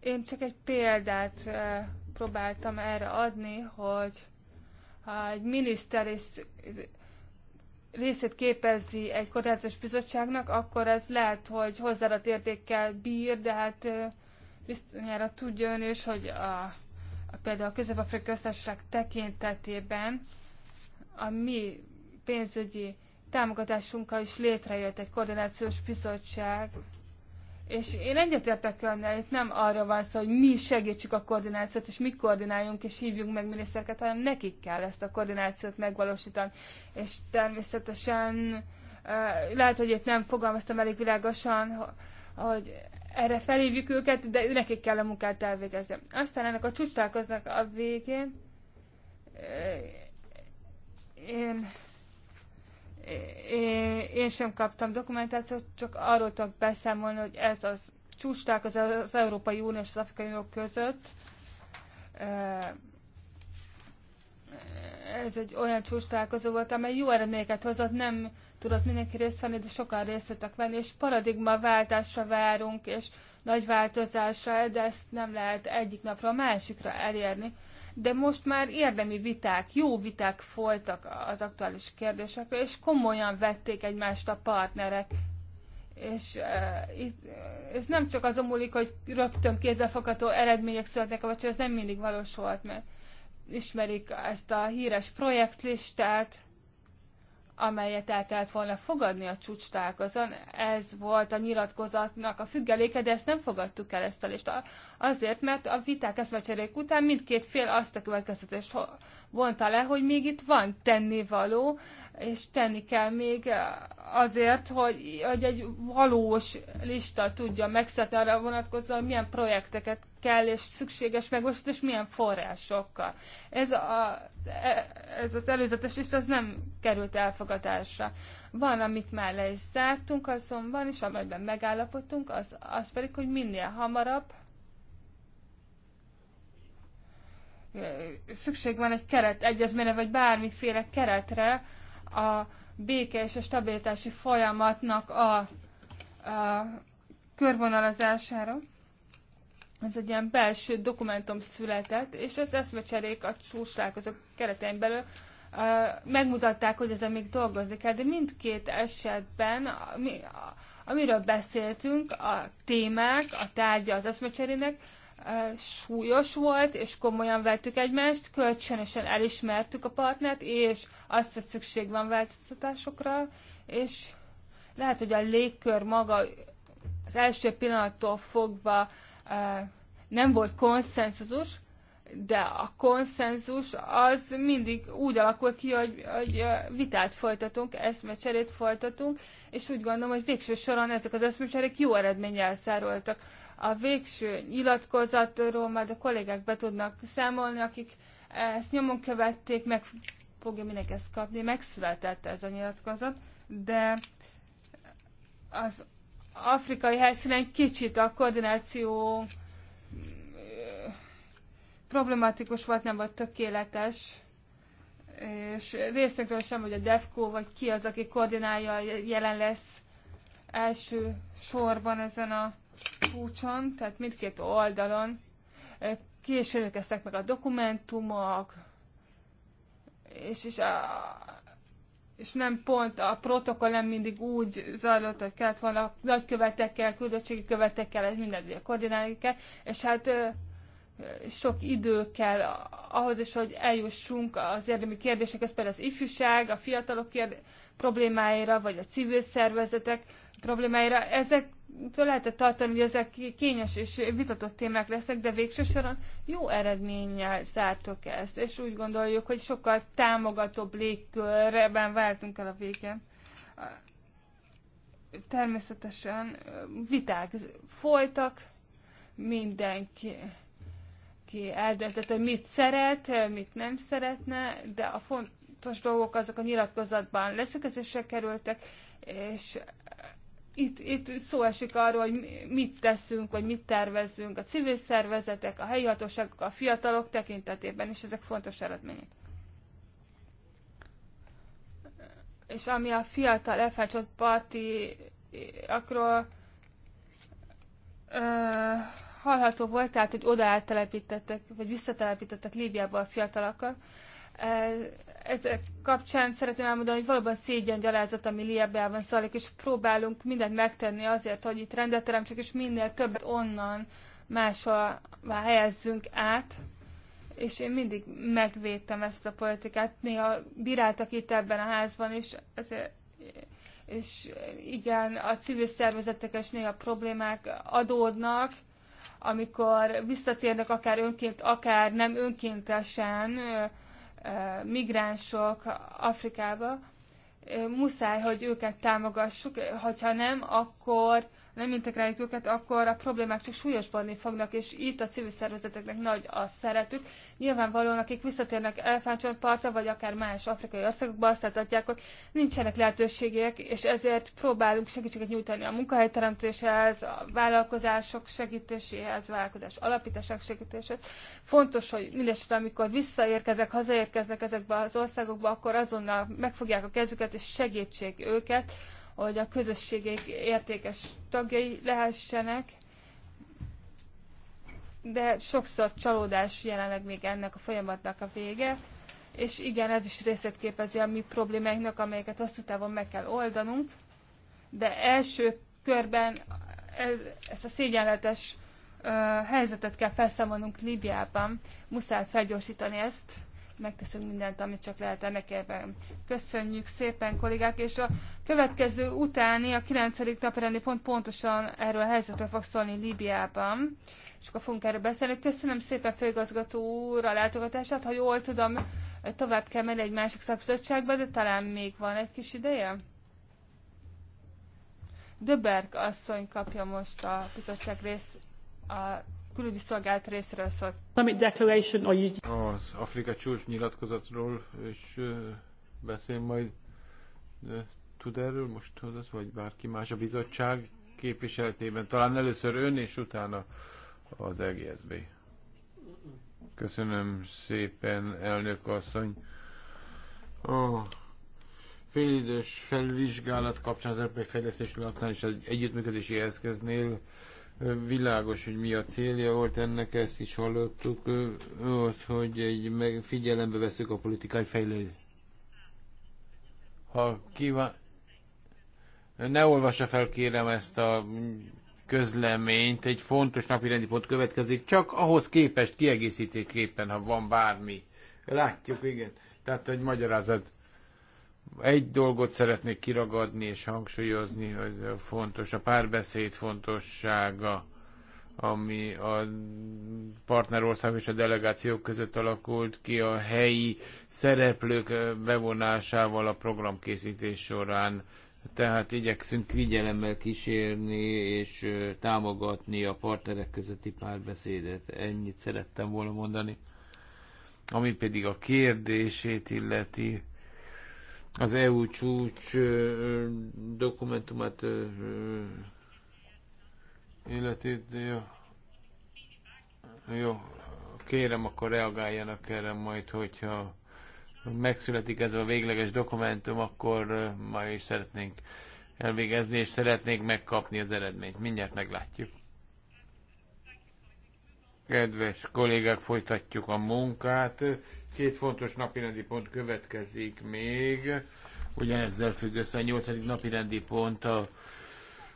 Én csak egy példát eh, próbáltam erre adni, hogy ha egy miniszter és részét képezi egy kormányzás bizottságnak, akkor ez lehet, hogy hozzáadott értékkel bír, de hát eh, bizonyára tudja ön is, hogy a, a például a Közép-Afrikai Köztársaság tekintetében a mi pénzügyi támogatásunkkal is létrejött egy koordinációs bizottság, és én egyetértek önnel, itt nem arra van szó, hogy mi segítsük a koordinációt, és mi koordináljunk, és hívjunk meg minisztereket, hanem nekik kell ezt a koordinációt megvalósítani. És természetesen lehet, hogy itt nem fogalmaztam elég világosan, hogy erre felhívjuk őket, de nekik kell a munkát elvégezni. Aztán ennek a csúcs a végén én én sem kaptam dokumentációt, csak arról tudok beszámolni, hogy ez az csústák az, az Európai Unió és az Afrikai Unió között. Ez egy olyan csústálkozó volt, amely jó eredményeket hozott, nem tudott mindenki részt venni, de sokan részt tudtak venni, és paradigmaváltásra várunk, és nagy változásra, de ezt nem lehet egyik napra a másikra elérni de most már érdemi viták, jó viták folytak az aktuális kérdésekről, és komolyan vették egymást a partnerek. És eh, eh, ez nem csak az omulik, hogy rögtön kézzelfogható eredmények születnek, vagy ez nem mindig valósult, mert ismerik ezt a híres projektlistát, amelyet el kellett volna fogadni a csúcs találkozón. Ez volt a nyilatkozatnak a függeléke, de ezt nem fogadtuk el ezt a listát. Azért, mert a viták eszmecserék után mindkét fél azt a következtetést vonta le, hogy még itt van tennivaló, és tenni kell még azért, hogy, hogy egy valós lista tudja megszületni arra vonatkozóan, hogy milyen projekteket kell és szükséges megvalósítani, és milyen forrásokkal. Ez, a, e, ez az előzetes lista az nem került elfogadásra. Van, amit már le is zártunk azonban, és amelyben megállapodtunk, az, az pedig, hogy minél hamarabb szükség van egy keret egyezményre, vagy bármiféle keretre a béke és a stabilitási folyamatnak a, a körvonalazására. Ez egy ilyen belső dokumentum született, és az eszmecserék a csúslálkozók keretein belül a, megmutatták, hogy ez még dolgozni kell, de mindkét esetben, ami, amiről beszéltünk, a témák, a tárgya az eszmecserének, súlyos volt, és komolyan vettük egymást, kölcsönösen elismertük a partnert, és azt, hogy szükség van változtatásokra, és lehet, hogy a légkör maga az első pillanattól fogva nem volt konszenzus, de a konszenzus az mindig úgy alakul ki, hogy, hogy vitát folytatunk, eszmecserét folytatunk, és úgy gondolom, hogy végső soron ezek az eszmecserék jó eredménnyel szároltak a végső nyilatkozatról majd a kollégák be tudnak számolni, akik ezt nyomon követték, meg fogja mindenki ezt kapni, megszületett ez a nyilatkozat, de az afrikai helyszínen kicsit a koordináció problematikus volt, nem volt tökéletes, és részekről sem, hogy a DEFCO, vagy ki az, aki koordinálja, jelen lesz első sorban ezen a csúcson, tehát mindkét oldalon későn érkeztek meg a dokumentumok, és, és, a, és nem pont a protokoll nem mindig úgy zajlott, hogy kellett volna a nagykövetekkel, küldöttségi követekkel, ez mindent ugye koordinálni kell, és hát sok idő kell ahhoz is, hogy eljussunk az érdemi kérdésekhez, például az ifjúság, a fiatalok kérd- problémáira, vagy a civil szervezetek problémáira. Ezek lehetett tartani, hogy ezek kényes és vitatott témák lesznek, de végső soron jó eredménnyel zártok ezt, és úgy gondoljuk, hogy sokkal támogatóbb légkörben váltunk el a végén. Természetesen viták folytak, mindenki ki eldöntött, hogy mit szeret, mit nem szeretne, de a fontos dolgok azok a nyilatkozatban leszükezésre kerültek, és itt, itt szó esik arról, hogy mit teszünk, vagy mit tervezünk a civil szervezetek, a helyi hatóságok, a fiatalok tekintetében, és ezek fontos eredmények. És ami a fiatal elfelcsott parti, akkor hallható volt, tehát, hogy oda eltelepítettek, vagy visszatelepítettek Líbiába a fiatalokat, ezek kapcsán szeretném elmondani, hogy valóban szégyen gyalázat, ami Liebelben szalik, és próbálunk mindent megtenni azért, hogy itt rendet teremtsük, és minél többet onnan máshova helyezzünk át. És én mindig megvédtem ezt a politikát. Néha bíráltak itt ebben a házban, és ezért és igen, a civil szervezetek is néha problémák adódnak, amikor visszatérnek akár önként, akár nem önkéntesen, migránsok Afrikába, muszáj, hogy őket támogassuk, hogyha nem, akkor nem rájuk őket, akkor a problémák csak súlyosbanni fognak, és itt a civil szervezeteknek nagy a szerepük. Nyilvánvalóan, akik visszatérnek Elfáncsontpartra, vagy akár más afrikai országokba, azt látják, hogy nincsenek lehetőségek, és ezért próbálunk segítséget nyújtani a munkahelyteremtéshez, a vállalkozások segítéséhez, vállalkozás alapítások segítéséhez. Fontos, hogy mindesetre, amikor visszaérkezek, hazaérkeznek ezekbe az országokba, akkor azonnal megfogják a kezüket, és segítsék őket, hogy a közösségek értékes tagjai lehessenek, de sokszor csalódás jelenleg még ennek a folyamatnak a vége, és igen, ez is részét képezi a mi problémáinknak, amelyeket hosszú távon meg kell oldanunk, de első körben ez, ezt a szégyenletes uh, helyzetet kell felszámolnunk Líbiában, muszáj felgyorsítani ezt, megteszünk mindent, amit csak lehet ennek érben. Köszönjük szépen, kollégák, és a következő utáni, a 9. napirendi pont pontosan erről a helyzetről fog szólni Líbiában, és akkor fogunk erről beszélni. Köszönöm szépen főigazgató úr a látogatását, ha jól tudom, tovább kell menni egy másik szakbizottságba, de talán még van egy kis ideje. Döberg asszony kapja most a bizottság rész a külügyi szolgált részéről szólt. Az Afrika csúcs nyilatkozatról is beszél majd. Tud erről most az, vagy bárki más a bizottság képviseletében? Talán először ön, és utána az EGSB. Köszönöm szépen, elnök asszony. A félidős felvizsgálat kapcsán az Európai Fejlesztési Lapnál és egy együttműködési eszköznél Világos, hogy mi a célja volt ennek, ezt is hallottuk, az, hogy egy, meg figyelembe veszük a politikai fejlődést. Ha kíván... Ne olvassa fel, kérem, ezt a közleményt, egy fontos rendi pont következik, csak ahhoz képest kiegészítéképpen, ha van bármi. Látjuk, igen. Tehát egy magyarázat. Egy dolgot szeretnék kiragadni és hangsúlyozni, hogy fontos, a párbeszéd fontossága, ami a partnerország és a delegációk között alakult ki a helyi szereplők bevonásával a programkészítés során. Tehát igyekszünk figyelemmel kísérni és támogatni a partnerek közötti párbeszédet. Ennyit szerettem volna mondani. Ami pedig a kérdését illeti, az EU csúcs dokumentumát életét. Jó. jó, kérem, akkor reagáljanak erre majd, hogyha megszületik ez a végleges dokumentum, akkor majd is szeretnénk elvégezni, és szeretnénk megkapni az eredményt. Mindjárt meglátjuk. Kedves kollégák, folytatjuk a munkát. Két fontos napirendi pont következik még. Ugyanezzel függ össze a nyolcadik napirendi pont a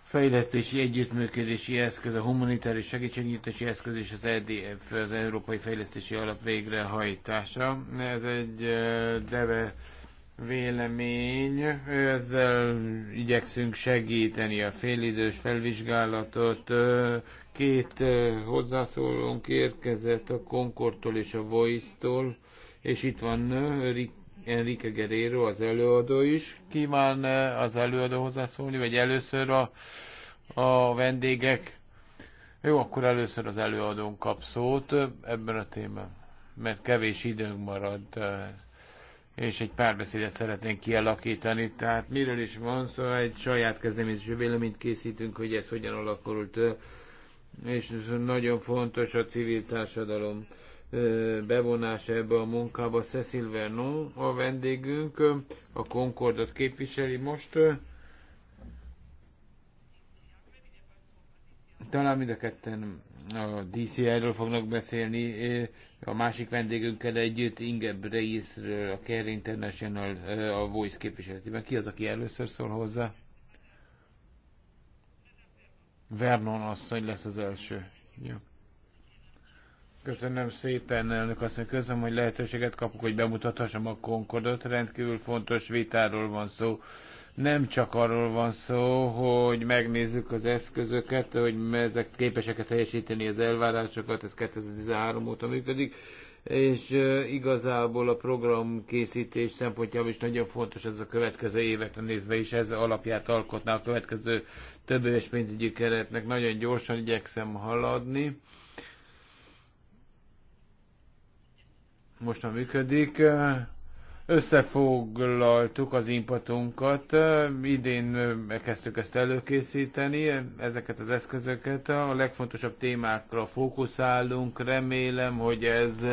fejlesztési együttműködési eszköz, a humanitárius segítségnyújtási eszköz és az EDF, az Európai Fejlesztési Alap végrehajtása. Ez egy eh, deve vélemény. Ezzel igyekszünk segíteni a félidős felvizsgálatot. Két hozzászólónk érkezett a Concordtól és a Voice-tól, és itt van Enrique Guerrero, az előadó is. Kíván az előadó hozzászólni, vagy először a, a vendégek? Jó, akkor először az előadón kap szót ebben a témában, mert kevés időnk maradt és egy párbeszédet szeretnénk kialakítani. Tehát miről is van szó, szóval egy saját kezdeményezésű véleményt készítünk, hogy ez hogyan alakult, és nagyon fontos a civil társadalom bevonása ebbe a munkába. Cecil Vernon a vendégünk, a Concordot képviseli most. Talán mind a ketten a DCI-ról fognak beszélni, a másik vendégünkkel együtt, Inge Breisről, a Care International, a Voice képviseletében. Ki az, aki először szól hozzá? Vernon asszony lesz az első. Jó. Köszönöm szépen, elnök asszony. Köszönöm, hogy lehetőséget kapok, hogy bemutathassam a Concordot. Rendkívül fontos vitáról van szó nem csak arról van szó, hogy megnézzük az eszközöket, hogy ezek képeseket teljesíteni az elvárásokat, ez 2013 óta működik, és igazából a program készítés szempontjából is nagyon fontos ez a következő évekre nézve is, ez alapját alkotná a következő több éves pénzügyi keretnek. Nagyon gyorsan igyekszem haladni. Most már működik összefoglaltuk az impotunkat, Idén kezdtük ezt előkészíteni, ezeket az eszközöket. A legfontosabb témákra fókuszálunk. Remélem, hogy ez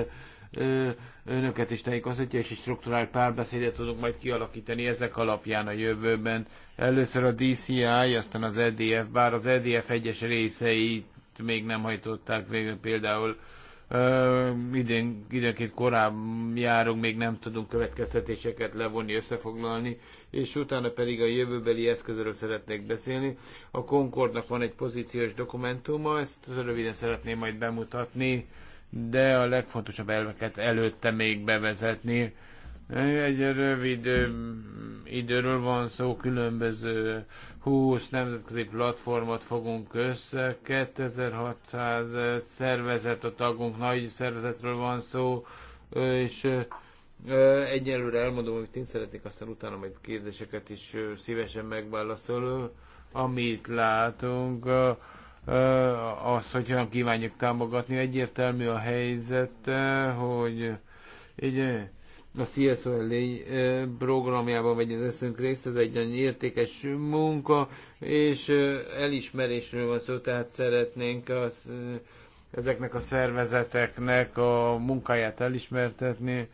önöket is tájékoztatja, és egy strukturált párbeszédet tudunk majd kialakítani ezek alapján a jövőben. Először a DCI, aztán az EDF, bár az EDF egyes részeit még nem hajtották végül például idén, időnként korábban járunk, még nem tudunk következtetéseket levonni, összefoglalni, és utána pedig a jövőbeli eszközről szeretnék beszélni. A Concordnak van egy pozíciós dokumentuma, ezt röviden szeretném majd bemutatni, de a legfontosabb elveket előtte még bevezetni egy rövid időről van szó, különböző 20 nemzetközi platformot fogunk össze, 2600 szervezet a tagunk, nagy szervezetről van szó, és egyelőre elmondom, amit én szeretnék, aztán utána majd kérdéseket is szívesen megválaszoló. Amit látunk, az, hogy hogyan kívánjuk támogatni, egyértelmű a helyzet, hogy így, a CSOL programjában az eszünk részt, ez egy nagyon értékes munka, és elismerésről van szó, tehát szeretnénk az, ezeknek a szervezeteknek a munkáját elismertetni,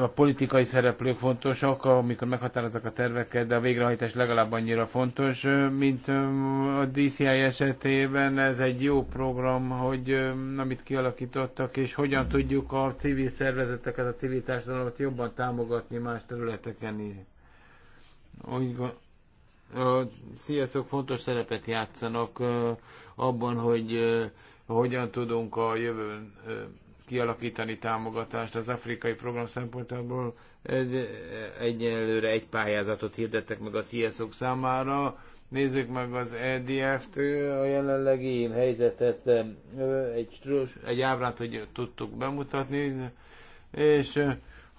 a politikai szereplők fontosak, amikor meghatározzák a terveket, de a végrehajtás legalább annyira fontos, mint a DCI esetében. Ez egy jó program, hogy amit kialakítottak, és hogyan tudjuk a civil szervezeteket, a civil társadalmat jobban támogatni más területeken Úgy a CSZ-ok fontos szerepet játszanak abban, hogy hogyan tudunk a jövőn kialakítani támogatást az afrikai program szempontjából. Egy, egyelőre egy pályázatot hirdettek meg a cso számára. Nézzük meg az EDF-t, a jelenlegi helyzetet, egy, egy ábrát, hogy tudtuk bemutatni, és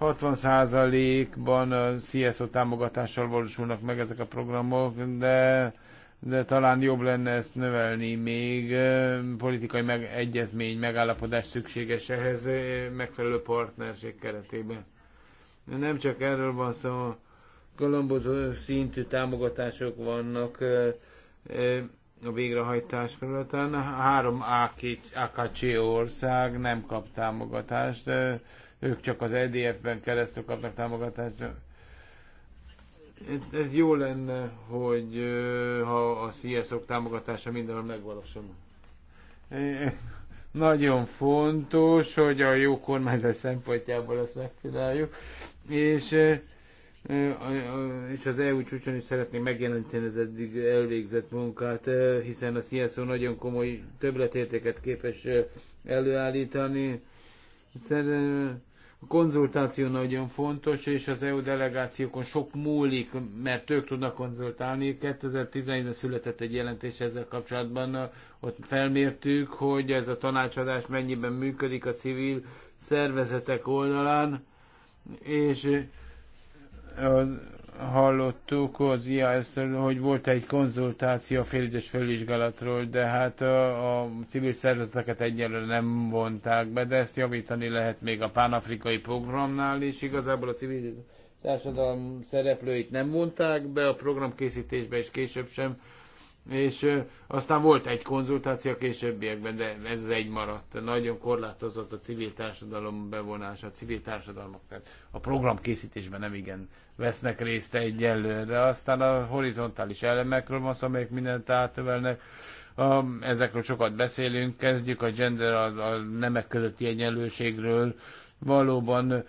60%-ban a CSO támogatással valósulnak meg ezek a programok, de de talán jobb lenne ezt növelni még. Politikai meg, egyezmény, megállapodás szükséges ehhez megfelelő partnerség keretében. Nem csak erről van szó, különböző szintű támogatások vannak a végrehajtás felületen. Három AKC ország nem kap támogatást, ők csak az EDF-ben keresztül kapnak támogatást ez jó lenne, hogy ha a CSZ-ok támogatása mindenhol megvalósul. Nagyon fontos, hogy a jó kormányzás szempontjából ezt megcsináljuk, és, és az EU csúcson is szeretném megjelenteni az eddig elvégzett munkát, hiszen a CSZO nagyon komoly többletértéket képes előállítani. Szerintem a konzultáció nagyon fontos, és az EU delegációkon sok múlik, mert ők tudnak konzultálni. 2011-ben született egy jelentés ezzel kapcsolatban, ott felmértük, hogy ez a tanácsadás mennyiben működik a civil szervezetek oldalán, és hallottuk az ezt, hogy volt egy konzultáció a félügyes fölvizsgálatról, de hát a, a civil szervezeteket egyelőre nem vonták be, de ezt javítani lehet még a pánafrikai programnál is. Igazából a civil társadalom szereplőit nem mondták be a programkészítésbe, és később sem és aztán volt egy konzultáció a későbbiekben, de ez egy maradt. Nagyon korlátozott a civil társadalom bevonása, a civil társadalmak, tehát a programkészítésben nem igen vesznek részt egyelőre. Aztán a horizontális elemekről van szó, amelyek mindent átövelnek. ezekről sokat beszélünk, kezdjük a gender, a, a nemek közötti egyenlőségről, valóban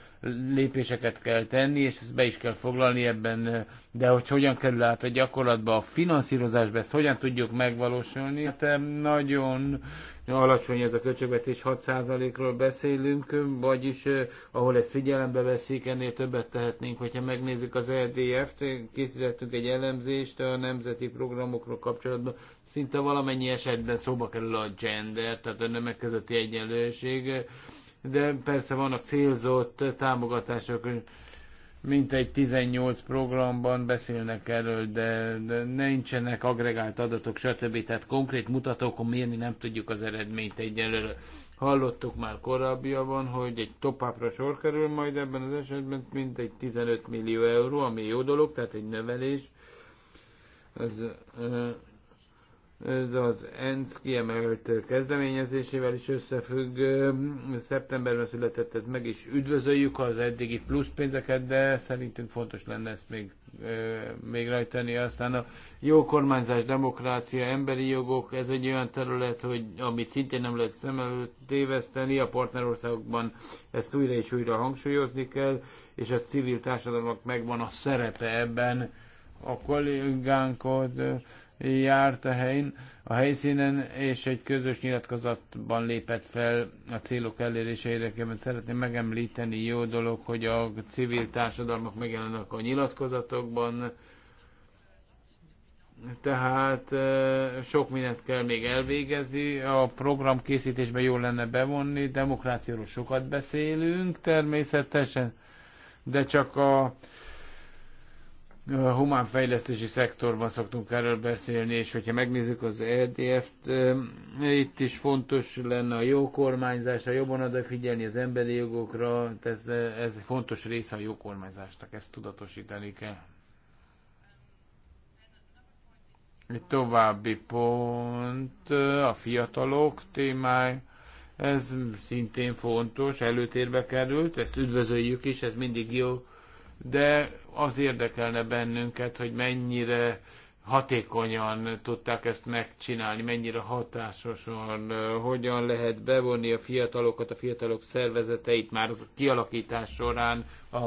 lépéseket kell tenni, és ezt be is kell foglalni ebben, de hogy hogyan kerül át a gyakorlatba a finanszírozásba, ezt hogyan tudjuk megvalósulni. Hát nagyon alacsony ez a költségvetés, 6%-ról beszélünk, vagyis eh, ahol ezt figyelembe veszik, ennél többet tehetnénk, hogyha megnézzük az EDF-t, készítettünk egy elemzést a nemzeti programokról kapcsolatban, szinte valamennyi esetben szóba kerül a gender, tehát a nemek közötti egyenlőség, de persze vannak célzott támogatások, mint egy 18 programban beszélnek erről, de, de nincsenek agregált adatok, stb. Tehát konkrét mutatókon mérni nem tudjuk az eredményt egyelőre. Hallottuk már korábbiaban, hogy egy topápra sor kerül majd ebben az esetben, mint egy 15 millió euró, ami jó dolog, tehát egy növelés. Ez, ez az ENSZ kiemelt kezdeményezésével is összefügg. Szeptemberben született ez meg, is üdvözöljük az eddigi plusz pénzeket, de szerintünk fontos lenne ezt még, még rajtani. Aztán a jó kormányzás, demokrácia, emberi jogok, ez egy olyan terület, hogy amit szintén nem lehet szem előtt téveszteni, a partnerországokban ezt újra és újra hangsúlyozni kell, és a civil társadalomnak megvan a szerepe ebben a kollégánkod járt a helyen, a helyszínen, és egy közös nyilatkozatban lépett fel a célok elérése érdekében. Szeretném megemlíteni jó dolog, hogy a civil társadalmak megjelennek a nyilatkozatokban, tehát sok mindent kell még elvégezni, a program készítésben jól lenne bevonni, demokráciáról sokat beszélünk természetesen, de csak a humánfejlesztési szektorban szoktunk erről beszélni, és hogyha megnézzük az EDF-t, itt is fontos lenne a jó kormányzás, a jobban odafigyelni az emberi jogokra, ez, ez fontos része a jó kormányzásnak, ezt tudatosítani kell. Egy további pont, a fiatalok témája, ez szintén fontos, előtérbe került, ezt üdvözöljük is, ez mindig jó, de az érdekelne bennünket, hogy mennyire hatékonyan tudták ezt megcsinálni, mennyire hatásosan, hogyan lehet bevonni a fiatalokat, a fiatalok szervezeteit már az kialakítás során, a,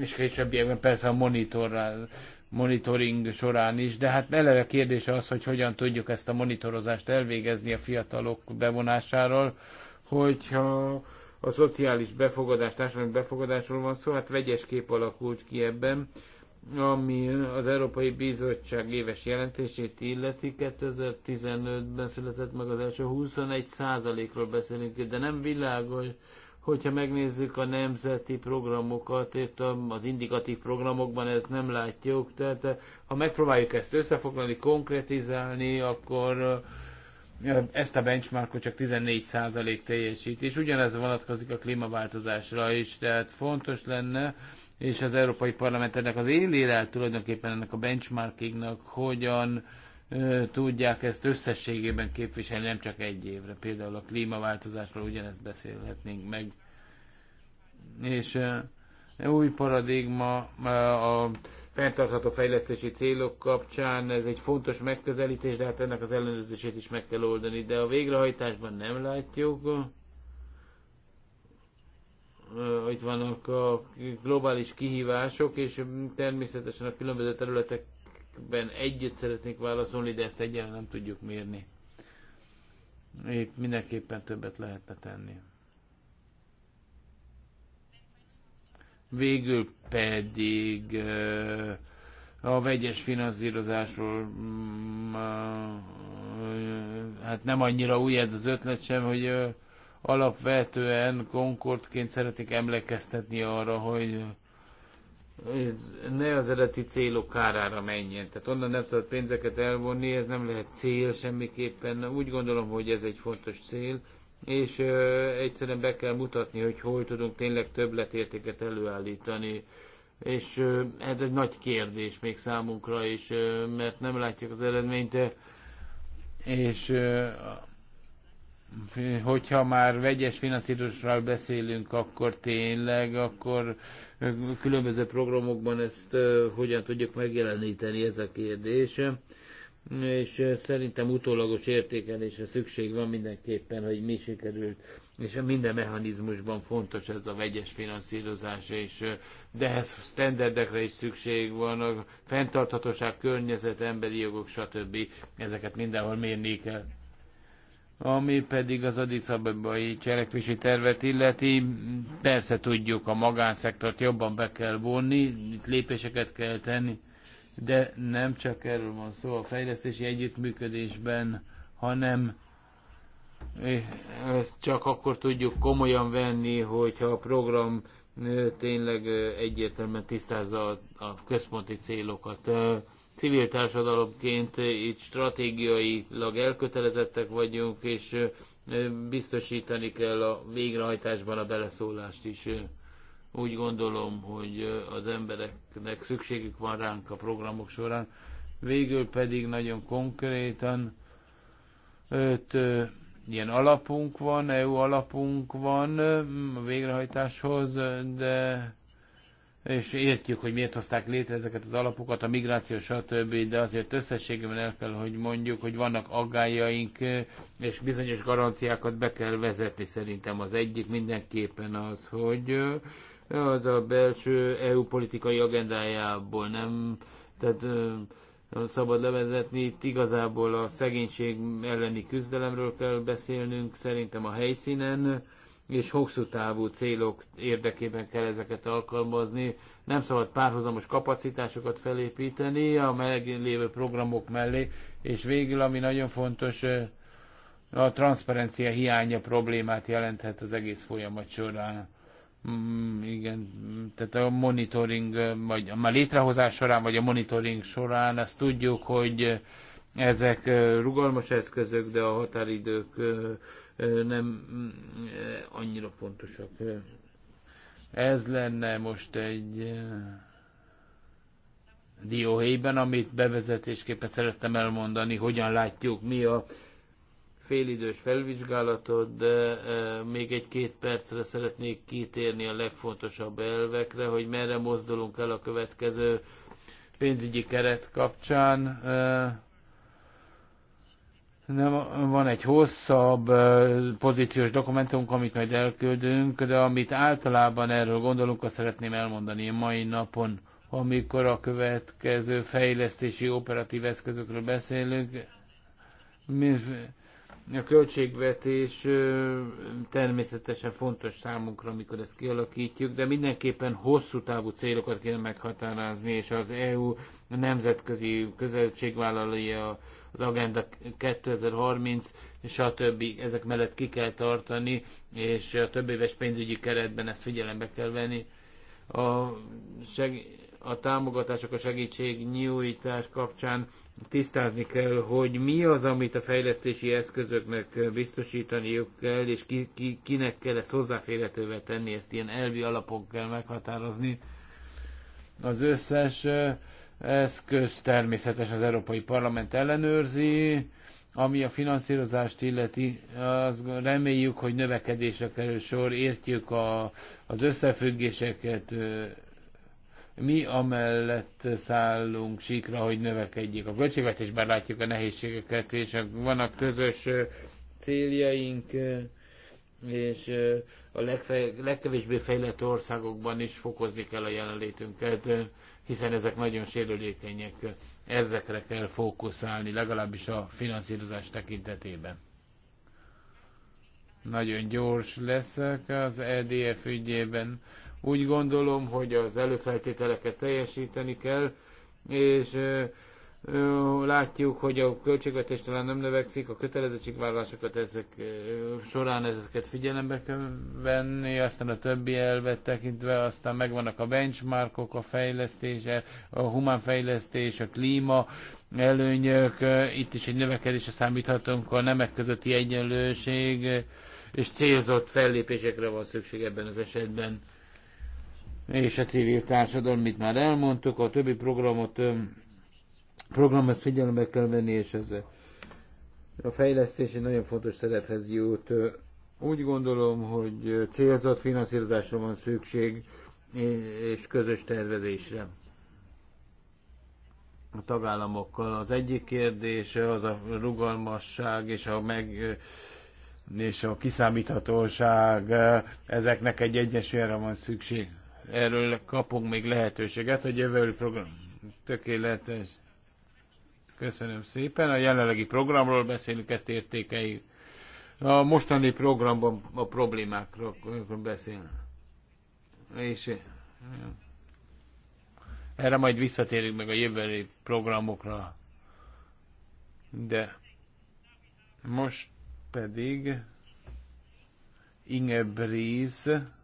és későbbiekben persze a monitorral, monitoring során is, de hát eleve kérdés az, hogy hogyan tudjuk ezt a monitorozást elvégezni a fiatalok bevonásáról, hogyha a szociális befogadás, társadalmi befogadásról van szó, hát vegyes kép alakult ki ebben, ami az Európai Bizottság éves jelentését illeti. 2015-ben született meg az első 21 százalékról beszélünk, de nem világos, hogyha megnézzük a nemzeti programokat, itt az indikatív programokban ezt nem látjuk, tehát ha megpróbáljuk ezt összefoglalni, konkretizálni, akkor ezt a benchmarkot csak 14% teljesít, és ugyanez vonatkozik a klímaváltozásra is, tehát fontos lenne, és az Európai Parlament ennek az élére tulajdonképpen ennek a benchmarkingnak, hogyan ö, tudják ezt összességében képviselni, nem csak egy évre. Például a klímaváltozásról ugyanezt beszélhetnénk meg. És ö, új paradigma ö, a fenntartható fejlesztési célok kapcsán ez egy fontos megközelítés, de hát ennek az ellenőrzését is meg kell oldani, de a végrehajtásban nem látjuk. Itt vannak a globális kihívások, és természetesen a különböző területekben együtt szeretnék válaszolni, de ezt egyáltalán nem tudjuk mérni. Itt mindenképpen többet lehetne tenni. Végül pedig a vegyes finanszírozásról mm, hát nem annyira új ez az ötlet sem, hogy alapvetően Concordként szeretik emlékeztetni arra, hogy ez ne az eredeti célok kárára menjen. Tehát onnan nem szabad pénzeket elvonni, ez nem lehet cél semmiképpen. Úgy gondolom, hogy ez egy fontos cél, és egyszerűen be kell mutatni, hogy hol tudunk tényleg többletértéket előállítani. És ez egy nagy kérdés még számunkra is, mert nem látjuk az eredményt, és hogyha már vegyes finanszírozásról beszélünk, akkor tényleg, akkor különböző programokban ezt hogyan tudjuk megjeleníteni, ez a kérdés és szerintem utólagos értékelésre szükség van mindenképpen, hogy mi sikerült, és a minden mechanizmusban fontos ez a vegyes finanszírozás, és, de ehhez standardekre is szükség van, a fenntarthatóság, környezet, emberi jogok, stb. Ezeket mindenhol mérni kell ami pedig az Addis Abebai cselekvési tervet illeti. Persze tudjuk, a magánszektort jobban be kell vonni, itt lépéseket kell tenni, de nem csak erről van szó a fejlesztési együttműködésben, hanem ezt csak akkor tudjuk komolyan venni, hogyha a program tényleg egyértelműen tisztázza a központi célokat. Civil társadalomként itt stratégiailag elkötelezettek vagyunk, és biztosítani kell a végrehajtásban a beleszólást is. Úgy gondolom, hogy az embereknek szükségük van ránk a programok során. Végül pedig nagyon konkrétan öt ilyen alapunk van, EU alapunk van a végrehajtáshoz, de és értjük, hogy miért hozták létre ezeket az alapokat, a migráció, stb., de azért összességében el kell, hogy mondjuk, hogy vannak aggájaink, és bizonyos garanciákat be kell vezetni szerintem. Az egyik mindenképpen az, hogy az a belső EU politikai agendájából nem, tehát nem szabad levezetni, itt igazából a szegénység elleni küzdelemről kell beszélnünk, szerintem a helyszínen, és hosszú távú célok érdekében kell ezeket alkalmazni. Nem szabad párhuzamos kapacitásokat felépíteni a meglévő programok mellé, és végül, ami nagyon fontos, a transzparencia hiánya problémát jelenthet az egész folyamat során Mm, igen, tehát a monitoring, vagy a létrehozás során, vagy a monitoring során azt tudjuk, hogy ezek rugalmas eszközök, de a határidők nem mm, annyira pontosak. Ez lenne most egy dióhéjben, amit bevezetésképpen szerettem elmondani, hogyan látjuk mi a félidős felvizsgálatot, de e, még egy-két percre szeretnék kitérni a legfontosabb elvekre, hogy merre mozdulunk el a következő pénzügyi keret kapcsán. E, nem, van egy hosszabb e, pozíciós dokumentumunk, amit majd elküldünk, de amit általában erről gondolunk, azt szeretném elmondani a mai napon, amikor a következő fejlesztési operatív eszközökről beszélünk. A költségvetés természetesen fontos számunkra, amikor ezt kialakítjuk, de mindenképpen hosszú távú célokat kéne meghatározni, és az EU a nemzetközi közeltségvállalója, az Agenda 2030, stb. ezek mellett ki kell tartani, és a több éves pénzügyi keretben ezt figyelembe kell venni. A, seg- a támogatások, a segítségnyújtás kapcsán tisztázni kell, hogy mi az, amit a fejlesztési eszközöknek biztosítaniuk kell, és ki, ki, kinek kell ezt hozzáférhetővé tenni, ezt ilyen elvi alapon kell meghatározni. Az összes eszköz természetesen az Európai Parlament ellenőrzi, ami a finanszírozást illeti, az reméljük, hogy növekedésre kerül sor, értjük a, az összefüggéseket, mi amellett szállunk sikra, hogy növekedjék a költségvetés, bár látjuk a nehézségeket, és vannak közös céljaink, és a legfej, legkevésbé fejlett országokban is fokozni kell a jelenlétünket, hiszen ezek nagyon sérülékenyek. Ezekre kell fókuszálni, legalábbis a finanszírozás tekintetében. Nagyon gyors leszek az EDF ügyében úgy gondolom, hogy az előfeltételeket teljesíteni kell, és látjuk, hogy a költségvetés talán nem növekszik, a kötelezettségvállalásokat ezek során ezeket figyelembe kell venni, aztán a többi elvet tekintve, aztán megvannak a benchmarkok, a fejlesztése, a humán fejlesztés a klíma előnyök, itt is egy növekedésre számíthatunk, a nemek közötti egyenlőség, és célzott fellépésekre van szükség ebben az esetben és a civil társadalom, mit már elmondtuk, a többi programot, programot figyelembe kell venni, és ez a fejlesztés egy nagyon fontos szerephez jut. Úgy gondolom, hogy célzott finanszírozásra van szükség, és közös tervezésre a tagállamokkal. Az egyik kérdés az a rugalmasság és a meg és a kiszámíthatóság, ezeknek egy egyesére van szükség erről kapunk még lehetőséget, hogy jövő program tökéletes. Köszönöm szépen. A jelenlegi programról beszélünk, ezt értékeljük. A mostani programban a problémákról beszélünk. És eh, erre majd visszatérünk meg a jövőri programokra. De most pedig Inge Breeze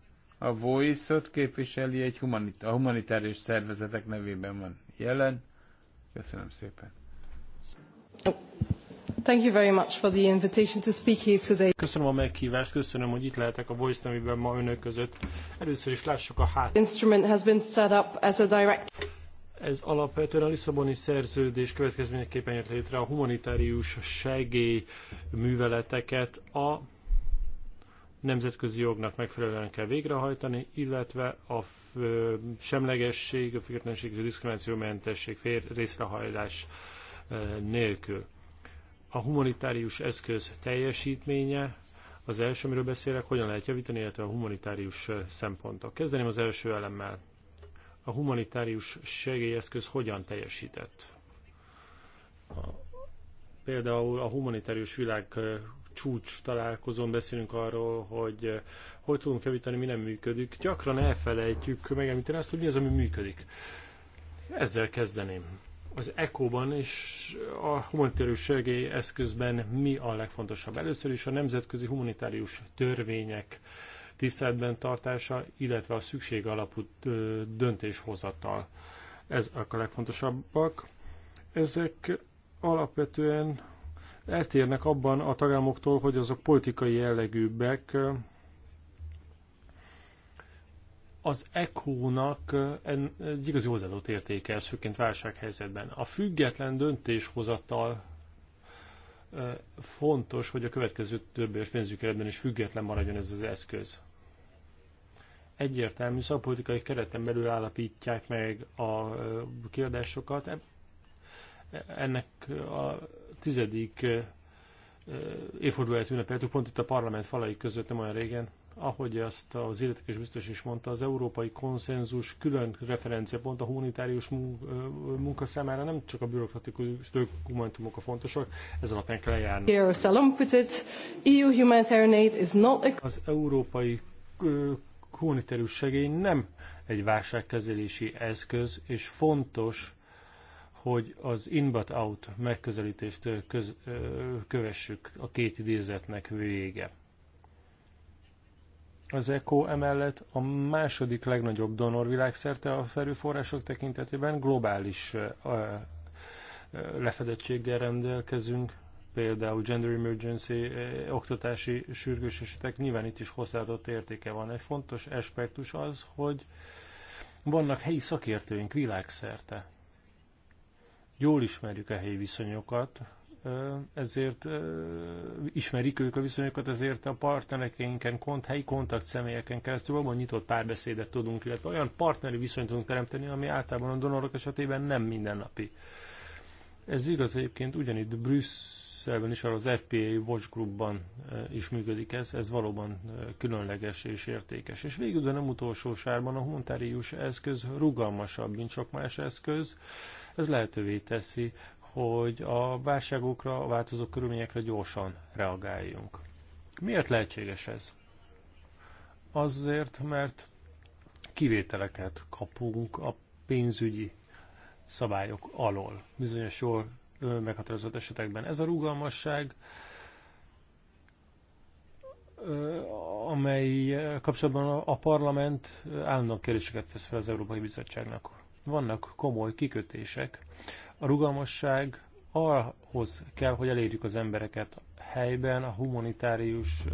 a Voice-ot képviseli egy humanit- a humanitárius szervezetek nevében van jelen. Köszönöm szépen. Thank you very much for the invitation to speak here today. Köszönöm a meghívást, köszönöm, hogy itt lehetek a Voice nevében ma önök között. Először is lássuk a hát. Instrument has been set up as a direct ez alapvetően a Lisszaboni szerződés következményeképpen jött létre a humanitárius segély műveleteket a nemzetközi jognak megfelelően kell végrehajtani, illetve a semlegesség, a függetlenség és a diszkriminációmentesség fér részrehajlás nélkül. A humanitárius eszköz teljesítménye az első, amiről beszélek, hogyan lehet javítani, illetve a humanitárius szempontok. Kezdeném az első elemmel. A humanitárius segélyeszköz hogyan teljesített? Például a humanitárius világ csúcs találkozón beszélünk arról, hogy eh, hogy tudunk javítani, mi nem működik. Gyakran elfelejtjük megemlíteni azt, hogy mi az, ami működik. Ezzel kezdeném. Az ECO-ban és a humanitárius segély eszközben mi a legfontosabb? Először is a nemzetközi humanitárius törvények tiszteletben tartása, illetve a szükség alapú eh, döntéshozatal. Ez a legfontosabbak. Ezek alapvetően eltérnek abban a tagállamoktól, hogy azok politikai jellegűbbek. Az ECHO-nak egy igazi hozzáadott értéke ez, főként válsághelyzetben. A független döntéshozattal fontos, hogy a következő több és pénzügyi is független maradjon ez az eszköz egyértelmű szakpolitikai kereten belül állapítják meg a kiadásokat ennek a tizedik évfordulóját ünnepeltük, pont itt a parlament falai között nem olyan régen, ahogy azt az illetékes biztos is mondta, az európai konszenzus külön pont a humanitárius munka számára nem csak a bürokratikus dokumentumok a fontosak, ez alapján kell eljárni. Az európai humanitárius segély nem egy válságkezelési eszköz, és fontos hogy az in-but-out megközelítést köz, kövessük a két idézetnek vége. Az ECO emellett a második legnagyobb donor világszerte a felőforrások tekintetében globális lefedettséggel rendelkezünk, például gender emergency, oktatási sürgős esetek, nyilván itt is hozzáadott értéke van. Egy fontos aspektus az, hogy vannak helyi szakértőink világszerte, jól ismerjük a helyi viszonyokat, ezért ismerik ők a viszonyokat, ezért a partnerekénken, kont, helyi kontakt személyeken keresztül valóban nyitott párbeszédet tudunk, illetve olyan partneri viszonyt tudunk teremteni, ami általában a donorok esetében nem mindennapi. Ez igaz egyébként ugyanitt Brüsszel Brüsszelben is, arra az FPA Watch Groupban is működik ez, ez valóban különleges és értékes. És végül, de nem utolsó sárban a humanitárius eszköz rugalmasabb, mint sok más eszköz. Ez lehetővé teszi, hogy a válságokra, a változó körülményekre gyorsan reagáljunk. Miért lehetséges ez? Azért, mert kivételeket kapunk a pénzügyi szabályok alól. Bizonyos jól meghatározott esetekben. Ez a rugalmasság, amely kapcsolatban a parlament állandóan kérdéseket tesz fel az Európai Bizottságnak. Vannak komoly kikötések. A rugalmasság ahhoz kell, hogy elérjük az embereket helyben, a humanitárius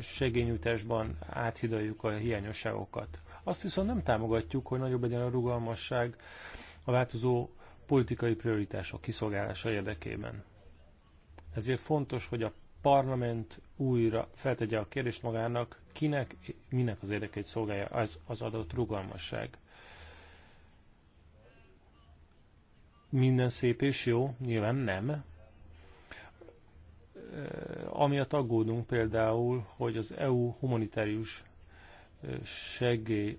segényújtásban áthidaljuk a hiányosságokat. Azt viszont nem támogatjuk, hogy nagyobb legyen a rugalmasság a változó politikai prioritások kiszolgálása érdekében. Ezért fontos, hogy a parlament újra feltegye a kérdést magának, kinek, minek az érdekeit szolgálja az, az adott rugalmasság. Minden szép és jó, nyilván nem. Amiatt aggódunk például, hogy az EU humanitárius segély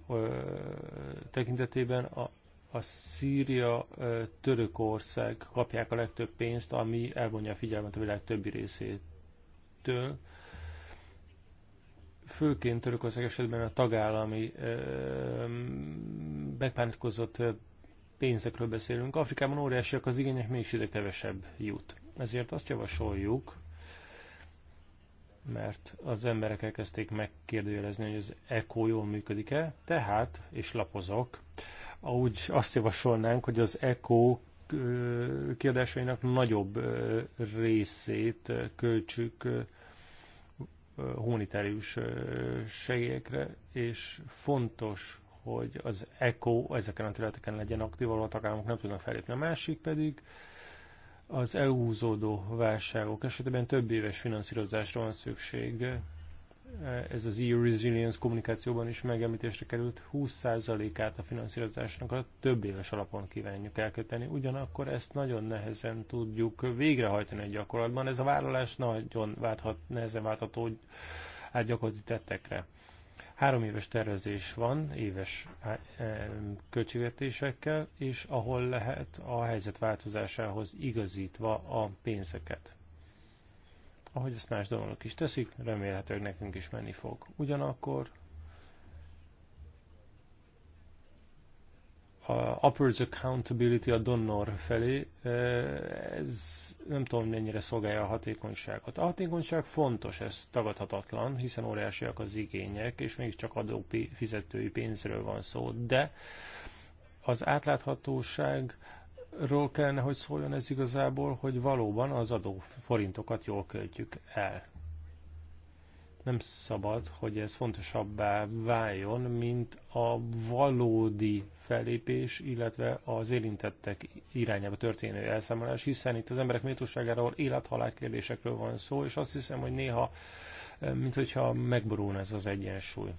tekintetében a a Szíria, Törökország kapják a legtöbb pénzt, ami elvonja a figyelmet a világ többi részétől. Főként Törökország esetben a tagállami megpánitkozott pénzekről beszélünk. Afrikában óriásiak az igények, mégis ide kevesebb jut. Ezért azt javasoljuk, mert az emberek elkezdték megkérdőjelezni, hogy az ECO jól működik-e, tehát, és lapozok, úgy azt javasolnánk, hogy az ECO kiadásainak nagyobb részét költsük humanitárius segélyekre, és fontos, hogy az ECO ezeken a területeken legyen aktív, ahol a tagállamok nem tudnak felépni. A másik pedig az elhúzódó válságok esetében több éves finanszírozásra van szükség, ez az EU Resilience kommunikációban is megemlítésre került, 20%-át a finanszírozásnak a több éves alapon kívánjuk elköteni, ugyanakkor ezt nagyon nehezen tudjuk végrehajtani egy gyakorlatban. Ez a vállalás nagyon válthat, nehezen váltható át gyakorlati tettekre. Három éves tervezés van, éves eh, költségvetésekkel, és ahol lehet a helyzet változásához igazítva a pénzeket ahogy ezt más dolgok is teszik, remélhetőleg nekünk is menni fog. Ugyanakkor a upwards accountability a donor felé, eh, ez nem tudom mennyire szolgálja a hatékonyságot. A hatékonyság fontos, ez tagadhatatlan, hiszen óriásiak az igények, és mégiscsak adó fizetői pénzről van szó, de az átláthatóság ról kellene, hogy szóljon ez igazából, hogy valóban az adó forintokat jól költjük el. Nem szabad, hogy ez fontosabbá váljon, mint a valódi felépés, illetve az érintettek irányába történő elszámolás, hiszen itt az emberek méltóságáról, élethalál kérdésekről van szó, és azt hiszem, hogy néha, mint hogyha megborulna ez az egyensúly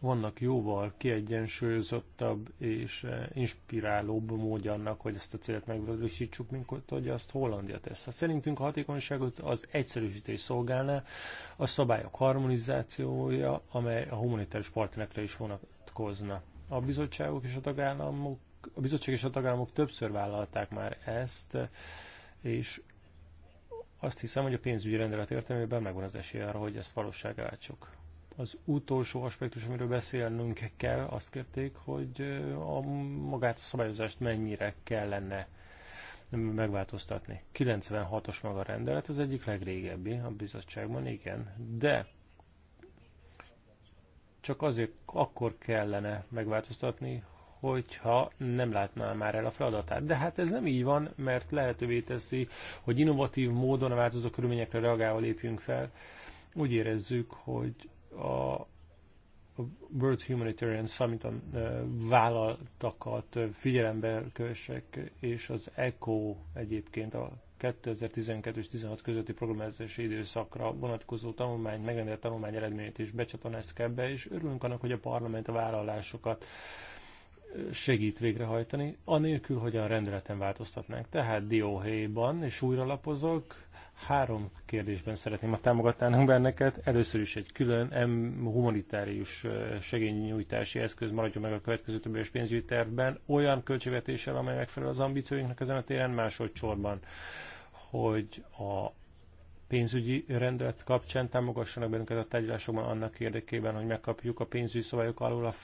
vannak jóval kiegyensúlyozottabb és eh, inspirálóbb módja annak, hogy ezt a célt megvalósítsuk, mint hogy azt Hollandia tesz. Szerintünk a hatékonyságot az egyszerűsítés szolgálná, a szabályok harmonizációja, amely a humanitárius partnerekre is vonatkozna. A bizottságok és a tagállamok a bizottság és a tagállamok többször vállalták már ezt, és azt hiszem, hogy a pénzügyi rendelet értelmében megvan az esély arra, hogy ezt valóságá váltsuk. Az utolsó aspektus, amiről beszélnünk kell, azt kérték, hogy a magát a szabályozást mennyire kellene megváltoztatni. 96-os maga rendelet, az egyik legrégebbi a bizottságban, igen, de csak azért akkor kellene megváltoztatni, hogyha nem látná már el a feladatát. De hát ez nem így van, mert lehetővé teszi, hogy innovatív módon a változó körülményekre reagálva lépjünk fel. Úgy érezzük, hogy a World Humanitarian Summit-on vállaltakat figyelembe kövessek, és az ECO egyébként a 2012 és 16 közötti programozási időszakra vonatkozó tanulmány, megrendelt tanulmány eredményét is becsatornáztuk ebbe, és örülünk annak, hogy a parlament a vállalásokat segít végrehajtani, anélkül, hogy a rendeleten változtatnánk. Tehát dióhéjban, és újra lapozok, három kérdésben szeretném, ha támogatnának benneket. Először is egy külön humanitárius segélynyújtási eszköz maradjon meg a következő többi éves pénzügyi tervben, olyan költségvetéssel, amely megfelel az ambícióinknak ezen a téren, másodszorban, hogy a pénzügyi rendelet kapcsán támogassanak bennünket a tárgyalásokban annak érdekében, hogy megkapjuk a pénzügyi szabályok alól a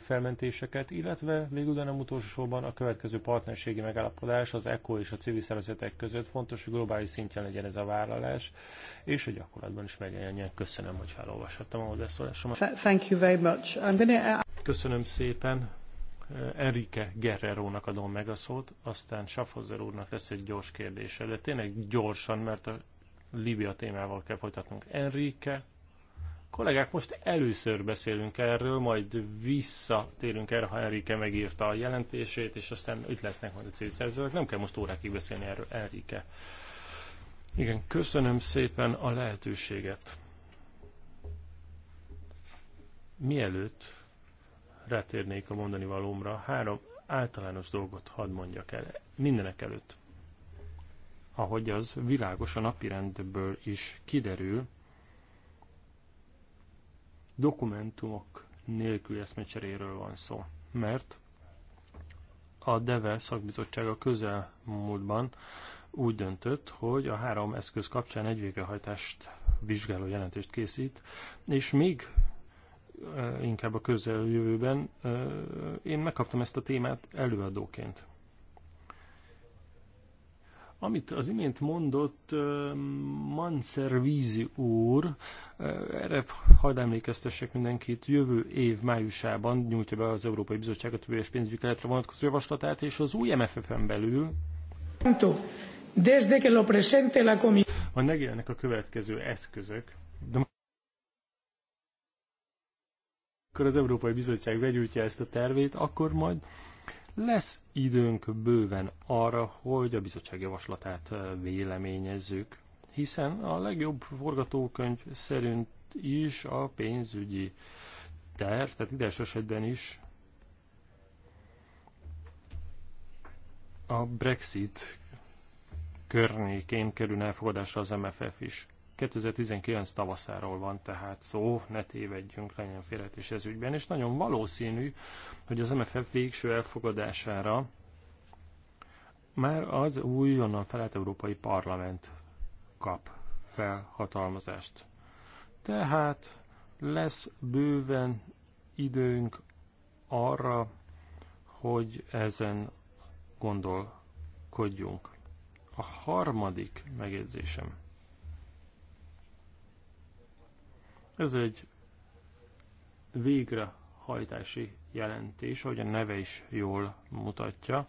felmentéseket, illetve végül, de nem utolsóban a következő partnerségi megállapodás az ECO és a civil szervezetek között fontos, hogy globális szinten legyen ez a vállalás, és a gyakorlatban is megjelenjen. Köszönöm, hogy felolvashattam a hozzászólásomat. Thank you very much. I'm gonna... Uh, Köszönöm szépen. Uh, Erike Guerrero-nak adom meg a szót, aztán Schaffhauser úrnak lesz egy gyors kérdése, de tényleg gyorsan, mert a Libia témával kell folytatnunk. Enrique, kollégák, most először beszélünk erről, majd visszatérünk erre, ha Enrique megírta a jelentését, és aztán itt lesznek majd a célszerzők. Nem kell most órákig beszélni erről, Enrique. Igen, köszönöm szépen a lehetőséget. Mielőtt rátérnék a mondani valómra, három általános dolgot hadd mondjak el. Mindenek előtt ahogy az világos a napirendből is kiderül, dokumentumok nélkül eszmecseréről van szó, mert a DEVE szakbizottsága közelmúltban úgy döntött, hogy a három eszköz kapcsán egy végrehajtást vizsgáló jelentést készít, és még inkább a közeljövőben én megkaptam ezt a témát előadóként. Amit az imént mondott Manservízi úr, erre hadd emlékeztessek mindenkit, jövő év májusában nyújtja be az Európai Bizottság a többéves pénzügyi keletre vonatkozó javaslatát, és az új MFF-en belül Desde que lo presente la megjelennek a következő eszközök, de akkor az Európai Bizottság begyújtja ezt a tervét, akkor majd lesz időnk bőven arra, hogy a bizottság javaslatát véleményezzük, hiszen a legjobb forgatókönyv szerint is a pénzügyi terv, tehát ideges esetben is a Brexit környékén kerül elfogadásra az MFF is. 2019 tavaszáról van tehát szó, ne tévedjünk, legyen félretés ez ügyben, és nagyon valószínű, hogy az MFF végső elfogadására már az újonnan felállt Európai Parlament kap felhatalmazást. Tehát lesz bőven időnk arra, hogy ezen gondolkodjunk. A harmadik megjegyzésem. Ez egy végrehajtási jelentés, ahogy a neve is jól mutatja.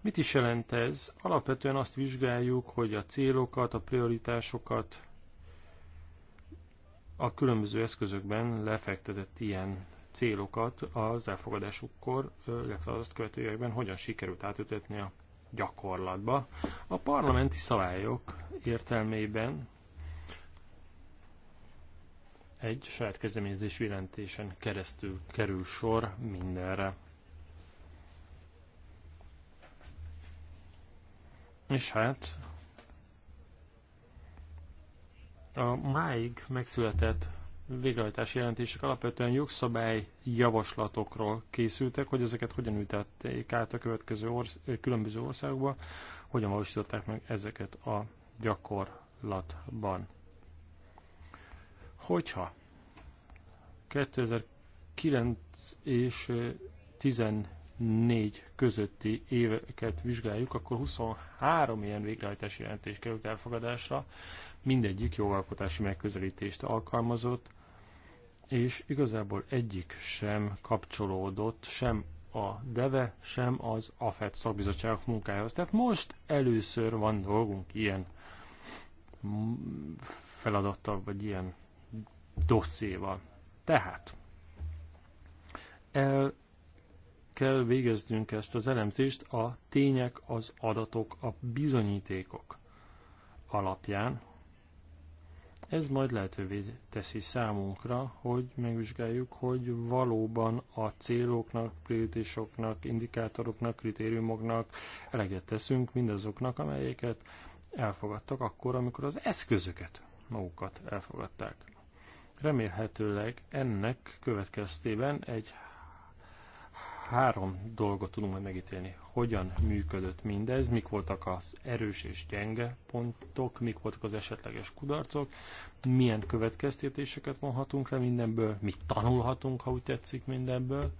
Mit is jelent ez? Alapvetően azt vizsgáljuk, hogy a célokat, a prioritásokat a különböző eszközökben lefektetett ilyen célokat az elfogadásukkor, illetve azt követő hogyan sikerült átütetni a gyakorlatba. A parlamenti szabályok értelmében egy saját kezdeményezésű jelentésen keresztül kerül sor mindenre. És hát a máig megszületett végrehajtási jelentések alapvetően jogszabály javaslatokról készültek, hogy ezeket hogyan ültették át a következő orsz- különböző országokba, hogyan valósították meg ezeket a gyakorlatban. Hogyha 2009 és 14 közötti éveket vizsgáljuk, akkor 23 ilyen végrehajtási jelentés került elfogadásra, mindegyik jogalkotási megközelítést alkalmazott, és igazából egyik sem kapcsolódott, sem a DEVE, e, sem az AFET szakbizottságok munkájához. Tehát most először van dolgunk ilyen feladattal, vagy ilyen dosszéval. Tehát el kell végeznünk ezt az elemzést a tények, az adatok, a bizonyítékok alapján. Ez majd lehetővé teszi számunkra, hogy megvizsgáljuk, hogy valóban a céloknak, prioritásoknak, indikátoroknak, kritériumoknak eleget teszünk mindazoknak, amelyeket elfogadtak akkor, amikor az eszközöket magukat elfogadták. Remélhetőleg ennek következtében egy három dolgot tudunk majd megítélni. Hogyan működött mindez, mik voltak az erős és gyenge pontok, mik voltak az esetleges kudarcok, milyen következtetéseket vonhatunk le mindenből, mit tanulhatunk, ha úgy tetszik mindenből,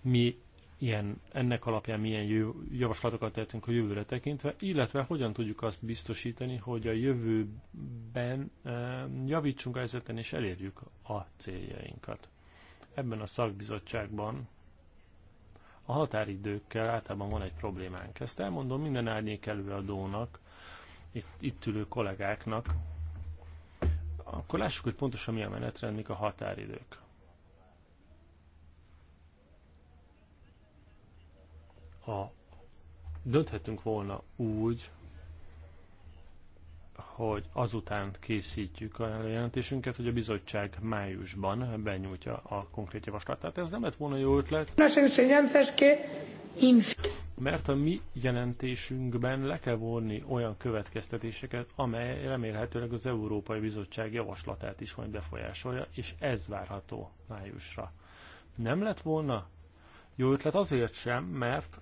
mi ilyen, ennek alapján milyen javaslatokat tettünk a jövőre tekintve, illetve hogyan tudjuk azt biztosítani, hogy a jövőben eh, javítsunk a helyzeten és elérjük a céljainkat. Ebben a szakbizottságban a határidőkkel általában van egy problémánk. Ezt elmondom minden árnyék előadónak, itt, itt ülő kollégáknak. Akkor lássuk, hogy pontosan mi a menetrend, mik a határidők. a, dönthetünk volna úgy, hogy azután készítjük a jelentésünket, hogy a bizottság májusban benyújtja a konkrét javaslatát. Ez nem lett volna jó ötlet. Mert a mi jelentésünkben le kell vonni olyan következtetéseket, amely remélhetőleg az Európai Bizottság javaslatát is majd befolyásolja, és ez várható májusra. Nem lett volna jó ötlet azért sem, mert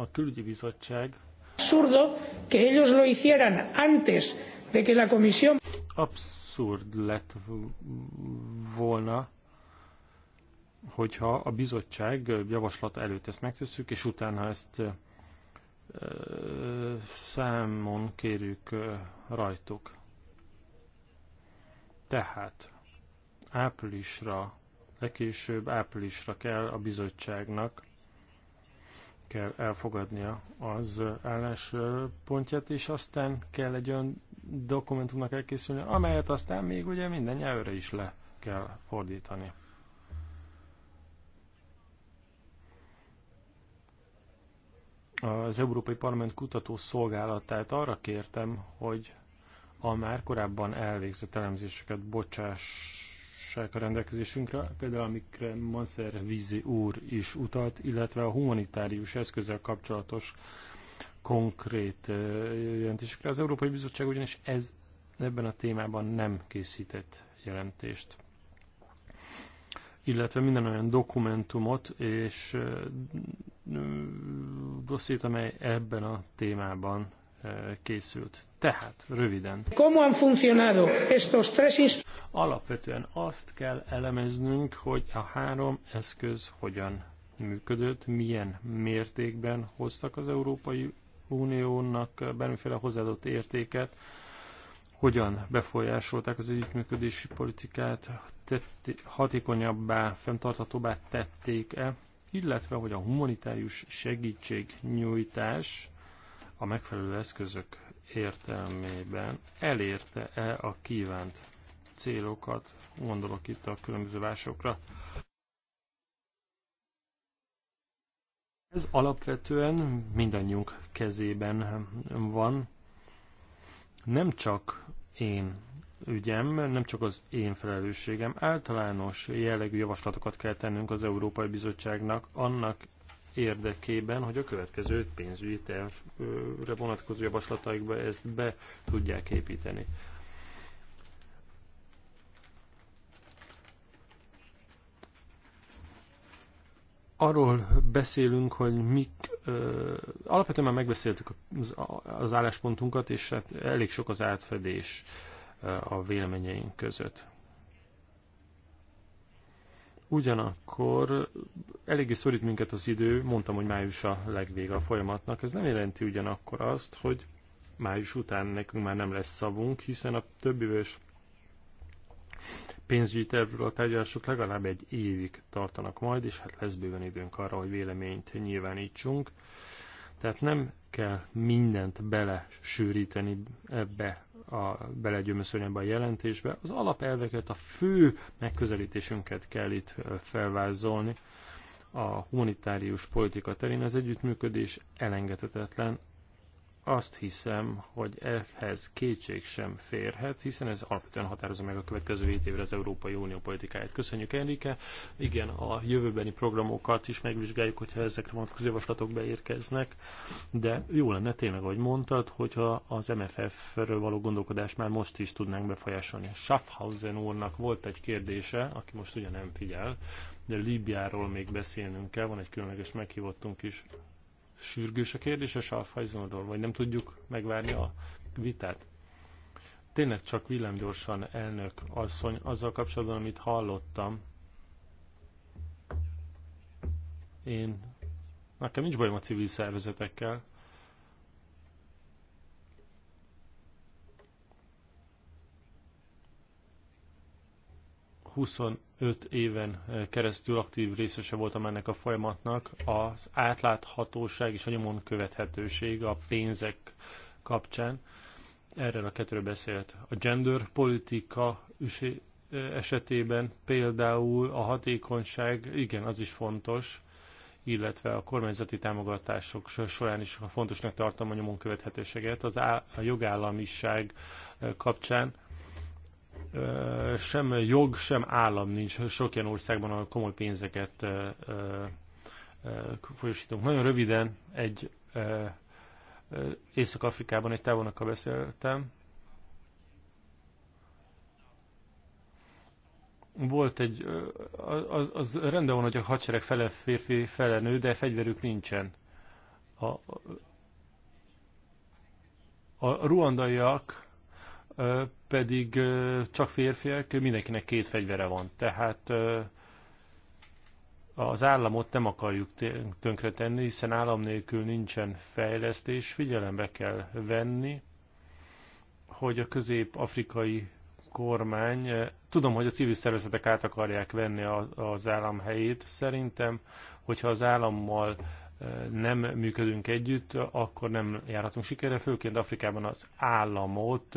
a külügyi bizottság absurdo que ellos lo hicieran antes de que la comisión abszurd lett volna, hogyha a bizottság javaslata előtt ezt megtesszük, és utána ezt e, számon kérjük rajtuk. Tehát áprilisra, legkésőbb áprilisra kell a bizottságnak kell elfogadnia az álláspontját, és aztán kell egy olyan dokumentumnak elkészülni, amelyet aztán még ugye minden nyelvre is le kell fordítani. Az Európai Parlament kutató szolgálatát arra kértem, hogy a már korábban elvégzett elemzéseket bocsáss források a rendelkezésünkre, például amikre Manszer Vizi úr is utalt, illetve a humanitárius eszközzel kapcsolatos konkrét jelentésekre. Az Európai Bizottság ugyanis ez, ebben a témában nem készített jelentést illetve minden olyan dokumentumot és dosszét, amely ebben a témában Eh, készült. Tehát, röviden. han funcionado estos tres Alapvetően azt kell elemeznünk, hogy a három eszköz hogyan működött, milyen mértékben hoztak az Európai Uniónak bármiféle hozzáadott értéket, hogyan befolyásolták az együttműködési politikát, tetti, hatékonyabbá, fenntarthatóbbá tették-e, illetve hogy a humanitárius segítségnyújtás a megfelelő eszközök értelmében elérte-e a kívánt célokat, gondolok itt a különböző vásokra. Ez alapvetően mindannyiunk kezében van. Nem csak én ügyem, nem csak az én felelősségem, általános jellegű javaslatokat kell tennünk az Európai Bizottságnak annak érdekében, hogy a következő pénzügyi tervre vonatkozó javaslataikba ezt be tudják építeni. arról beszélünk, hogy mik, ö, alapvetően már megbeszéltük az, az álláspontunkat, és hát elég sok az átfedés ö, a véleményeink között. Ugyanakkor eléggé szorít minket az idő, mondtam, hogy május a legvége a folyamatnak. Ez nem jelenti ugyanakkor azt, hogy május után nekünk már nem lesz szavunk, hiszen a többi vős pénzügyi tervről a tárgyalások legalább egy évig tartanak majd, és hát lesz bőven időnk arra, hogy véleményt nyilvánítsunk. Tehát nem kell mindent bele sűríteni ebbe a belegyömöszölni ebbe a jelentésbe. Az alapelveket, a fő megközelítésünket kell itt felvázolni a humanitárius politika terén. Az együttműködés elengedhetetlen azt hiszem, hogy ehhez kétség sem férhet, hiszen ez alapvetően határozza meg a következő 7 évre az Európai Unió politikáját. Köszönjük, Enrique. Igen, a jövőbeni programokat is megvizsgáljuk, hogyha ezekre vonatkozó javaslatok beérkeznek, de jó lenne tényleg, ahogy mondtad, hogyha az MFF-ről való gondolkodást már most is tudnánk befolyásolni. Schaffhausen úrnak volt egy kérdése, aki most ugye nem figyel, de Líbiáról még beszélnünk kell, van egy különleges meghívottunk is, sürgős a kérdés a Safhajzonról, vagy nem tudjuk megvárni a vitát? Tényleg csak villámgyorsan, elnök asszony, azzal kapcsolatban, amit hallottam, én, nekem nincs bajom a civil szervezetekkel, 25 éven eh, keresztül aktív részese voltam ennek a folyamatnak. Az átláthatóság és a nyomon követhetőség a pénzek kapcsán. Erről a kettőről beszélt. A gender politika eh, esetében például a hatékonyság, igen, az is fontos, illetve a kormányzati támogatások során is fontosnak tartom a nyomon követhetőséget. Az á, a jogállamiság eh, kapcsán sem jog, sem állam nincs. Sok ilyen országban a komoly pénzeket folyosítunk. Nagyon röviden egy Észak-Afrikában egy távonakkal beszéltem. Volt egy, az, az rendben van, hogy a hadsereg fele férfi, fele nő, de fegyverük nincsen. A, a ruandaiak pedig csak férfiak, mindenkinek két fegyvere van. Tehát az államot nem akarjuk tönkretenni, hiszen állam nélkül nincsen fejlesztés. Figyelembe kell venni, hogy a közép-afrikai kormány, tudom, hogy a civil szervezetek át akarják venni az állam helyét, szerintem, hogyha az állammal nem működünk együtt, akkor nem járhatunk sikerre, főként Afrikában az államot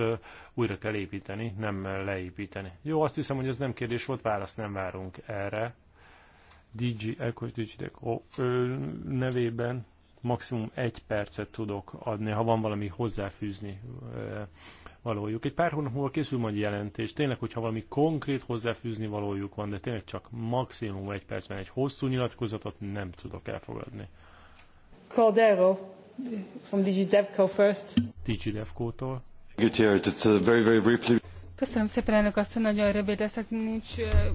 újra kell építeni, nem leépíteni. Jó, azt hiszem, hogy ez nem kérdés volt, választ nem várunk erre. DG, Ekos DigiDeco nevében maximum egy percet tudok adni, ha van valami hozzáfűzni valójuk. Egy pár hónap múlva készül majd jelentés. Tényleg, hogyha valami konkrét hozzáfűzni valójuk van, de tényleg csak maximum egy percben egy hosszú nyilatkozatot nem tudok elfogadni. Cordero from DigiDevco first. DigiDevco-tól. Uh, Köszönöm szépen, elnök asszony, nagyon rövid leszek, nincs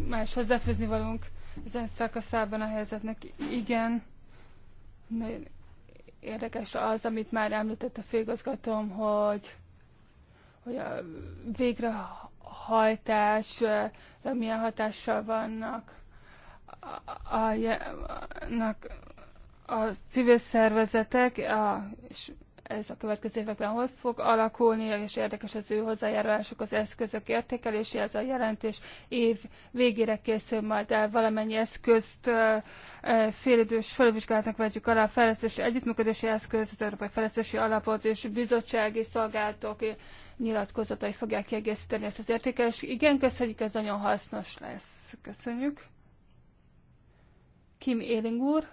más hozzáfőzni valunk ezen szakaszában a helyzetnek. Igen, nagyon érdekes az, amit már említett a főigazgatóm, hogy, hogy a végrehajtásra milyen hatással vannak, a, a, a, a civil szervezetek, a, és ez a következő években hol fog alakulni, és érdekes az ő hozzájárulásuk az eszközök ez A jelentés év végére készül majd el valamennyi eszközt félidős felvizsgálatnak vegyük alá fejlesztési együttműködési eszköz, az Európai Fejlesztési Alapot és bizottsági szolgálatok nyilatkozatai fogják kiegészíteni ezt az értékelést. Igen, köszönjük, ez nagyon hasznos lesz. Köszönjük. Kim Éling úr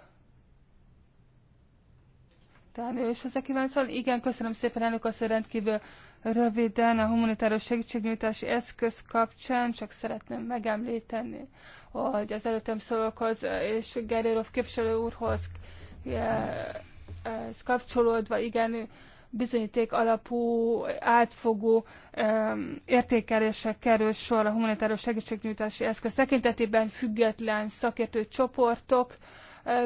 talán És hozzá kíván szólni. Igen, köszönöm szépen, elnök asszony, rendkívül röviden a humanitáros segítségnyújtási eszköz kapcsán csak szeretném megemlíteni, hogy az előttem szólókhoz és Gerérov képviselő úrhoz ez kapcsolódva, igen, bizonyíték alapú, átfogó um, értékelések kerül sor a humanitáros segítségnyújtási eszköz tekintetében független szakértő csoportok,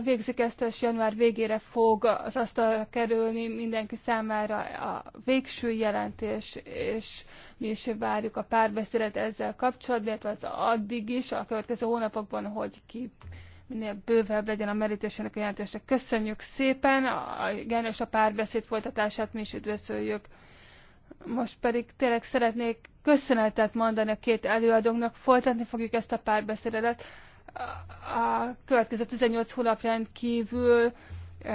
végzik ezt, és január végére fog az asztalra kerülni mindenki számára a végső jelentés, és mi is várjuk a párbeszédet ezzel kapcsolatban, illetve az addig is, a következő hónapokban, hogy ki minél bővebb legyen a merítésének a jelentésnek. Köszönjük szépen, a, igen, és a párbeszéd folytatását mi is üdvözöljük. Most pedig tényleg szeretnék köszönetet mondani a két előadónak folytatni fogjuk ezt a párbeszédet, a következő 18 hónap kívül e,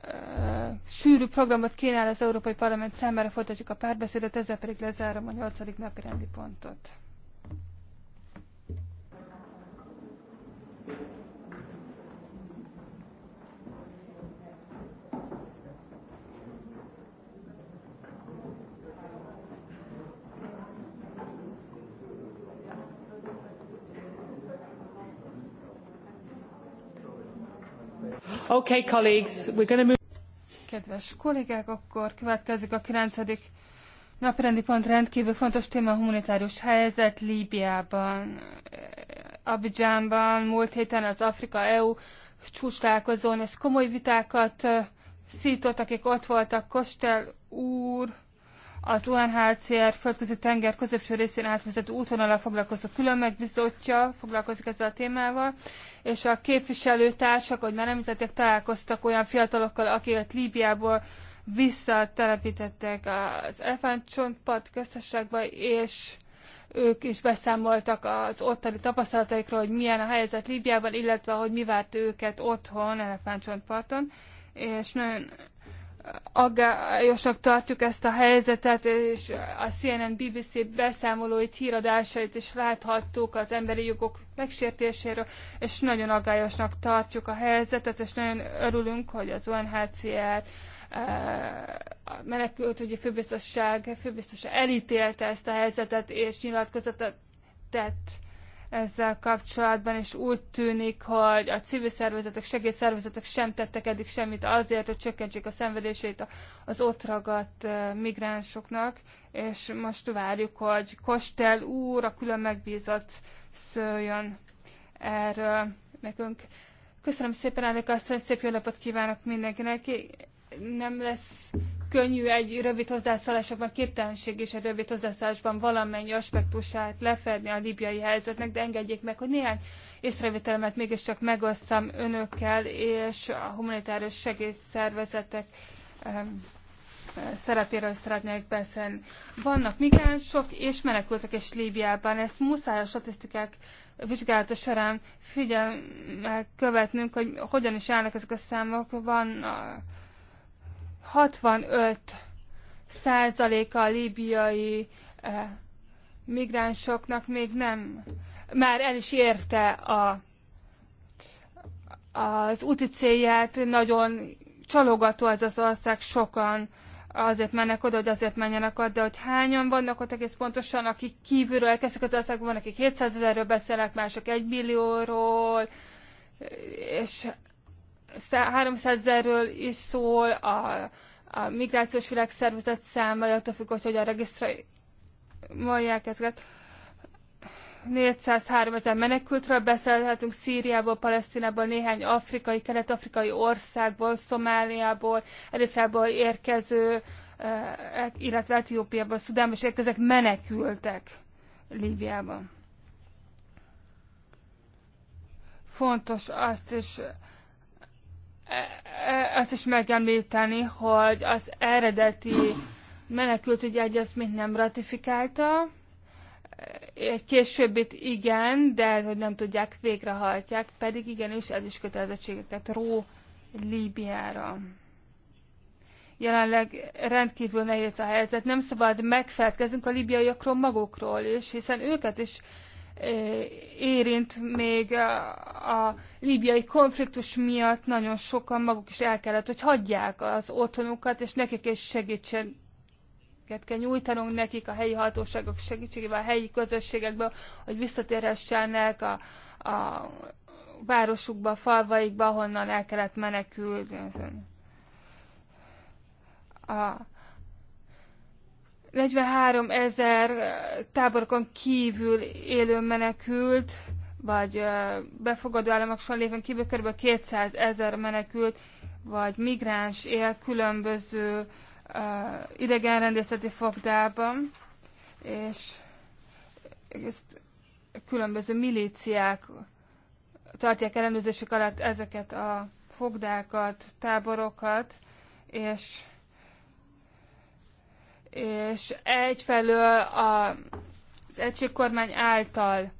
e, sűrű programot kínál az Európai Parlament számára, folytatjuk a párbeszédet, ezzel pedig lezárom a 8. napi rendi pontot. Okay, colleagues, we're move... Kedves kollégák, akkor következik a 9. naprendi pont rendkívül fontos téma a humanitárius helyzet Líbiában. Abidjánban múlt héten az Afrika-EU csúcslálkozón ez komoly vitákat eh, szított, akik ott voltak, Kostel úr, az UNHCR földközi tenger középső részén átvezető útvonalra foglalkozó külön megbizottja foglalkozik ezzel a témával, és a képviselőtársak, hogy már említették, találkoztak olyan fiatalokkal, akiket Líbiából visszatelepítettek az elefántcsontpad köztességbe, és ők is beszámoltak az ottani tapasztalataikról, hogy milyen a helyzet Líbiában, illetve hogy mi várt őket otthon, elefántcsontparton, és nagyon aggályosnak tartjuk ezt a helyzetet, és a CNN, BBC beszámolóit, híradásait is láthattuk az emberi jogok megsértéséről, és nagyon aggályosnak tartjuk a helyzetet, és nagyon örülünk, hogy az UNHCR eh, a menekültügyi főbiztosság főbiztosa elítélte ezt a helyzetet, és nyilatkozatot tett ezzel kapcsolatban, és úgy tűnik, hogy a civil szervezetek, segélyszervezetek sem tettek eddig semmit azért, hogy csökkentsék a szenvedését az ott ragadt migránsoknak, és most várjuk, hogy Kostel úr, a külön megbízott szőjön erről nekünk. Köszönöm szépen, elnök asszony, szép jó napot kívánok mindenkinek. Nem lesz könnyű egy rövid hozzászólásokban, képtelenség és egy rövid hozzászólásban valamennyi aspektusát lefedni a libiai helyzetnek, de engedjék meg, hogy néhány észrevételemet mégiscsak megosztam önökkel és a humanitárius segélyszervezetek ehm, szerepéről szeretnék beszélni. Vannak migránsok és menekültek is Líbiában. Ezt muszáj a statisztikák vizsgálata során figyelme követnünk, hogy hogyan is állnak ezek a számok. Van a 65 százaléka a líbiai eh, migránsoknak még nem, már el is érte a, az úti célját, nagyon csalogató az az ország, sokan azért mennek oda, hogy azért menjenek oda, de hogy hányan vannak ott egész pontosan, akik kívülről elkezdtek az országban, akik 700 ezerről beszélnek, mások 1 millióról, és 300 ezerről is szól, a, a migrációs világszervezet száma, attól függ, hogy hogyan regisztrálják ezeket. 403 ezer menekültről beszélhetünk, Szíriából, Palesztinából, néhány afrikai, kelet-afrikai országból, Szomáliából, Eritreából érkező, eh, illetve Etiópiából, Szudánból és érkezek menekültek Líbiában. Fontos azt is azt is megemlíteni, hogy az eredeti menekültügyi egyezményt nem ratifikálta, egy későbbit igen, de hát, hogy nem tudják, végrehajtják, pedig igenis ez is kötelezettségeket ró Líbiára. Jelenleg rendkívül nehéz a helyzet, nem szabad megfelelkezünk a líbiaiakról magukról is, hiszen őket is érint még a, líbiai konfliktus miatt nagyon sokan maguk is el kellett, hogy hagyják az otthonukat, és nekik is segítsen kell nyújtanunk nekik a helyi hatóságok segítségével, a helyi közösségekből, hogy visszatérhessenek a, a városukba, a falvaikba, honnan el kellett menekülni. A, 43 ezer táborokon kívül élő menekült, vagy befogadó államokon lévén kívül kb. 200 ezer menekült, vagy migráns él különböző uh, idegenrendészeti fogdában, és különböző milíciák tartják ellenőrzésük alatt ezeket a fogdákat, táborokat, és és egyfelől a, az egységkormány által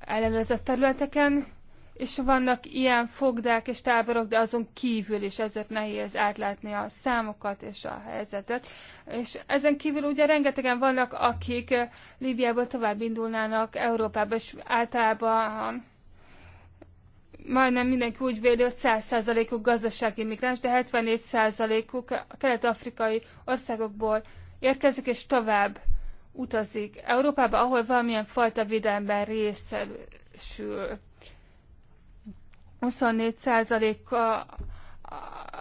ellenőrzett területeken, és vannak ilyen fogdák és táborok, de azon kívül is ezért nehéz átlátni a számokat és a helyzetet. És ezen kívül ugye rengetegen vannak, akik Líbiából tovább indulnának Európába, és általában majdnem mindenki úgy véli, hogy 100%-uk gazdasági migráns, de 74%-uk a kelet-afrikai országokból érkezik és tovább utazik Európába, ahol valamilyen fajta védelemben részesül. 24% a, a,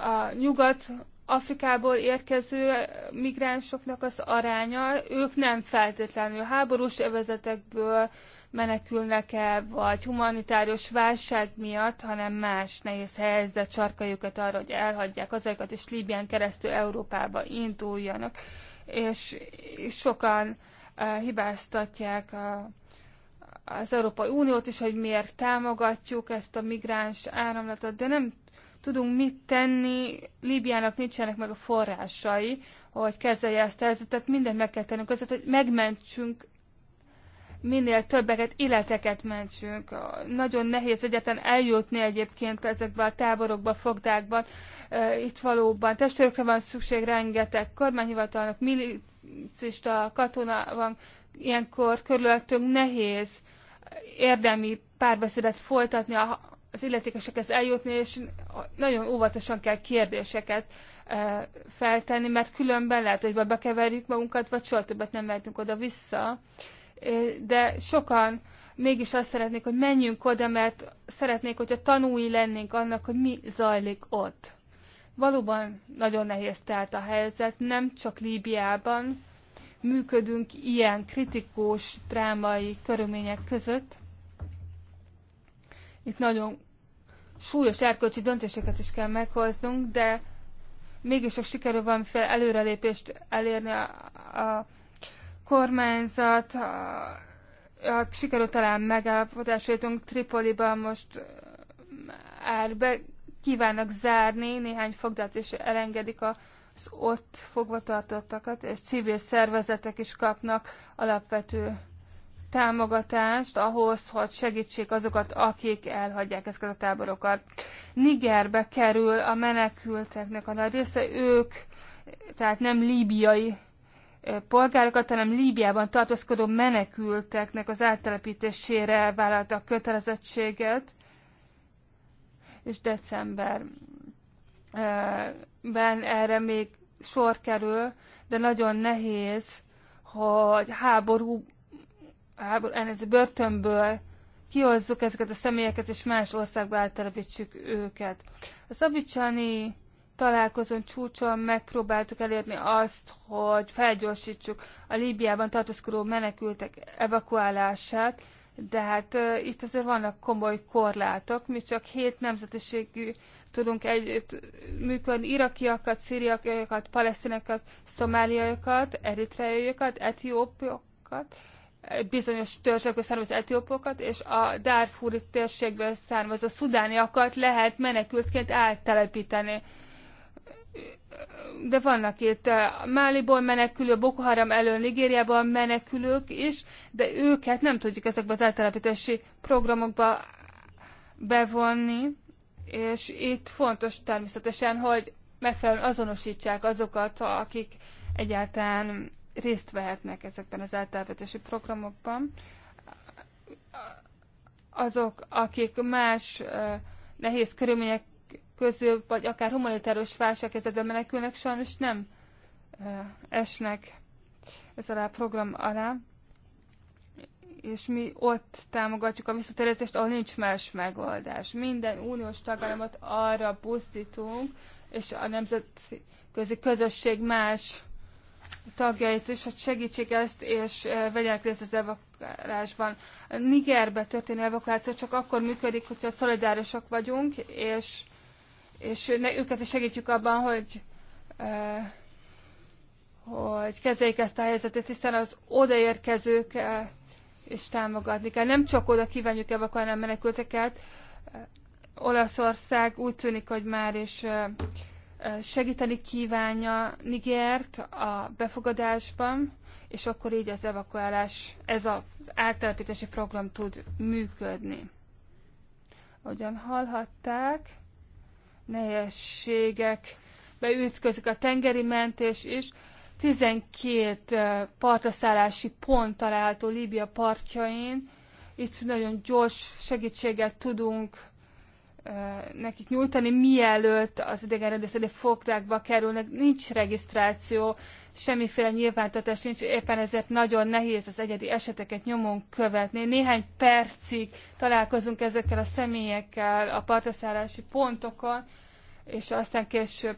a nyugat-afrikából érkező migránsoknak az aránya, ők nem feltétlenül háborús övezetekből, menekülnek el vagy humanitárius válság miatt, hanem más nehéz helyzet sarkajukat arra, hogy elhagyják azokat, és Líbián keresztül Európába induljanak. És, és sokan eh, hibáztatják a, az Európai Uniót is, hogy miért támogatjuk ezt a migráns áramlatot, de nem tudunk mit tenni, Líbiának nincsenek meg a forrásai, hogy kezelje ezt a helyzetet, mindent meg kell tennünk azért, hogy megmentsünk minél többeket, életeket mentsünk. Nagyon nehéz egyetlen eljutni egyébként ezekbe a táborokba, fogdákban. Itt valóban testőrökre van szükség rengeteg kormányhivatalnak, milicista, katona van ilyenkor körülöttünk nehéz érdemi párbeszédet folytatni, az illetékesekhez eljutni, és nagyon óvatosan kell kérdéseket feltenni, mert különben lehet, hogy bekeverjük magunkat, vagy soha többet nem mehetünk oda-vissza de sokan mégis azt szeretnék, hogy menjünk oda, mert szeretnék, hogyha tanúi lennénk annak, hogy mi zajlik ott. Valóban nagyon nehéz telt a helyzet, nem csak Líbiában működünk ilyen kritikus, drámai körülmények között. Itt nagyon súlyos erkölcsi döntéseket is kell meghoznunk, de mégis sok sikerül valamiféle előrelépést elérni a, a kormányzat, a, sikerült talán megállapodásra jutunk, Tripoliban most már be kívánnak zárni néhány fogdát, és elengedik a az ott fogvatartottakat, és civil szervezetek is kapnak alapvető támogatást ahhoz, hogy segítsék azokat, akik elhagyják ezeket a táborokat. Nigerbe kerül a menekülteknek a nagy része, ők tehát nem líbiai polgárokat, hanem Líbiában tartózkodó menekülteknek az áttelepítésére vállalta a kötelezettséget, és decemberben erre még sor kerül, de nagyon nehéz, hogy háború, háború a börtönből kihozzuk ezeket a személyeket, és más országba áttelepítsük őket. A szabicsani találkozón, csúcson megpróbáltuk elérni azt, hogy felgyorsítsuk a Líbiában tartózkodó menekültek evakuálását, de hát uh, itt azért vannak komoly korlátok. Mi csak hét nemzetiségű tudunk együtt működni, irakiakat, szíriakat, palesztinakat, szomáliaiakat, eritreaiakat, etiópiokat, bizonyos törzsekből származó etiópokat, és a Darfuri térségből származó szudániakat lehet menekültként áttelepíteni de vannak itt eh, Máliból menekülő, Boko Haram elől Nigériában menekülők is, de őket nem tudjuk ezekbe az eltelepítési programokba bevonni, és itt fontos természetesen, hogy megfelelően azonosítsák azokat, akik egyáltalán részt vehetnek ezekben az eltelepítési programokban. Azok, akik más eh, nehéz körülmények közül, vagy akár humanitárius válsághelyzetben menekülnek, sajnos nem esnek ez alá a program alá, és mi ott támogatjuk a visszatérítést, ahol nincs más megoldás. Minden uniós tagállamot arra buzdítunk, és a nemzetközi közösség más tagjait is, hogy segítsék ezt, és vegyenek részt az evakuálásban. Nigerbe történő evakuáció csak akkor működik, hogyha szolidárisak vagyunk, és és őket is segítjük abban, hogy hogy kezeljék ezt a helyzetet, hiszen az odaérkezők is támogatni kell. Nem csak oda kívánjuk evakuálni a menekülteket, Olaszország úgy tűnik, hogy már is segíteni kívánja Nigert a befogadásban, és akkor így az evakuálás, ez az áttelepítési program tud működni. Ahogyan hallhatták, nehézségek ütközik a tengeri mentés is. 12 partaszállási pont található Líbia partjain. Itt nagyon gyors segítséget tudunk nekik nyújtani, mielőtt az idegenrendészeti fogdákba kerülnek, nincs regisztráció, semmiféle nyilvántatás nincs, éppen ezért nagyon nehéz az egyedi eseteket nyomon követni. Néhány percig találkozunk ezekkel a személyekkel a partaszállási pontokon, és aztán később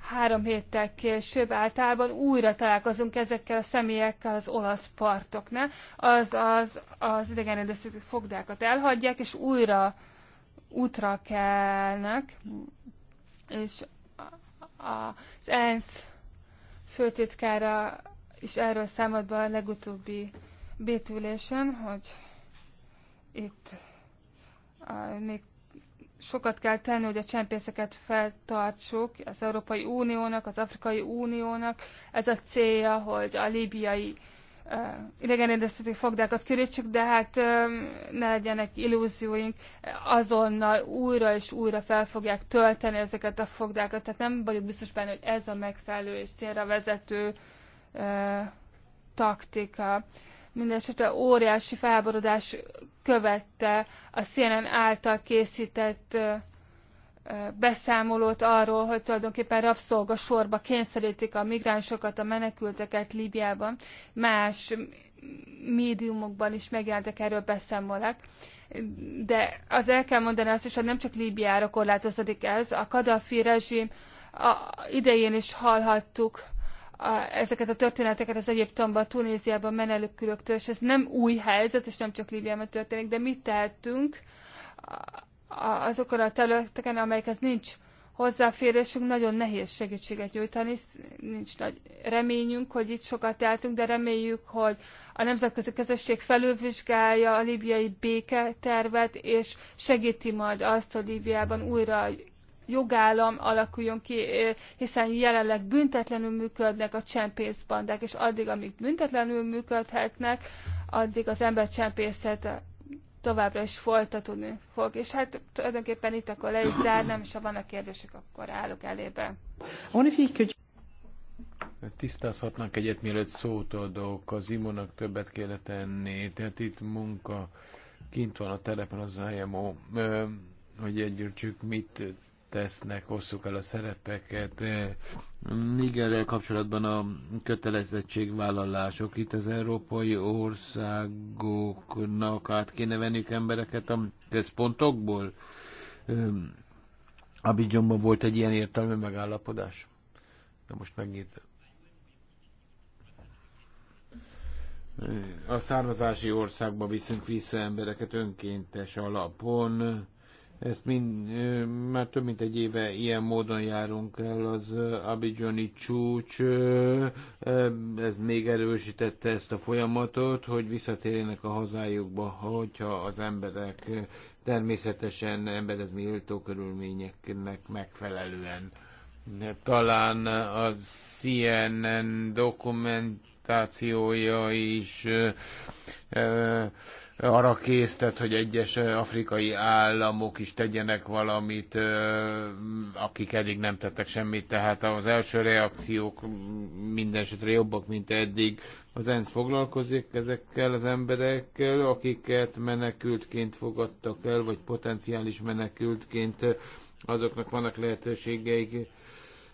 három héttel később általában újra találkozunk ezekkel a személyekkel az olasz partoknál. Az, az, az idegenrendészeti fogdákat elhagyják, és újra útra kelnek, és az ENSZ főtitkára is erről számolt be a legutóbbi bétülésen, hogy itt a, még sokat kell tenni, hogy a csempészeket feltartsuk az Európai Uniónak, az Afrikai Uniónak. Ez a célja, hogy a líbiai idegenrédeszteti fogdákat körítsük, de hát ne legyenek illúzióink, azonnal újra és újra fel fogják tölteni ezeket a fogdákat, tehát nem vagyok biztos benne, hogy ez a megfelelő és célra vezető taktika. Mindenesetre óriási felborodás követte a CNN által készített beszámolót arról, hogy tulajdonképpen rabszolga sorba kényszerítik a migránsokat, a menekülteket Líbiában. Más médiumokban is megjelentek erről beszámolák. De az el kell mondani azt is, hogy nem csak Líbiára korlátozódik ez. A Kadhafi rezsim a idején is hallhattuk a, ezeket a történeteket az Egyiptomban, Tunéziában menelőkülöktől, és ez nem új helyzet, és nem csak Líbiában történik, de mit tehetünk? azokon a területeken, amelyekhez nincs hozzáférésünk, nagyon nehéz segítséget nyújtani, nincs nagy reményünk, hogy itt sokat eltünk, de reméljük, hogy a nemzetközi közösség felülvizsgálja a libiai béketervet, és segíti majd azt, hogy Líbiában újra jogállam alakuljon ki, hiszen jelenleg büntetlenül működnek a csempészbandák, és addig, amíg büntetlenül működhetnek, addig az embercsempészet továbbra is folytatódni fog. És hát tulajdonképpen itt akkor le is zárnám, és ha vannak kérdések, akkor állok elébe. Tisztázhatnánk egyet, mielőtt szót adok, az imónak többet kéne tenni, tehát itt munka, kint van a telepen az IMO, hogy egyértsük, mit tesznek, osszuk el a szerepeket, Nigerrel kapcsolatban a kötelezettségvállalások. Itt az európai országoknak át kéne venniük embereket a központokból. Abidjanban volt egy ilyen értelmű megállapodás. De most megint a származási országba viszünk vissza embereket önkéntes alapon ezt mind, már több mint egy éve ilyen módon járunk el az Abidjani csúcs. Ez még erősítette ezt a folyamatot, hogy visszatérjenek a hazájukba, hogyha az emberek természetesen emberhez méltó körülményeknek megfelelően. Talán a CNN dokumentációja is arra késztet, hogy egyes afrikai államok is tegyenek valamit, akik eddig nem tettek semmit, tehát az első reakciók minden esetre jobbak, mint eddig. Az ENSZ foglalkozik ezekkel az emberekkel, akiket menekültként fogadtak el, vagy potenciális menekültként azoknak vannak lehetőségeik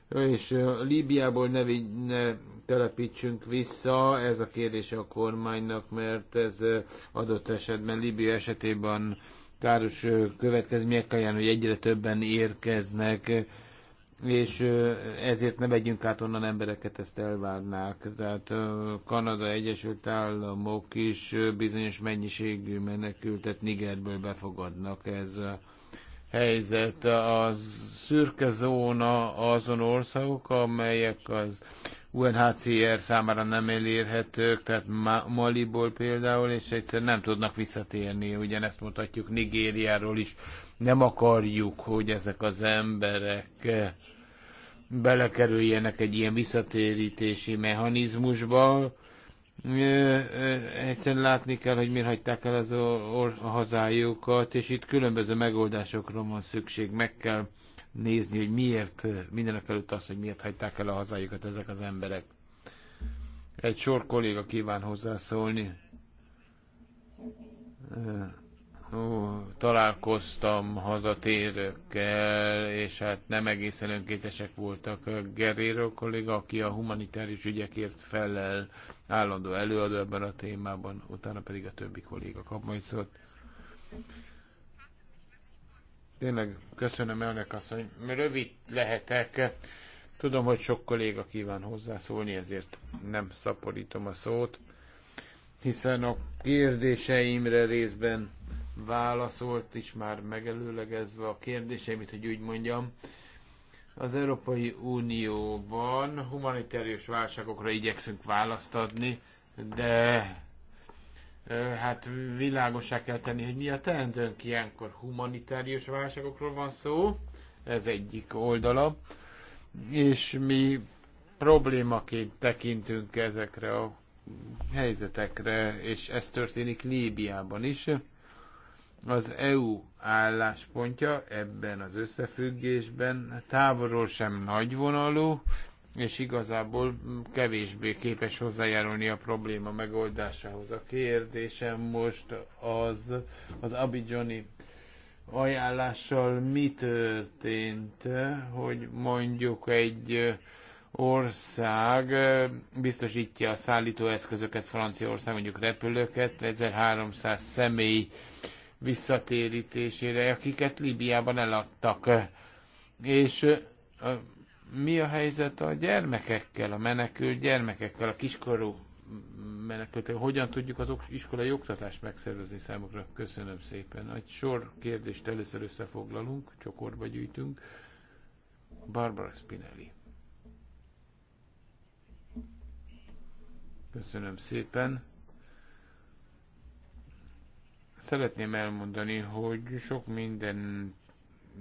és Líbiából ne, ne telepítsünk vissza, ez a kérdés a kormánynak, mert ez adott esetben Líbia esetében káros következményekkel jár, hogy egyre többen érkeznek, és ezért ne vegyünk át onnan embereket, ezt elvárnák. Tehát Kanada, Egyesült Államok is bizonyos mennyiségű menekültet Nigerből befogadnak. Ez helyzet. A szürke zóna azon országok, amelyek az UNHCR számára nem elérhetők, tehát Maliból például, és egyszer nem tudnak visszatérni, ugyanezt mondhatjuk Nigériáról is. Nem akarjuk, hogy ezek az emberek eh, belekerüljenek egy ilyen visszatérítési mechanizmusba, egyszerűen látni kell, hogy miért hagyták el az a hazájukat, és itt különböző megoldásokra van szükség, meg kell nézni, hogy miért, mindenek előtt az, hogy miért hagyták el a hazájukat ezek az emberek. Egy sor kolléga kíván hozzászólni találkoztam hazatérőkkel, és hát nem egészen önkétesek voltak. Guerrero kolléga, aki a humanitárius ügyekért felel, állandó előadó ebben a témában, utána pedig a többi kolléga kap majd szót. Tényleg köszönöm azt, hogy rövid lehetek. Tudom, hogy sok kolléga kíván hozzászólni, ezért nem szaporítom a szót, hiszen a kérdéseimre részben válaszolt is már megelőlegezve a kérdéseimet, hogy úgy mondjam. Az Európai Unióban humanitárius válságokra igyekszünk választ adni, de hát világosá kell tenni, hogy mi a teendőnk ilyenkor humanitárius válságokról van szó, ez egyik oldala, és mi problémaként tekintünk ezekre a helyzetekre, és ez történik Líbiában is. Az EU álláspontja ebben az összefüggésben távolról sem nagyvonalú, és igazából kevésbé képes hozzájárulni a probléma megoldásához. A kérdésem most az, az Abidjani ajánlással mi történt, hogy mondjuk egy ország biztosítja a szállítóeszközöket, Franciaország mondjuk repülőket, 1300 személy visszatérítésére, akiket Líbiában eladtak. És mi a helyzet a gyermekekkel, a menekült gyermekekkel, a kiskorú menekültek? Hogyan tudjuk az iskolai oktatást megszervezni számukra? Köszönöm szépen. Egy sor kérdést először összefoglalunk, csokorba gyűjtünk. Barbara Spinelli. Köszönöm szépen. Szeretném elmondani, hogy sok minden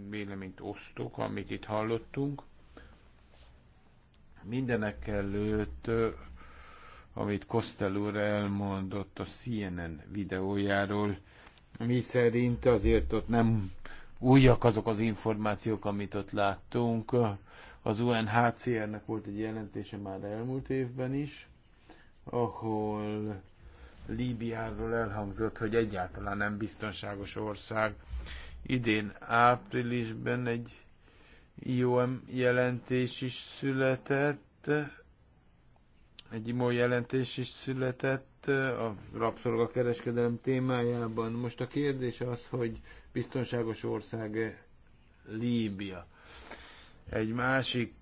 véleményt osztok, amit itt hallottunk. Mindenek előtt, amit Costello úr elmondott a CNN videójáról, mi szerint azért ott nem újak azok az információk, amit ott láttunk. Az UNHCR-nek volt egy jelentése már elmúlt évben is, ahol Líbiáról elhangzott, hogy egyáltalán nem biztonságos ország. Idén áprilisban egy IOM jelentés is született, egy IMO jelentés is született a rabszolgakereskedelem témájában. Most a kérdés az, hogy biztonságos ország Líbia. Egy másik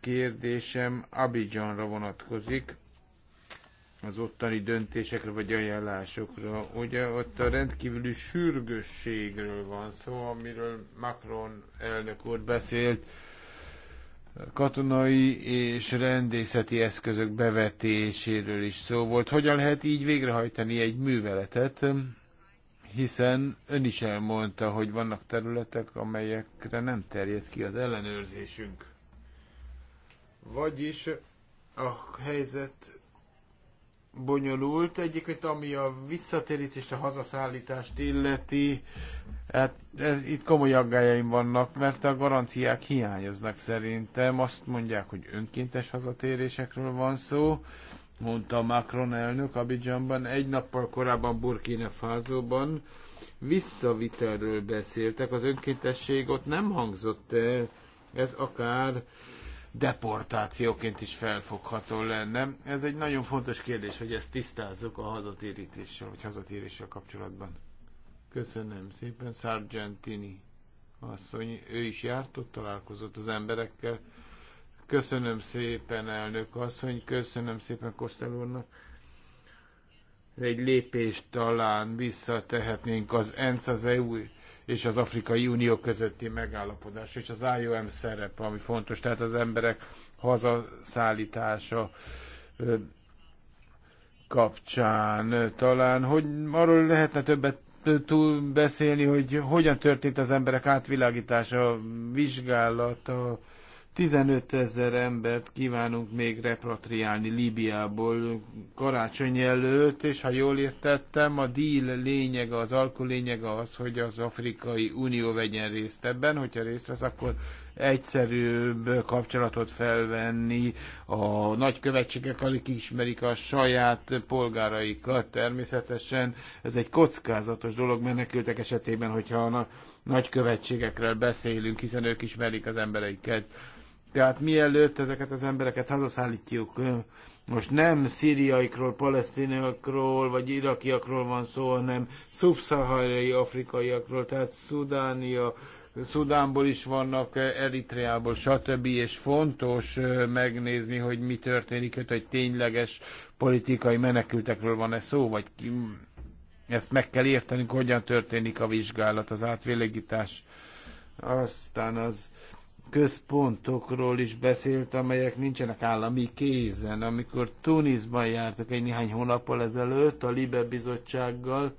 kérdésem Abidjanra vonatkozik az ottani döntésekre vagy ajánlásokra. Ugye ott a rendkívüli sürgősségről van szó, amiről Macron elnök úr beszélt, katonai és rendészeti eszközök bevetéséről is szó volt. Hogyan lehet így végrehajtani egy műveletet, hiszen ön is elmondta, hogy vannak területek, amelyekre nem terjed ki az ellenőrzésünk. Vagyis a helyzet bonyolult. Egyébként ami a visszatérítést, a hazaszállítást illeti, hát ez, itt komoly aggájaim vannak, mert a garanciák hiányoznak szerintem. Azt mondják, hogy önkéntes hazatérésekről van szó, mondta Macron elnök Abidjanban, egy nappal korábban Burkina Faso-ban visszavitelről beszéltek, az önkéntesség ott nem hangzott el, ez akár deportációként is felfogható lenne. Ez egy nagyon fontos kérdés, hogy ezt tisztázzuk a hazatérítéssel, vagy hazatéréssel kapcsolatban. Köszönöm szépen, Sargentini asszony, ő is járt, ott találkozott az emberekkel. Köszönöm szépen, elnök asszony, köszönöm szépen Kostel úrnak. Egy lépést talán visszatehetnénk az ENSZ, az EU és az Afrikai Unió közötti megállapodás, és az IOM szerep, ami fontos, tehát az emberek hazaszállítása kapcsán talán, hogy arról lehetne többet túl beszélni, hogy hogyan történt az emberek átvilágítása, vizsgálata, 15 ezer embert kívánunk még repatriálni Líbiából karácsony előtt, és ha jól értettem, a díl lényege, az alkú lényege az, hogy az Afrikai Unió vegyen részt ebben, hogyha részt vesz, akkor egyszerűbb kapcsolatot felvenni a nagykövetségek, akik ismerik a saját polgáraikat. Természetesen ez egy kockázatos dolog menekültek esetében, hogyha a nagykövetségekről beszélünk, hiszen ők ismerik az embereiket tehát mielőtt ezeket az embereket hazaszállítjuk, most nem szíriaikról, palesztinokról vagy irakiakról van szó, hanem szubszaharai afrikaiakról, tehát Szudánia, Szudánból is vannak, Eritreából, stb. És fontos megnézni, hogy mi történik, hát, hogy egy tényleges politikai menekültekről van-e szó, vagy ki, ezt meg kell értenünk, hogyan történik a vizsgálat, az átvilegítás. Aztán az központokról is beszélt, amelyek nincsenek állami kézen. Amikor Tunisban jártak egy néhány hónappal ezelőtt a Libe bizottsággal,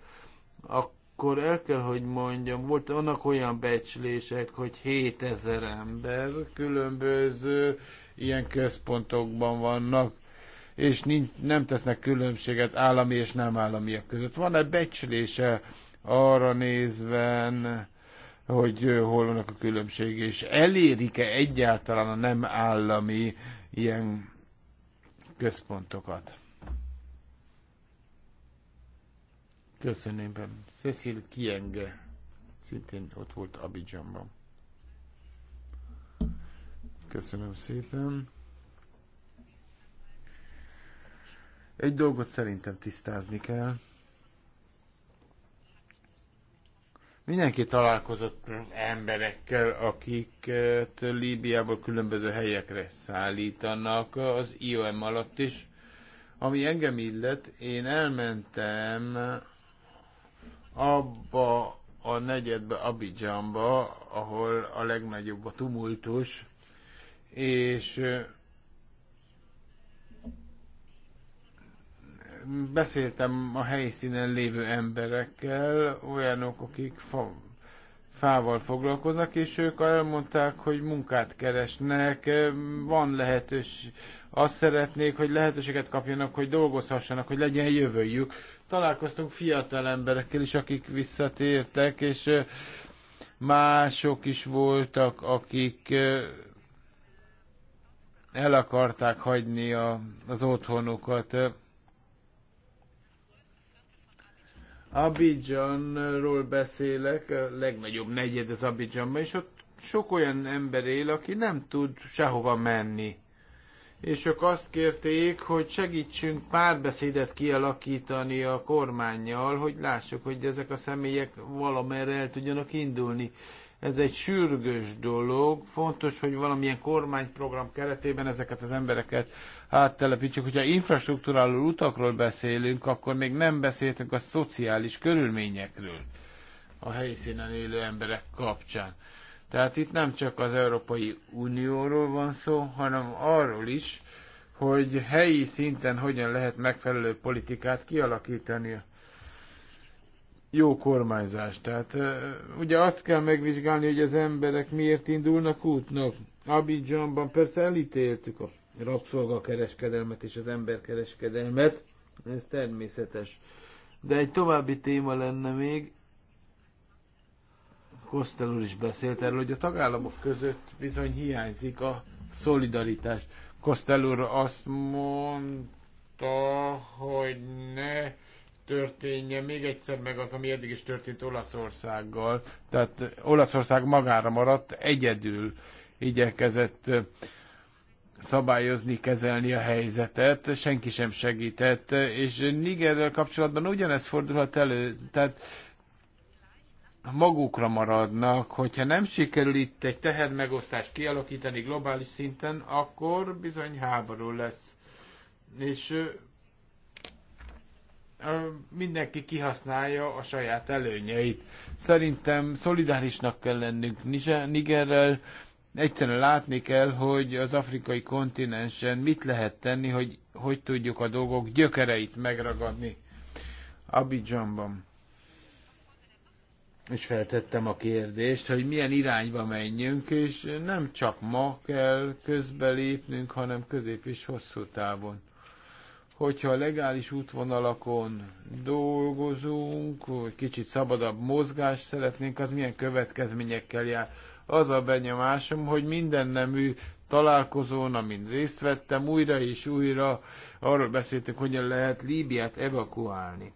akkor el kell, hogy mondjam, volt annak olyan becslések, hogy 7000 ember különböző ilyen központokban vannak, és nincs, nem tesznek különbséget állami és nem államiak között. Van-e becslése arra nézven, hogy hol vannak a különbség, és elérik-e egyáltalán a nem állami ilyen központokat. Köszönöm. Cecil Kienge szintén ott volt Abidjanban. Köszönöm szépen. Egy dolgot szerintem tisztázni kell. Mindenki találkozott emberekkel, akiket Líbiából különböző helyekre szállítanak az IOM alatt is. Ami engem illet, én elmentem abba a negyedbe, Abidjanba, ahol a legnagyobb a tumultus, és beszéltem a helyszínen lévő emberekkel, olyanok, akik fa, fával foglalkoznak, és ők elmondták, hogy munkát keresnek, van lehetős, azt szeretnék, hogy lehetőséget kapjanak, hogy dolgozhassanak, hogy legyen jövőjük. Találkoztunk fiatal emberekkel is, akik visszatértek, és mások is voltak, akik el akarták hagyni a, az otthonukat. Abidjanról beszélek, a legnagyobb negyed az Abidjanban, és ott sok olyan ember él, aki nem tud sehova menni. És ők azt kérték, hogy segítsünk párbeszédet kialakítani a kormányjal, hogy lássuk, hogy ezek a személyek valamerre el tudjanak indulni. Ez egy sürgős dolog, fontos, hogy valamilyen kormányprogram keretében ezeket az embereket áttelepítsük. Hogyha infrastruktúráló utakról beszélünk, akkor még nem beszéltünk a szociális körülményekről a helyszínen élő emberek kapcsán. Tehát itt nem csak az Európai Unióról van szó, hanem arról is, hogy helyi szinten hogyan lehet megfelelő politikát kialakítani. Jó kormányzás. Tehát ugye azt kell megvizsgálni, hogy az emberek miért indulnak útnak. Abidjanban persze elítéltük a rabszolgakereskedelmet és az emberkereskedelmet. Ez természetes. De egy további téma lenne még, Kosztel úr is beszélt erről, hogy a tagállamok között bizony hiányzik a szolidaritás. Kosztel úr azt mondta, hogy ne történjen még egyszer meg az, ami eddig is történt Olaszországgal. Tehát Olaszország magára maradt, egyedül igyekezett szabályozni, kezelni a helyzetet, senki sem segített, és Nigerrel kapcsolatban ugyanez fordulhat elő, tehát magukra maradnak, hogyha nem sikerül itt egy tehermegosztást kialakítani globális szinten, akkor bizony háború lesz. És mindenki kihasználja a saját előnyeit. Szerintem szolidárisnak kell lennünk Nigerrel, Egyszerűen látni kell, hogy az afrikai kontinensen mit lehet tenni, hogy hogy tudjuk a dolgok gyökereit megragadni Abidjanban. És feltettem a kérdést, hogy milyen irányba menjünk, és nem csak ma kell közbelépnünk, hanem közép és hosszú távon hogyha a legális útvonalakon dolgozunk, kicsit szabadabb mozgást szeretnénk, az milyen következményekkel jár az a benyomásom, hogy minden nemű találkozón, amin részt vettem, újra és újra arról beszéltük, hogyan lehet Líbiát evakuálni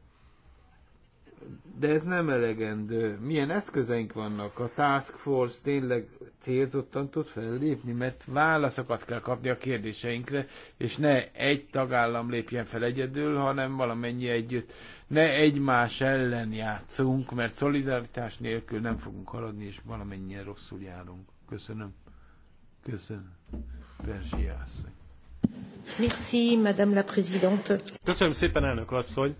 de ez nem elegendő. Milyen eszközeink vannak? A Task Force tényleg célzottan tud fellépni, mert válaszokat kell kapni a kérdéseinkre, és ne egy tagállam lépjen fel egyedül, hanem valamennyi együtt. Ne egymás ellen játszunk, mert szolidaritás nélkül nem fogunk haladni, és valamennyien rosszul járunk. Köszönöm. Köszönöm. Perzsia Merci, Madame la Présidente. Köszönöm szépen, elnök asszony.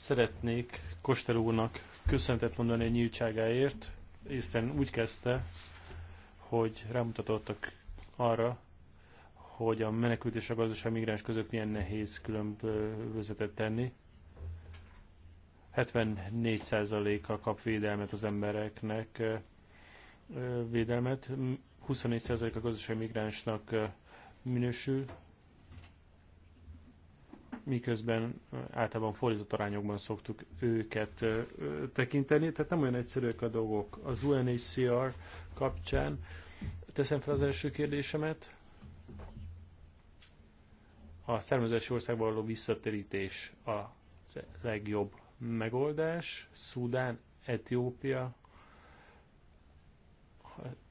Szeretnék Koster úrnak köszöntet mondani a nyíltságáért, hiszen úgy kezdte, hogy rámutatottak arra, hogy a menekült és a gazdaság migráns között milyen nehéz különbözetet tenni. 74%-a kap védelmet az embereknek, védelmet, 24% a gazdaság migránsnak minősül, miközben általában fordított arányokban szoktuk őket tekinteni, tehát nem olyan egyszerűek a dolgok. Az UNHCR kapcsán teszem fel az első kérdésemet. A származási országba való visszatérítés a legjobb megoldás. Szudán, Etiópia,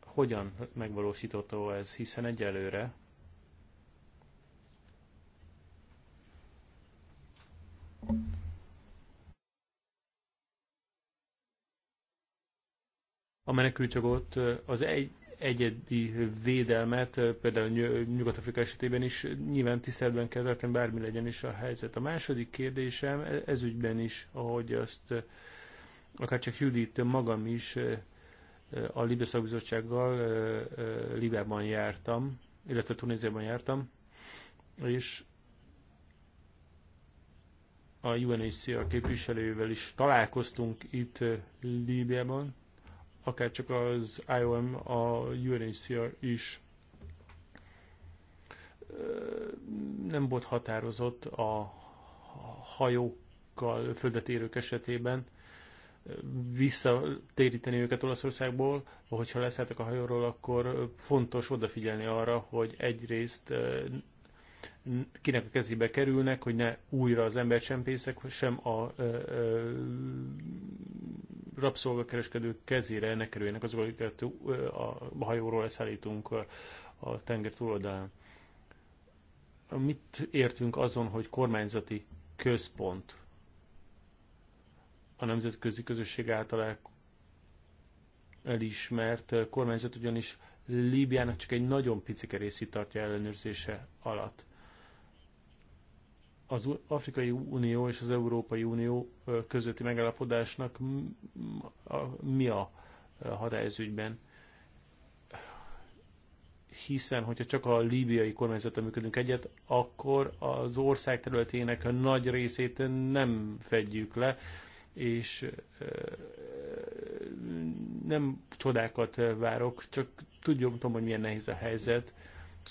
hogyan megvalósítható ez, hiszen egyelőre A menekültjogot az egy, egyedi védelmet, például Nyugat-Afrika esetében is nyilván tiszteletben kell tartani, bármi legyen is a helyzet. A második kérdésem e-, ez ügyben is, ahogy azt akár csak Judit magam is a Libia Szakbizottsággal Libában jártam, illetve Tunéziában jártam, és a UNHCR képviselővel is találkoztunk itt eh, Líbiában, akár csak az IOM, a UNHCR is eh, nem volt határozott a hajókkal földet esetében eh, visszatéríteni őket Olaszországból, hogyha leszálltak a hajóról, akkor fontos odafigyelni arra, hogy egyrészt kinek a kezébe kerülnek, hogy ne újra az embercsempészek, sem a ö, ö, rabszolgakereskedők kezére ne kerüljenek azok, akiket a hajóról leszállítunk a, a tenger túloldalán. Mit értünk azon, hogy kormányzati központ a nemzetközi közösség által elismert kormányzat ugyanis Líbiának csak egy nagyon picike részét tartja ellenőrzése alatt az Afrikai Unió és az Európai Unió közötti megállapodásnak mi a hatályozügyben? Hiszen, hogyha csak a líbiai kormányzata működünk egyet, akkor az ország területének a nagy részét nem fedjük le, és nem csodákat várok, csak tudjuk, tudom, hogy milyen nehéz a helyzet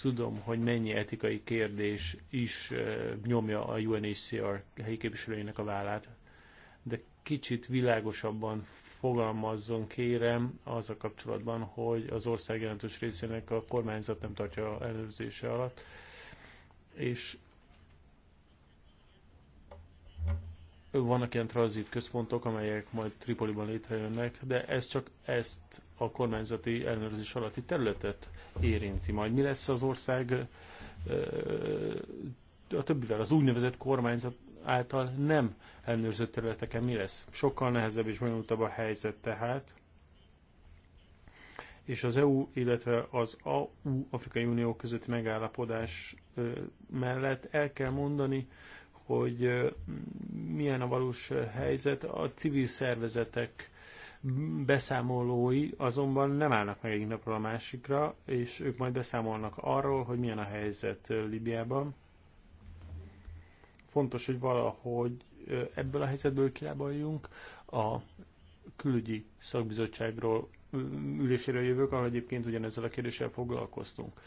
tudom, hogy mennyi etikai kérdés is eh, nyomja a UNHCR helyi képviselőjének a vállát, de kicsit világosabban fogalmazzon kérem az a kapcsolatban, hogy az ország jelentős részének a kormányzat nem tartja előzése alatt, és vannak ilyen tranzit központok, amelyek majd Tripoliban létrejönnek, de ez csak ezt a kormányzati ellenőrzés alatti területet érinti. Majd mi lesz az ország a többivel, az úgynevezett kormányzat által nem ellenőrzött területeken mi lesz? Sokkal nehezebb és bonyolultabb a helyzet tehát, és az EU, illetve az AU, Afrikai Unió közötti megállapodás mellett el kell mondani, hogy milyen a valós helyzet, a civil szervezetek beszámolói azonban nem állnak meg egyik napról a másikra, és ők majd beszámolnak arról, hogy milyen a helyzet Libiában. Fontos, hogy valahogy ebből a helyzetből kilábaljunk. A külügyi szakbizottságról üléséről jövök, ahol egyébként ugyanezzel a kérdéssel foglalkoztunk.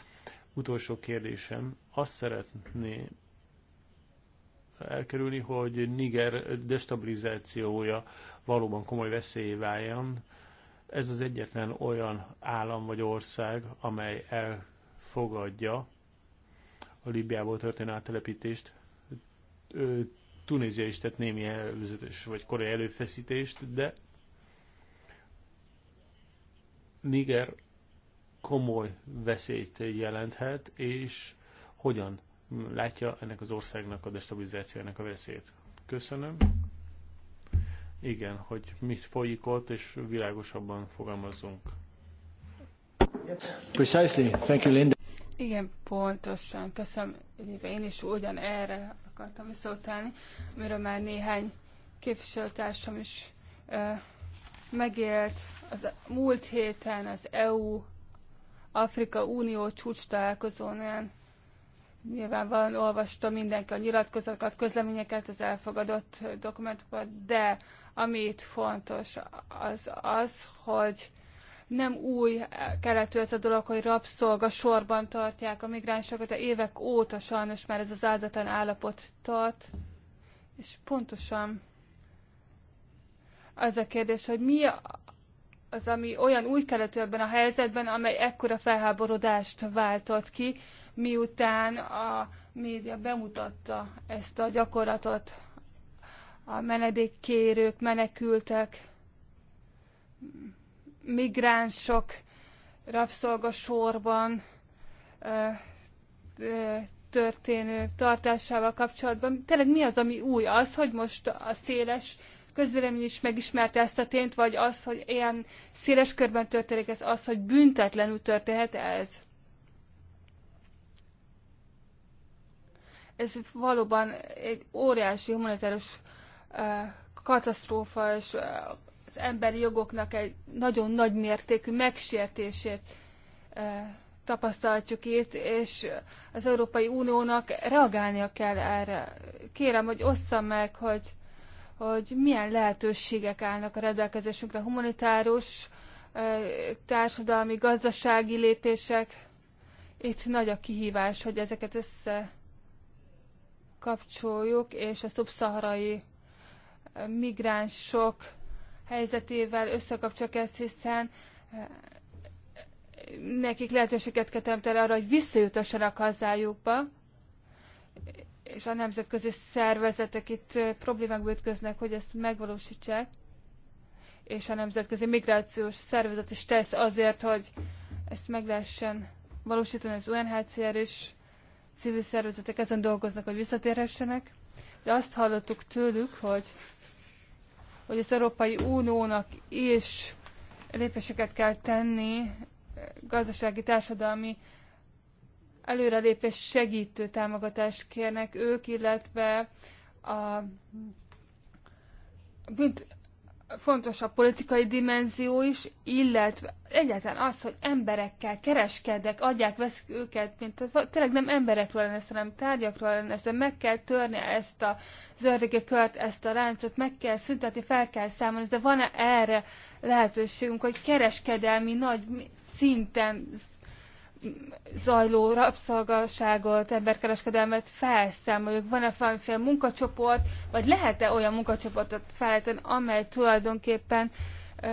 Utolsó kérdésem, azt szeretném elkerülni, hogy Niger destabilizációja valóban komoly veszélyé váljon. Ez az egyetlen olyan állam vagy ország, amely elfogadja a Libiából történő áttelepítést. Tunézia is tett némi előzetes vagy korai előfeszítést, de Niger komoly veszélyt jelenthet, és hogyan látja ennek az országnak a destabilizációjának a veszélyét. Köszönöm. Igen, hogy mit folyik ott, és világosabban fogalmazunk. Yes. Precisely. Thank you, Linda. Igen, pontosan. Köszönöm. Én is ugyan erre akartam visszautálni, amiről már néhány képviselőtársam is megélt. Az múlt héten az EU Afrika Unió csúcs találkozónál Nyilvánvalóan olvasta mindenki a nyilatkozatokat, közleményeket, az elfogadott dokumentumokat, de ami itt fontos, az az, hogy nem új keletű ez a dolog, hogy rabszolga sorban tartják a migránsokat, de évek óta sajnos már ez az áldatlan állapot tart. És pontosan az a kérdés, hogy mi az, ami olyan új keletű ebben a helyzetben, amely ekkora felháborodást váltott ki, miután a média bemutatta ezt a gyakorlatot, a menedékkérők, menekültek, migránsok rabszolgasorban történő tartásával kapcsolatban. Tényleg mi az, ami új? Az, hogy most a széles közvélemény is megismerte ezt a tényt, vagy az, hogy ilyen széles körben történik ez, az, hogy büntetlenül történhet ez? ez valóban egy óriási humanitárius katasztrófa, és az emberi jogoknak egy nagyon nagy mértékű megsértését tapasztalhatjuk itt, és az Európai Uniónak reagálnia kell erre. Kérem, hogy ossza meg, hogy, hogy milyen lehetőségek állnak a rendelkezésünkre, humanitárus, társadalmi, gazdasági lépések. Itt nagy a kihívás, hogy ezeket össze kapcsoljuk, és a szubszaharai eh, migránsok helyzetével összekapcsoljuk ezt, hiszen eh, nekik lehetőséget kell teremteni arra, hogy visszajutassanak hazájukba, és a nemzetközi szervezetek itt eh, problémák ütköznek, hogy ezt megvalósítsák, és a nemzetközi migrációs szervezet is tesz azért, hogy ezt meg lehessen valósítani az UNHCR is civil szervezetek ezen dolgoznak, hogy visszatérhessenek, de azt hallottuk tőlük, hogy, hogy az Európai Uniónak is lépéseket kell tenni gazdasági, társadalmi előrelépés segítő támogatást kérnek ők, illetve a fontos a politikai dimenzió is, illetve egyáltalán az, hogy emberekkel kereskedek, adják, veszik őket, mint tényleg nem emberekről lenne, hanem tárgyakról lenne, de meg kell törni ezt a zördögi kört, ezt a láncot, meg kell szüntetni, fel kell számolni, de van-e erre lehetőségünk, hogy kereskedelmi nagy szinten zajló rabszolgaságot, emberkereskedelmet felszámoljuk? Van-e valamiféle munkacsoport, vagy lehet-e olyan munkacsoportot felállítani, amely tulajdonképpen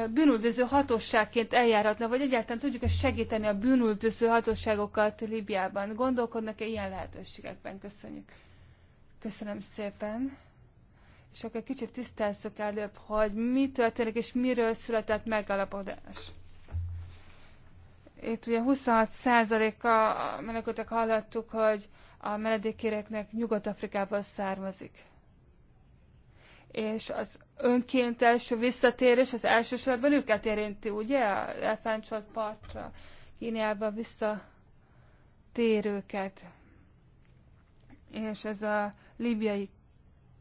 bűnüldöző hatóságként eljárhatna, vagy egyáltalán tudjuk-e segíteni a bűnüldöző hatóságokat Libiában? Gondolkodnak-e ilyen lehetőségekben? Köszönjük. Köszönöm szépen. És akkor kicsit tisztázzuk előbb, hogy mi történik, és miről született megalapodás. Itt ugye 26%-a menekültek hallottuk, hogy a menedékkéreknek Nyugat-Afrikából származik. És az önkéntes visszatérés az elsősorban őket érinti, ugye? Elfáncsolt partra, Kíniába visszatérőket. És ez a libiai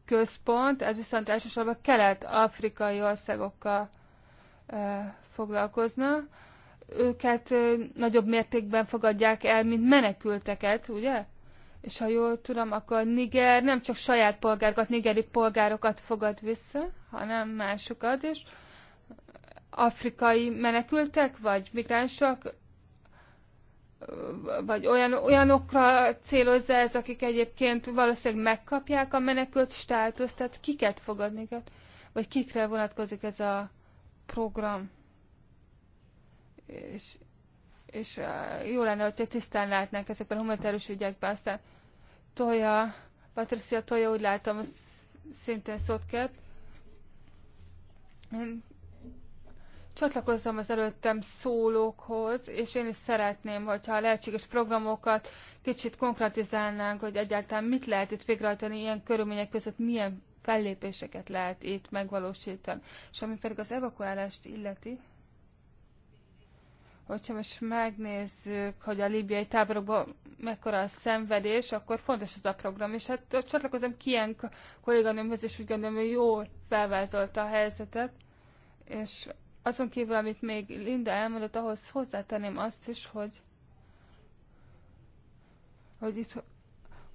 központ, ez viszont elsősorban kelet-afrikai országokkal e, foglalkozna őket nagyobb mértékben fogadják el, mint menekülteket, ugye? És ha jól tudom, akkor Niger nem csak saját polgárokat, nigeri polgárokat fogad vissza, hanem másokat is. Afrikai menekültek, vagy migránsok, vagy olyan, olyanokra célozza ez, akik egyébként valószínűleg megkapják a menekült státuszt, tehát kiket fogadni kell, vagy kikre vonatkozik ez a program és, és jó lenne, hogy tisztán látnánk ezekben a humanitárius ügyekben. Aztán Tolja, Patricia Tolja, úgy látom, szintén szót kért. Én csatlakozzam az előttem szólókhoz, és én is szeretném, hogyha a lehetséges programokat kicsit konkretizálnánk, hogy egyáltalán mit lehet itt végrehajtani ilyen körülmények között, milyen fellépéseket lehet itt megvalósítani. És ami pedig az evakuálást illeti, hogyha most megnézzük, hogy a libiai táborokban mekkora a szenvedés, akkor fontos ez a program. És hát csatlakozom ilyen kolléganőmhöz, és úgy gondolom, hogy jól felvázolta a helyzetet. És azon kívül, amit még Linda elmondott, ahhoz hozzátenném azt is, hogy, hogy itt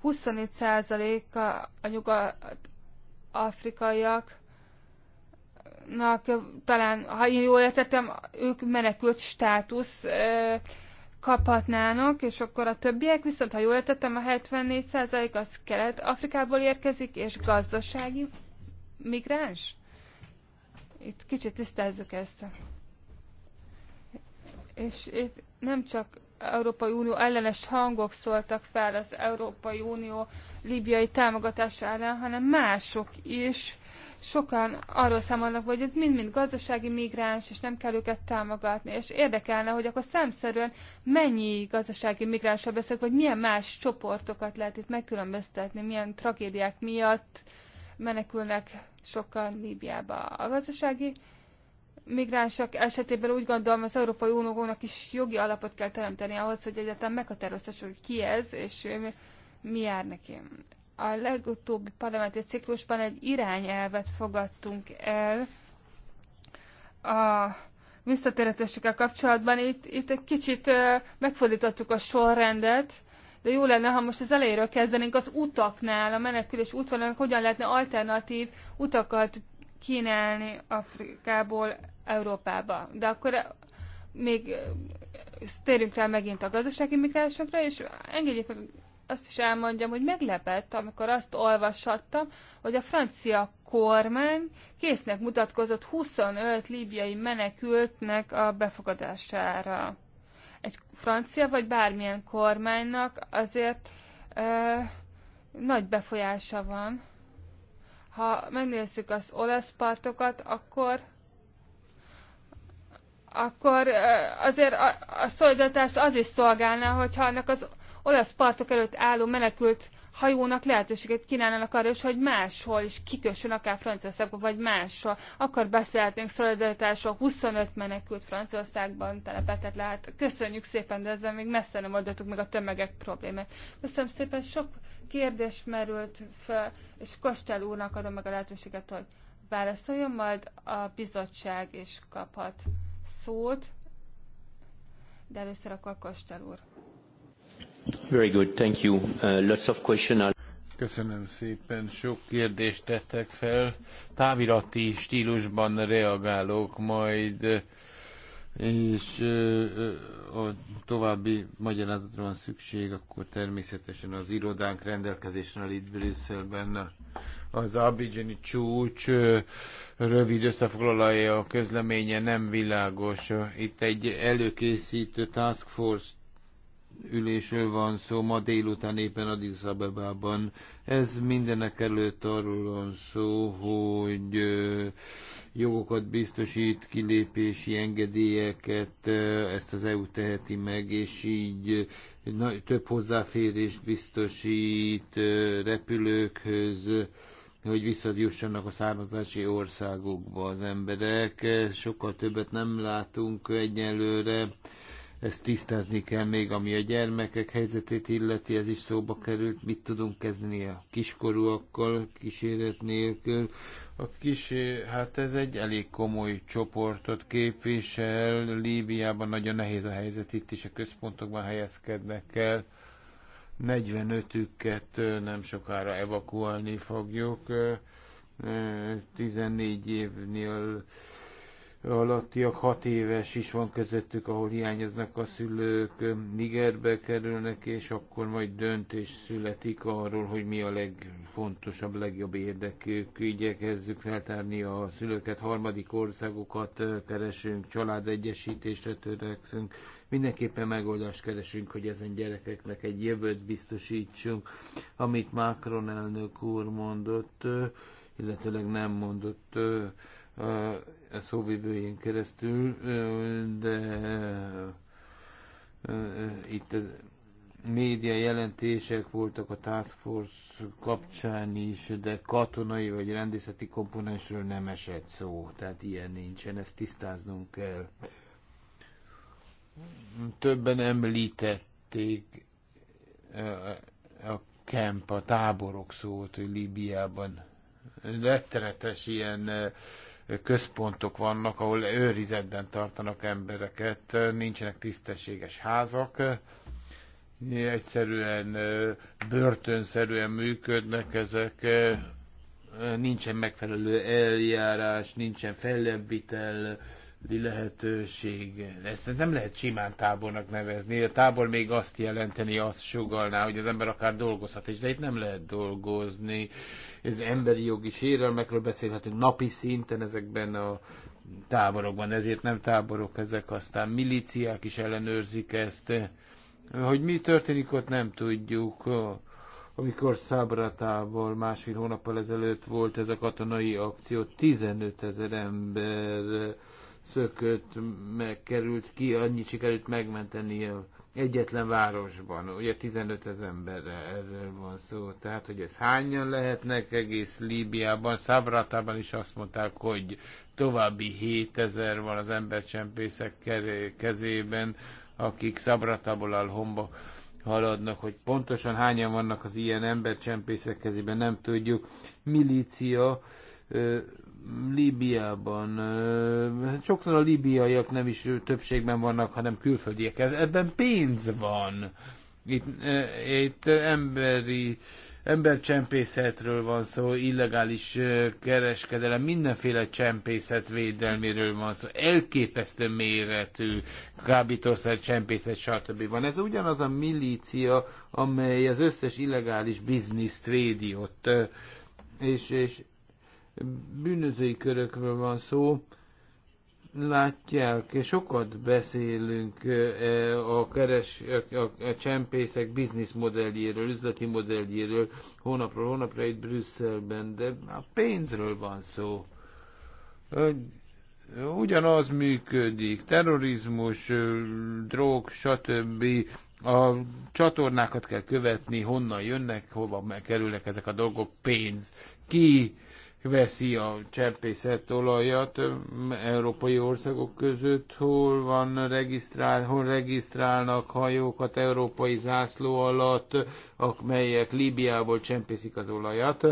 24%-a a nyugat-afrikaiak talán, ha én jól értettem, ők menekült státusz kaphatnának, és akkor a többiek, viszont ha jól értettem, a 74% az Kelet-Afrikából érkezik, és gazdasági migráns? Itt kicsit tisztázzuk ezt. És itt nem csak Európai Unió ellenes hangok szóltak fel az Európai Unió libiai támogatása ellen, hanem mások is sokan arról számolnak, hogy ez mind-mind gazdasági migráns, és nem kell őket támogatni. És érdekelne, hogy akkor számszerűen mennyi gazdasági migránsra beszélek, vagy milyen más csoportokat lehet itt megkülönböztetni, milyen tragédiák miatt menekülnek sokan Líbiába. A gazdasági migránsok esetében úgy gondolom, az Európai Uniónak is jogi alapot kell teremteni ahhoz, hogy egyáltalán meghatározhassuk, hogy ki ez, és mi jár neki a legutóbbi parlamenti ciklusban egy irányelvet fogadtunk el a visszatérítésekkel kapcsolatban. Itt, itt egy kicsit megfordítottuk a sorrendet, de jó lenne, ha most az elejéről kezdenénk az utaknál, a menekülés útvonalnak hogyan lehetne alternatív utakat kínálni Afrikából Európába. De akkor még térjünk rá megint a gazdasági migránsokra, és engedjék meg azt is elmondjam, hogy meglepett, amikor azt olvashattam, hogy a francia kormány késznek mutatkozott 25 líbiai menekültnek a befogadására. Egy francia vagy bármilyen kormánynak azért ö, nagy befolyása van. Ha megnézzük az olasz partokat, akkor akkor azért a, a szolidaritást az is szolgálná, hogyha annak az olasz partok előtt álló menekült hajónak lehetőséget kínálnának arra is, hogy máshol is kikössön, akár Franciaországban, vagy máshol. Akkor beszélhetnénk szolidaritásról, 25 menekült Franciaországban telepetett lehet. Köszönjük szépen, de ezzel még messze nem oldottuk meg a tömegek problémát. Köszönöm szépen, sok kérdés merült fel, és Kostel úrnak adom meg a lehetőséget, hogy válaszoljon, majd a bizottság is kaphat szót. De először akkor Kostel úr. Very good, thank you. Uh, lots of questions. Köszönöm szépen, sok kérdést tettek fel. Távirati stílusban reagálok majd, és a további magyarázatra van szükség, akkor természetesen az irodánk rendelkezésre itt Brüsszelben az Abidjani csúcs rövid összefoglalója a közleménye nem világos. Itt egy előkészítő task force ülésről van szó ma délután éppen Addis Abebában. Ez mindenek előtt arról van szó, hogy jogokat biztosít, kilépési engedélyeket, ezt az EU teheti meg, és így több hozzáférést biztosít repülőkhöz, hogy visszajussanak a származási országokba az emberek. Sokkal többet nem látunk egyelőre ezt tisztázni kell még, ami a gyermekek helyzetét illeti, ez is szóba került, mit tudunk kezdeni a kiskorúakkal, kíséret nélkül. A kis, hát ez egy elég komoly csoportot képvisel, Líbiában nagyon nehéz a helyzet, itt is a központokban helyezkednek el. 45-üket nem sokára evakuálni fogjuk. 14 évnél alattiak, hat éves is van közöttük, ahol hiányoznak a szülők, Nigerbe kerülnek, és akkor majd döntés születik arról, hogy mi a legfontosabb, legjobb érdekük. Igyekezzük feltárni a szülőket, harmadik országokat keresünk, családegyesítésre törekszünk. Mindenképpen megoldást keresünk, hogy ezen gyerekeknek egy jövőt biztosítsunk, amit Macron elnök úr mondott, illetőleg nem mondott a szóvivőjén keresztül, de itt a média jelentések voltak a Task Force kapcsán is, de katonai vagy rendészeti komponensről nem esett szó, tehát ilyen nincsen, ezt tisztáznunk kell. Többen említették a kemp, a táborok szót Líbiában. Rettenetes ilyen központok vannak, ahol őrizetben tartanak embereket, nincsenek tisztességes házak, egyszerűen börtönszerűen működnek ezek, nincsen megfelelő eljárás, nincsen fellebbvitel, lehetőség. Ezt nem lehet simán tábornak nevezni. A tábor még azt jelenteni, azt sugalná, hogy az ember akár dolgozhat is, de itt nem lehet dolgozni. Ez emberi jogi sérelmekről beszélhetünk napi szinten ezekben a táborokban, ezért nem táborok ezek, aztán milíciák is ellenőrzik ezt. Hogy mi történik ott nem tudjuk. Amikor Szábratából másfél hónappal ezelőtt volt ez a katonai akció, 15 ezer ember szökött megkerült ki, annyit sikerült megmenteni egyetlen városban, ugye 15 ezer emberre erről van szó, tehát hogy ez hányan lehetnek egész Líbiában, Szabratában is azt mondták, hogy további 7000 van az embercsempészek kezében, akik Szabratából Alhomba haladnak, hogy pontosan hányan vannak az ilyen embercsempészek kezében, nem tudjuk. Milícia Líbiában. Hát sokszor a líbiaiak nem is többségben vannak, hanem külföldiek. Ebben pénz van. Itt, itt emberi embercsempészetről van szó, illegális kereskedelem, mindenféle csempészet védelméről van szó, elképesztő méretű kábítószer csempészet, stb. van. Ez ugyanaz a milícia, amely az összes illegális bizniszt védi ott, és, és bűnözői körökről van szó, látják, sokat beszélünk e, a, keres, a, a csempészek bizniszmodelljéről, üzleti modelljéről, hónapról hónapra itt Brüsszelben, de a pénzről van szó. Ugyanaz működik, terrorizmus, drog, stb. A csatornákat kell követni, honnan jönnek, hova kerülnek ezek a dolgok, pénz. Ki veszi a csempészett olajat európai országok között, hol van regisztrál, hol regisztrálnak hajókat európai zászló alatt, amelyek Líbiából csempészik az olajat.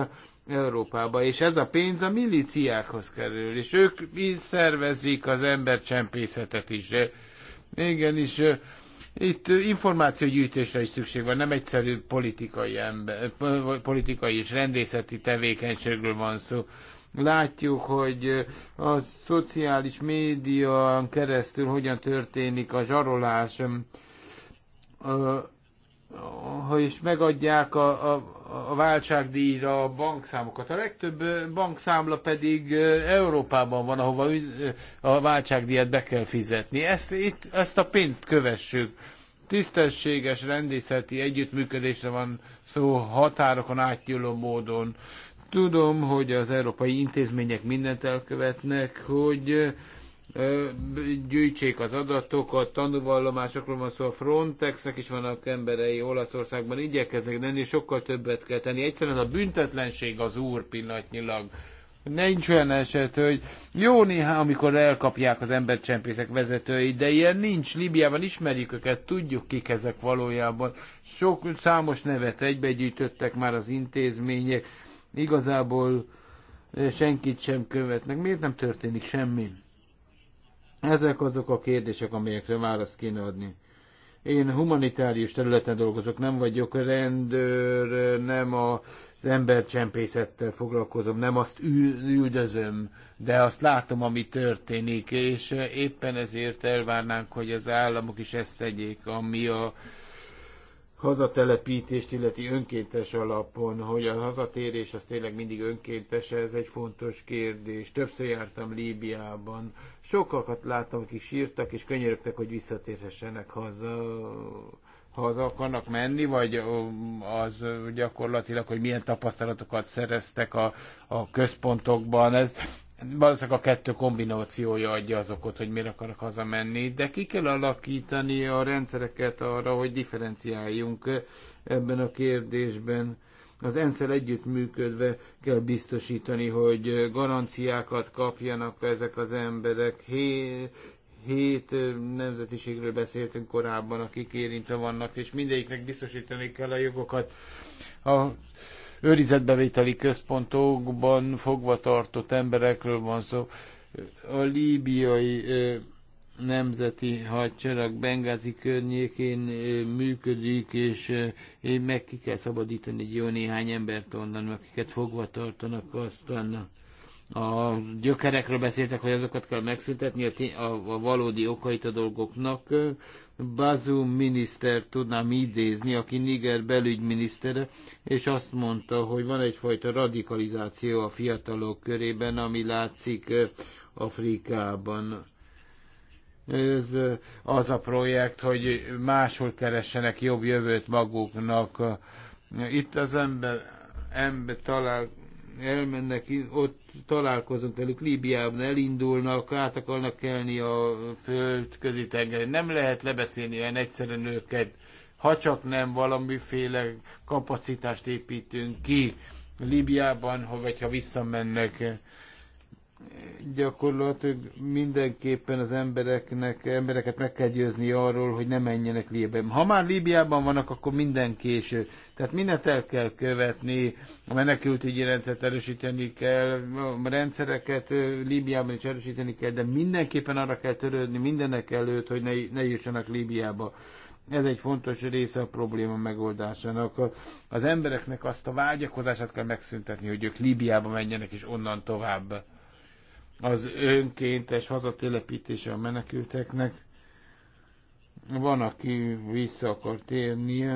Európába, és ez a pénz a milíciákhoz kerül, és ők szervezik az embercsempészetet is. is. Itt információgyűjtésre is szükség van, nem egyszerű politikai, ember, politikai és rendészeti tevékenységről van szó. Látjuk, hogy a szociális média keresztül hogyan történik a zsarolás hogy megadják a, a, a váltságdíjra a bankszámokat. A legtöbb bankszámla pedig Európában van, ahova a váltságdíjat be kell fizetni. Ezt, itt, ezt a pénzt kövessük. Tisztességes rendészeti együttműködésre van szó határokon átnyúló módon. Tudom, hogy az európai intézmények mindent elkövetnek, hogy gyűjtsék az adatokat, tanúvallomásokról van szó, a Frontexnek is vannak emberei Olaszországban, igyekeznek de ennél sokkal többet kell tenni. Egyszerűen a büntetlenség az úr pillanatnyilag. Nincs olyan eset, hogy jó néha, amikor elkapják az embercsempészek vezetői, de ilyen nincs. Libiában ismerjük őket, tudjuk kik ezek valójában. Sok számos nevet egybegyűjtöttek már az intézmények. Igazából eh, senkit sem követnek. Miért nem történik semmi? Ezek azok a kérdések, amelyekre választ kéne adni. Én humanitárius területen dolgozok, nem vagyok rendőr, nem az embercsempészettel foglalkozom, nem azt üldözöm, de azt látom, ami történik, és éppen ezért elvárnánk, hogy az államok is ezt tegyék, ami a hazatelepítést illeti önkéntes alapon, hogy a hazatérés az tényleg mindig önkéntes, ez egy fontos kérdés. Többször jártam Líbiában, sokakat láttam, akik sírtak és könyörögtek, hogy visszatérhessenek haza haza akarnak menni, vagy az gyakorlatilag, hogy milyen tapasztalatokat szereztek a, a központokban. Ez valószínűleg a kettő kombinációja adja az okot, hogy miért akarok hazamenni, de ki kell alakítani a rendszereket arra, hogy differenciáljunk ebben a kérdésben. Az ensz együttműködve kell biztosítani, hogy garanciákat kapjanak ezek az emberek. hét nemzetiségről beszéltünk korábban, akik érintve vannak, és mindegyiknek biztosítani kell a jogokat. A, őrizetbevételi központokban fogvatartott emberekről van szó. A líbiai nemzeti hadsereg Bengázi környékén működik, és meg ki kell szabadítani egy jó néhány embert onnan, akiket fogva tartanak, aztán a gyökerekről beszéltek, hogy azokat kell megszüntetni, a, a valódi okait a dolgoknak. Bazum miniszter tudnám idézni, aki Niger belügyminisztere, és azt mondta, hogy van egyfajta radikalizáció a fiatalok körében, ami látszik Afrikában. Ez az a projekt, hogy máshol keressenek jobb jövőt maguknak. Itt az ember, ember talál, elmennek, ott találkozunk velük, Líbiában elindulnak, át akarnak kelni a föld közi tengeren. Nem lehet lebeszélni olyan egyszerűen őket, ha csak nem valamiféle kapacitást építünk ki Líbiában, ha, vagy ha visszamennek gyakorlatilag mindenképpen az embereknek, embereket meg kell győzni arról, hogy ne menjenek Líbiában. Ha már Líbiában vannak, akkor minden késő. Tehát mindent el kell követni, a menekültügyi rendszert erősíteni kell, a rendszereket Líbiában is erősíteni kell, de mindenképpen arra kell törődni mindenek előtt, hogy ne, ne jussanak Líbiába. Ez egy fontos része a probléma megoldásának. Az embereknek azt a vágyakozását kell megszüntetni, hogy ők Líbiába menjenek és onnan tovább az önkéntes hazatelepítése a menekülteknek. Van, aki vissza akar térni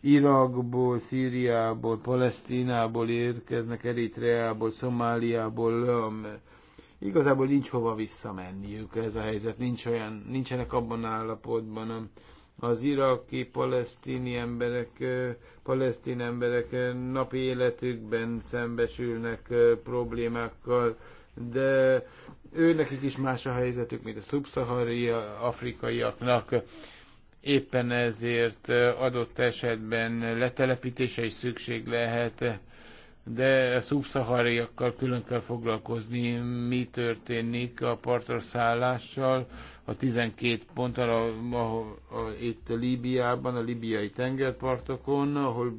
Irakból, Szíriából, Palesztinából érkeznek, Eritreából, Szomáliából, igazából nincs hova visszamenniük ez a helyzet, nincs olyan, nincsenek abban állapotban, az iraki palesztini emberek, palesztin emberek napi életükben szembesülnek problémákkal, de őnekik is más a helyzetük, mint a szubszahari afrikaiaknak. Éppen ezért adott esetben letelepítése is szükség lehet de a szubszahariakkal külön kell foglalkozni, mi történik a partra szállással, a 12 ponttal a, a, a, itt a Líbiában, a libiai tengerpartokon, ahol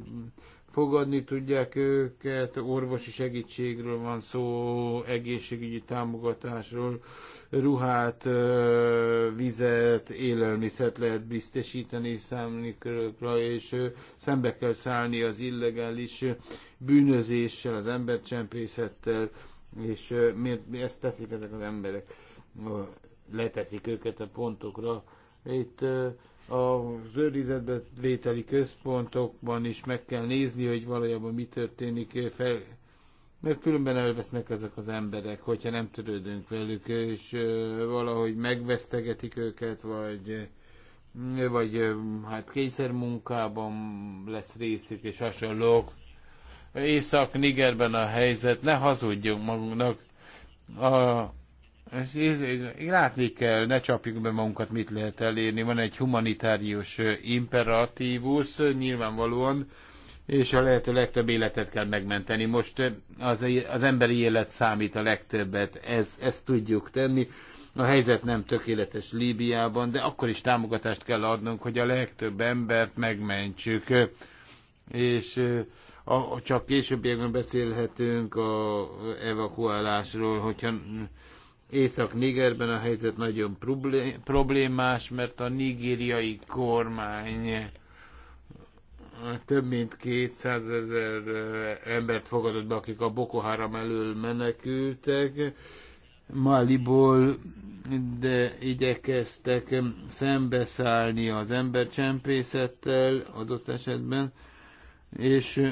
fogadni tudják őket, orvosi segítségről van szó, egészségügyi támogatásról, ruhát, vizet, élelmiszert lehet biztosítani számukra, és szembe kell szállni az illegális bűnözéssel, az embercsempészettel, és miért ezt teszik ezek az emberek? Leteszik őket a pontokra. Itt az őrizetbe vételi központokban is meg kell nézni, hogy valójában mi történik fel, mert különben elvesznek ezek az emberek, hogyha nem törődünk velük, és valahogy megvesztegetik őket, vagy, vagy hát kényszermunkában lesz részük, és hasonlók. Észak-Nigerben a helyzet, ne hazudjunk magunknak. A, Látni kell, ne csapjuk be magunkat, mit lehet elérni. Van egy humanitárius imperatívus, nyilvánvalóan, és a lehető legtöbb életet kell megmenteni. Most az, e- az emberi élet számít a legtöbbet, ez, ezt tudjuk tenni. A helyzet nem tökéletes Líbiában, de akkor is támogatást kell adnunk, hogy a legtöbb embert megmentsük. És a, csak későbbiekben beszélhetünk a evakuálásról, hogyha Észak-Nigerben a helyzet nagyon problémás, mert a nigériai kormány több mint 200 ezer eh, embert fogadott be, akik a Boko Haram elől menekültek Maliból, de igyekeztek szembeszállni az embercsempészettel adott esetben, és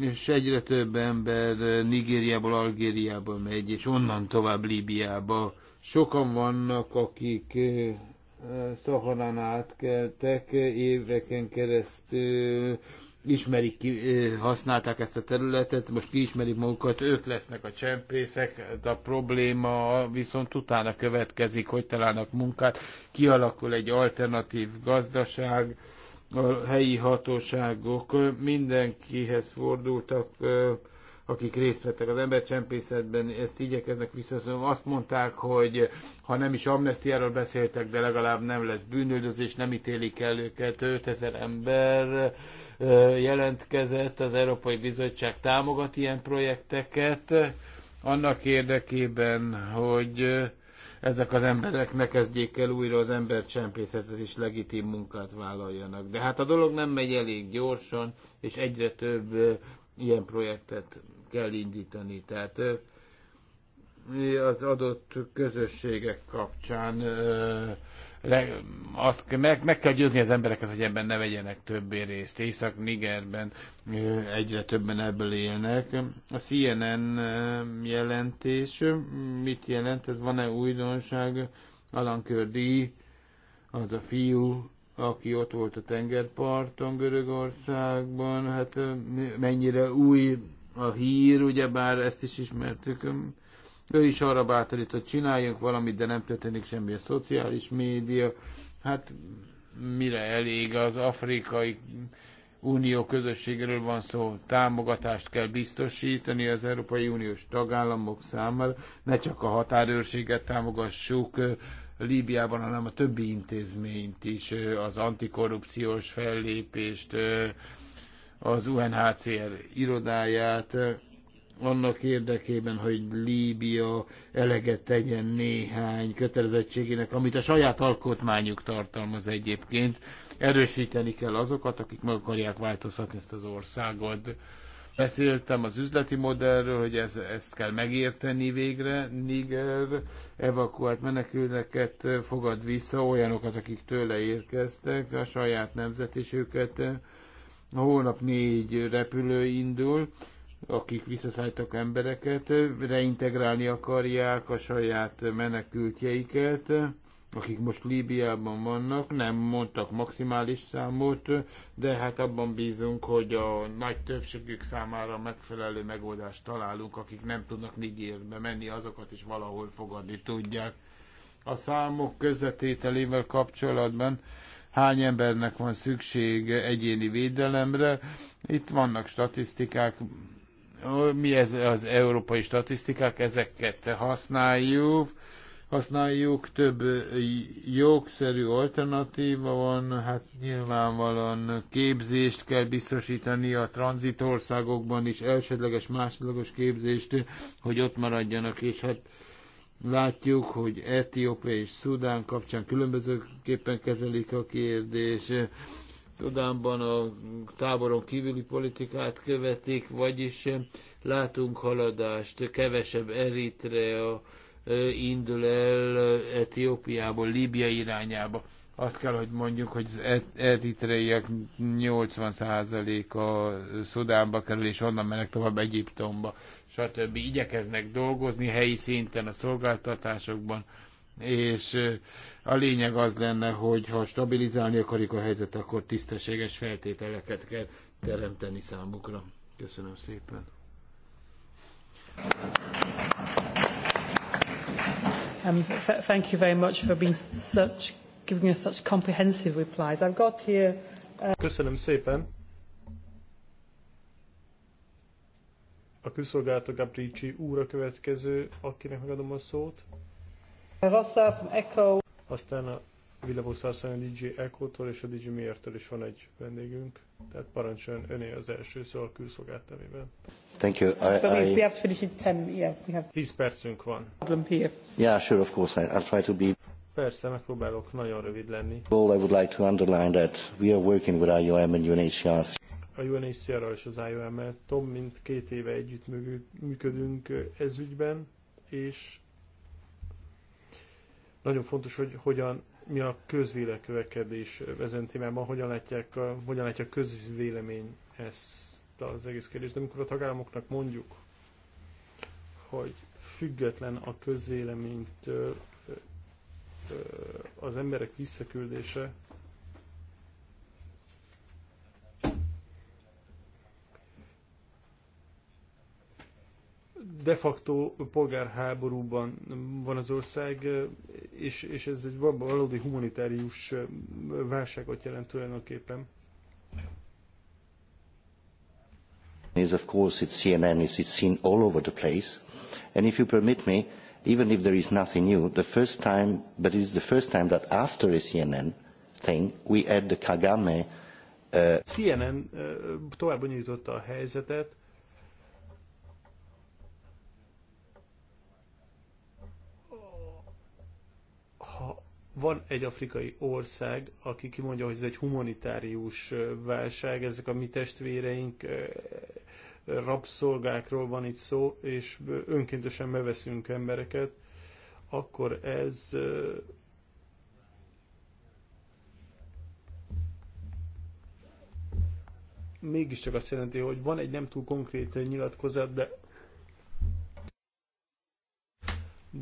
és egyre több ember eh, Nigériából, Algériából megy, és onnan tovább Líbiába. Sokan vannak, akik eh, Szaharán átkeltek eh, éveken keresztül, ismerik, ki, használták ezt a területet, most kiismerik magukat, ők lesznek a csempészek, de a probléma viszont utána következik, hogy találnak munkát, kialakul egy alternatív gazdaság, a helyi hatóságok mindenkihez fordultak, akik részt vettek az embercsempészetben, ezt igyekeznek visszaszólni. Azt mondták, hogy ha nem is amnestiáról beszéltek, de legalább nem lesz bűnöldözés, nem ítélik el őket. 5000 ember jelentkezett, az Európai Bizottság támogat ilyen projekteket annak érdekében, hogy ezek az emberek ne kezdjék el újra az embercsempészetet és legitim munkát vállaljanak. De hát a dolog nem megy elég gyorsan, és egyre több ilyen projektet kell indítani. Tehát az adott közösségek kapcsán le, azt meg, meg kell győzni az embereket, hogy ebben ne vegyenek többé részt. Észak-Nigerben egyre többen ebből élnek. A CNN jelentés, mit jelent? Ez van-e újdonság? Alan Kördi, az a fiú, aki ott volt a tengerparton Görögországban, hát mennyire új a hír, ugyebár ezt is ismertük, ő is arra hogy csináljunk valamit, de nem történik semmi a szociális média. Hát mire elég az afrikai unió közösségről van szó, támogatást kell biztosítani az Európai Uniós tagállamok számára, ne csak a határőrséget támogassuk Líbiában, hanem a többi intézményt is, az antikorrupciós fellépést, az UNHCR irodáját, annak érdekében, hogy Líbia eleget tegyen néhány kötelezettségének, amit a saját alkotmányuk tartalmaz egyébként. Erősíteni kell azokat, akik meg akarják változtatni ezt az országot. Beszéltem az üzleti modellről, hogy ez, ezt kell megérteni végre. Niger evakuált menekülteket fogad vissza, olyanokat, akik tőle érkeztek, a saját nemzetésüket. Holnap négy repülő indul akik visszaszálltak embereket, reintegrálni akarják a saját menekültjeiket, akik most Líbiában vannak, nem mondtak maximális számot, de hát abban bízunk, hogy a nagy többségük számára megfelelő megoldást találunk, akik nem tudnak Nigérbe menni, azokat is valahol fogadni tudják. A számok közvetételével kapcsolatban hány embernek van szüksége egyéni védelemre. Itt vannak statisztikák, mi ez az európai statisztikák, ezeket használjuk, használjuk, több jogszerű alternatíva van, hát nyilvánvalóan képzést kell biztosítani a tranzitországokban is, elsődleges, másodlagos képzést, hogy ott maradjanak, és hát látjuk, hogy Etiópia és Szudán kapcsán különbözőképpen kezelik a kérdés, Szudánban a táboron kívüli politikát követik, vagyis eh, látunk haladást, kevesebb Eritrea eh, indul el eh, Etiópiából, Líbia irányába. Azt kell, hogy mondjuk, hogy az eritreiek 80%-a Szudánba kerül, és onnan mennek tovább Egyiptomba, stb. Igyekeznek dolgozni helyi szinten a szolgáltatásokban, és a lényeg az lenne, hogy ha stabilizálni akarjuk a helyzet, akkor tisztességes feltételeket kell teremteni számukra. Köszönöm szépen. Um, thank you very much for being such, giving us such comprehensive replies. I've got here. Uh... Köszönöm szépen. A külszolgálata Gabrici úr a következő, akinek megadom a szót. Rassa Echo. Aztán a Villamos a DJ Echo-tól és a DJ Miért-től is van egy vendégünk, tehát parancsoljon öné az első szó a külszolgált nevében. Thank you. I, I... We have to finish in 10, yeah, we have... 10 percünk van. Problem here. Yeah, sure, of course, I, I'll try to be... Persze, megpróbálok nagyon rövid lenni. Well, I would like to underline that we are working with IOM and UNHCR. A UNHCR-ral és az IOM-mel több mint két éve együtt működünk ez ügyben, és nagyon fontos, hogy hogyan, mi a közvélekövekedés ezen témában, hogyan, látják, a, hogyan látja a közvélemény ezt az egész kérdést. De amikor a tagállamoknak mondjuk, hogy független a közvéleménytől az emberek visszaküldése, de facto polgárháborúban van az ország, és, és ez egy valódi humanitárius válságot jelent tulajdonképpen. Is of course it's CNN, it's seen all over the place. And if you permit me, even if there is nothing new, the first time, but it is the first time that after a CNN thing, we add the Kagame. Uh... CNN uh, tovább nyitotta a helyzetet, Van egy afrikai ország, aki kimondja, hogy ez egy humanitárius válság, ezek a mi testvéreink, rabszolgákról van itt szó, és önkéntesen beveszünk embereket, akkor ez mégiscsak azt jelenti, hogy van egy nem túl konkrét nyilatkozat, de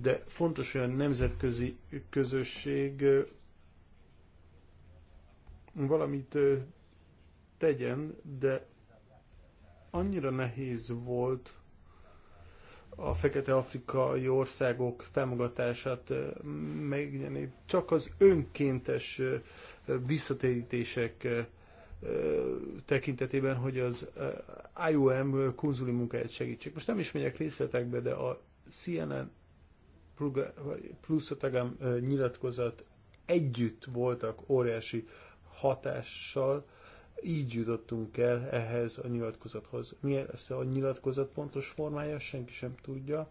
de fontos, olyan nemzetközi közösség valamit tegyen, de annyira nehéz volt a fekete-afrikai országok támogatását megnyerni. Csak az önkéntes visszatérítések tekintetében, hogy az IOM konzuli munkáját segítsék. Most nem is megyek részletekbe, de a CNN plusz a nyilatkozat együtt voltak óriási hatással, így jutottunk el ehhez a nyilatkozathoz. Milyen lesz a nyilatkozat pontos formája, senki sem tudja.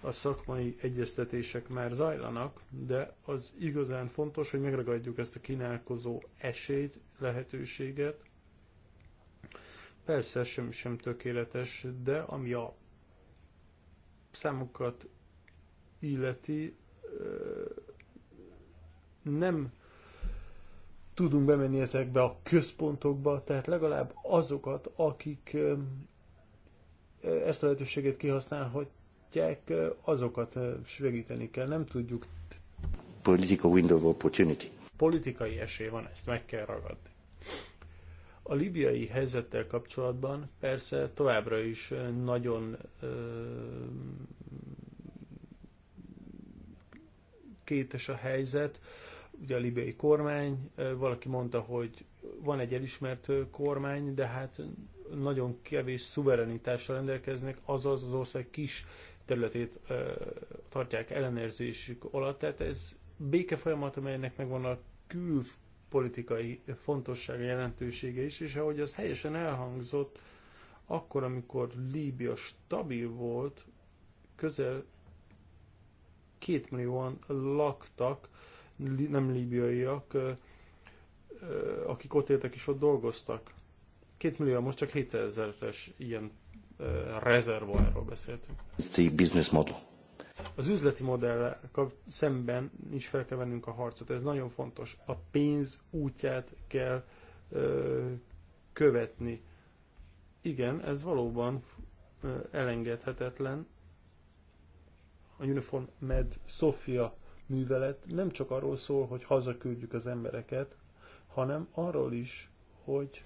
A szakmai egyeztetések már zajlanak, de az igazán fontos, hogy megragadjuk ezt a kínálkozó esélyt, lehetőséget. Persze semmi sem tökéletes, de ami a számokat illeti, nem tudunk bemenni ezekbe a központokba, tehát legalább azokat, akik ezt a lehetőséget kihasználhatják, azokat segíteni kell. Nem tudjuk. Political window of opportunity. Politikai esély van, ezt meg kell ragadni. A libiai helyzettel kapcsolatban persze továbbra is nagyon kétes a helyzet. Ugye a libiai kormány, valaki mondta, hogy van egy elismert kormány, de hát nagyon kevés szuverenitással rendelkeznek, azaz az ország kis területét tartják ellenőrzésük alatt. Tehát ez béke folyamat, amelynek megvan a külpolitikai politikai fontossága, jelentősége is, és ahogy az helyesen elhangzott, akkor, amikor Líbia stabil volt, közel két millióan laktak, nem líbiaiak, akik ott éltek és ott dolgoztak. Két millió, most csak 700 ezeres ilyen rezervoárról beszéltünk. business model. Az üzleti modell szemben is fel kell vennünk a harcot, ez nagyon fontos. A pénz útját kell ö, követni. Igen, ez valóban ö, elengedhetetlen, a Uniform Med Sofia művelet nem csak arról szól, hogy hazaküldjük az embereket, hanem arról is, hogy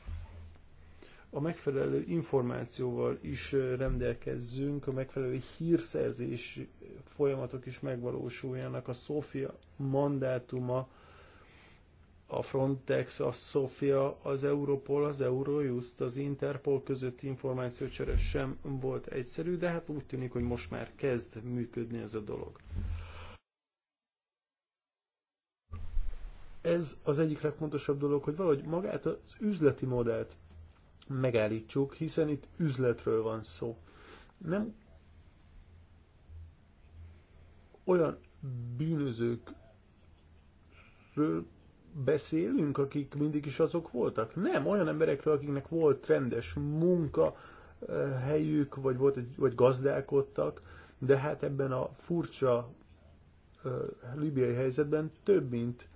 a megfelelő információval is rendelkezzünk, a megfelelő hírszerzés folyamatok is megvalósuljanak. A Sofia mandátuma a Frontex, a Sofia, az Europol, az Eurojust, az Interpol közötti információcsere sem volt egyszerű, de hát úgy tűnik, hogy most már kezd működni ez a dolog. Ez az egyik legfontosabb dolog, hogy valahogy magát az üzleti modellt megállítsuk, hiszen itt üzletről van szó. Nem olyan bűnözőkről beszélünk, akik mindig is azok voltak? Nem, olyan emberekről, akiknek volt rendes munka, eh, helyük, vagy, volt, vagy gazdálkodtak, de hát ebben a furcsa eh, libiai helyzetben több mint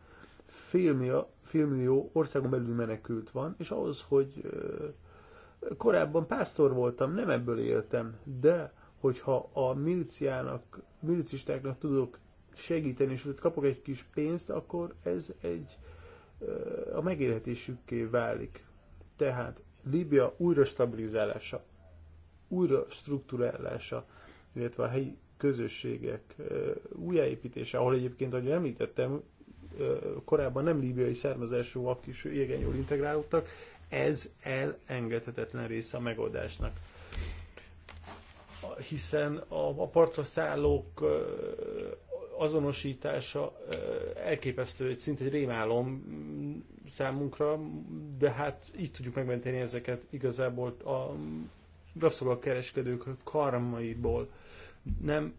félmillió, félmillió országon belül menekült van, és ahhoz, hogy eh, korábban pásztor voltam, nem ebből éltem, de hogyha a miliciának, milicistáknak tudok segíteni, és azért kapok egy kis pénzt, akkor ez egy a megélhetésükké válik. Tehát Líbia újra stabilizálása, újra struktúrálása, illetve a helyi közösségek újjáépítése, ahol egyébként, ahogy említettem, korábban nem líbiai származásúak is igen jól integrálódtak, ez elengedhetetlen része a megoldásnak. Hiszen a, a partra szállók azonosítása elképesztő, egy szinte egy rémálom számunkra, de hát így tudjuk megmenteni ezeket igazából a rabszolgakereskedők karmaiból. Nem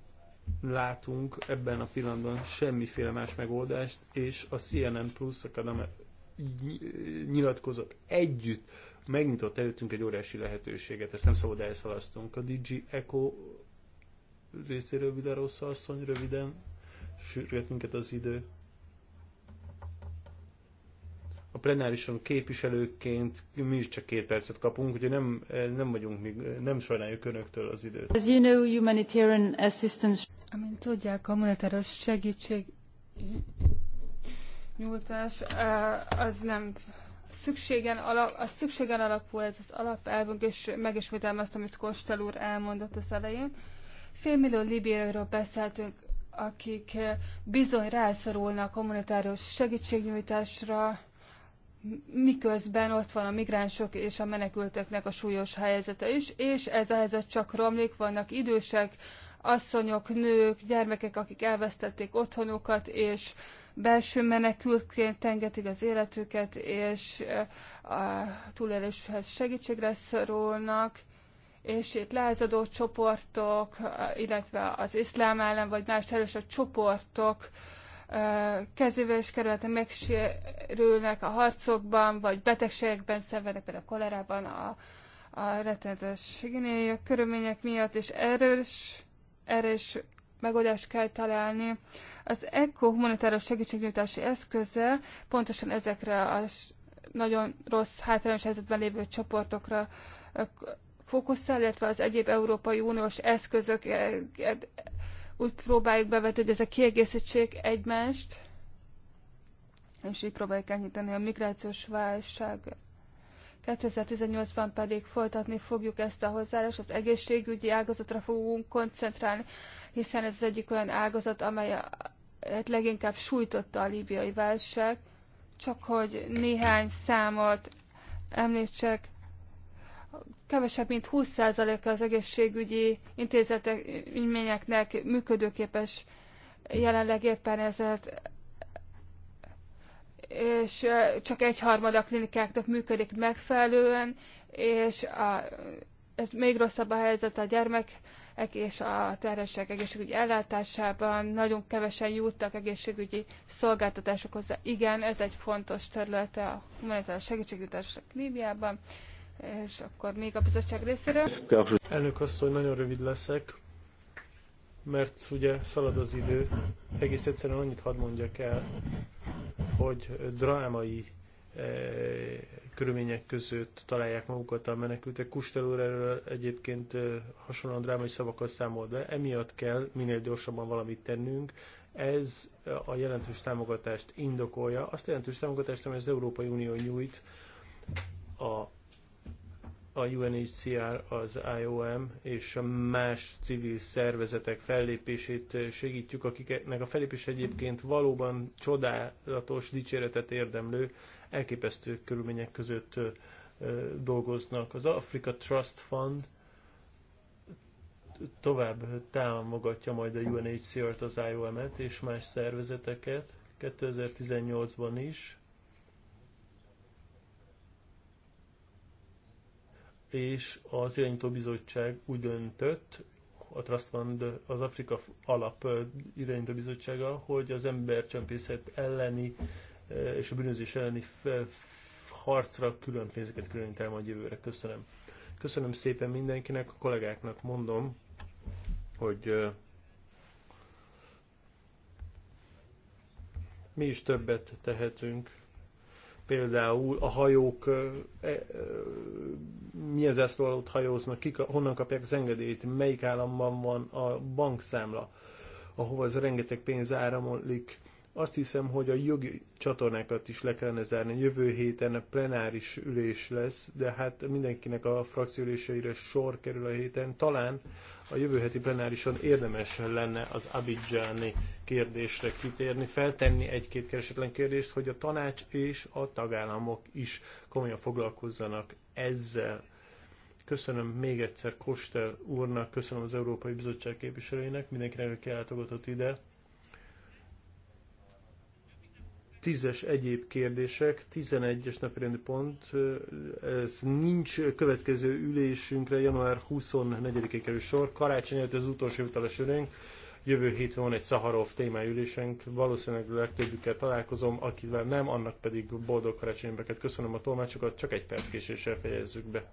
látunk ebben a pillanatban semmiféle más megoldást, és a CNN Plus Akadem nyilatkozat együtt megnyitott előttünk egy óriási lehetőséget, ezt nem szabad elszalasztunk. A DG Eco részéről Vidarossa asszony röviden sürget minket az idő. A plenárison képviselőként mi is csak két percet kapunk, ugye nem, nem vagyunk még, nem sajnáljuk önöktől az időt. As you know, humanitarian assistance... Amint tudják, a monetáros segítség nyújtás az nem szükségen alap, a szükségen alapul ez az alapelvünk, és meg is amit Kostel úr elmondott az elején. Félmillió libéről beszéltünk akik eh, bizony rászorulnak kommunitárius segítségnyújtásra, miközben ott van a migránsok és a menekülteknek a súlyos helyzete is, és ez a helyzet csak romlik, vannak idősek, asszonyok, nők, gyermekek, akik elvesztették otthonukat, és belső menekültként tengetik az életüket, és eh, a túléléshez segítségre szorulnak, és itt lázadó csoportok, illetve az iszlám ellen vagy más a csoportok kezével és kerülete megsérülnek a harcokban, vagy betegségekben szenvednek, például a kolerában, a, a rettenetes körülmények miatt, és erős, erős megoldást kell találni. Az ECO humanitáros segítségnyújtási eszköze pontosan ezekre a nagyon rossz, hátrányos helyzetben lévő csoportokra fókuszál, illetve az egyéb Európai Uniós eszközök e, e, úgy próbáljuk bevetni, hogy ezek kiegészítsék egymást, és így próbáljuk enyhíteni a migrációs válság. 2018-ban pedig folytatni fogjuk ezt a hozzáállást, az egészségügyi ágazatra fogunk koncentrálni, hiszen ez az egyik olyan ágazat, amely hát leginkább sújtotta a líbiai válság. Csak hogy néhány számot említsek, kevesebb mint 20%-a az egészségügyi intézeteknek működőképes jelenleg éppen ezért és csak egy harmada a klinikáknak működik megfelelően, és a, ez még rosszabb a helyzet a gyermek és a terhesek egészségügyi ellátásában nagyon kevesen jutnak egészségügyi szolgáltatásokhoz. Igen, ez egy fontos területe a humanitárius segítségnyújtásnak Líbiában. És akkor még a bizottság részéről. Elnök asszony, nagyon rövid leszek, mert ugye szalad az idő. Egész egyszerűen annyit hadd mondjak el, hogy drámai e, körülmények között találják magukat a menekültek. Kustel úr erről egyébként eh, hasonlóan drámai szavakat számol be. Emiatt kell minél gyorsabban valamit tennünk, ez eh, a jelentős támogatást indokolja, azt a jelentős támogatást, amely az Európai Unió nyújt a a UNHCR, az IOM és a más civil szervezetek fellépését segítjük, akiknek a fellépés egyébként valóban csodálatos, dicséretet érdemlő, elképesztő körülmények között dolgoznak. Az Africa Trust Fund tovább támogatja majd a UNHCR-t, az IOM-et és más szervezeteket 2018-ban is és az irányítóbizottság úgy döntött, a Trust Fund, az Afrika alap irányítóbizottsága, hogy az embercsempészet elleni és a bűnözés elleni harcra külön pénzeket különít el majd jövőre. Köszönöm. Köszönöm szépen mindenkinek, a kollégáknak mondom, hogy mi is többet tehetünk például a hajók e, milyen zászló alatt hajóznak, kik, honnan kapják az engedélyt, melyik államban van a bankszámla, ahova ez rengeteg pénz áramolik. Azt hiszem, hogy a jogi csatornákat is le kellene zárni. Jövő héten plenáris ülés lesz, de hát mindenkinek a frakcióüléseire sor kerül a héten. Talán a jövő heti plenárison érdemes lenne az abidzsáni kérdésre kitérni, feltenni egy-két keresetlen kérdést, hogy a tanács és a tagállamok is komolyan foglalkozzanak ezzel. Köszönöm még egyszer Kostel úrnak, köszönöm az Európai Bizottság képviselőinek, mindenkinek, aki ide Tízes egyéb kérdések, 11-es napirendi pont, ez nincs következő ülésünkre, január 24-én kerül sor, karácsony előtt az utolsó utalás ülénk, jövő héten van egy Szaharov témájú ülésünk, valószínűleg a legtöbbükkel találkozom, akivel nem, annak pedig boldog karácsonyébeket. köszönöm a tolmácsokat, csak egy perc késéssel fejezzük be.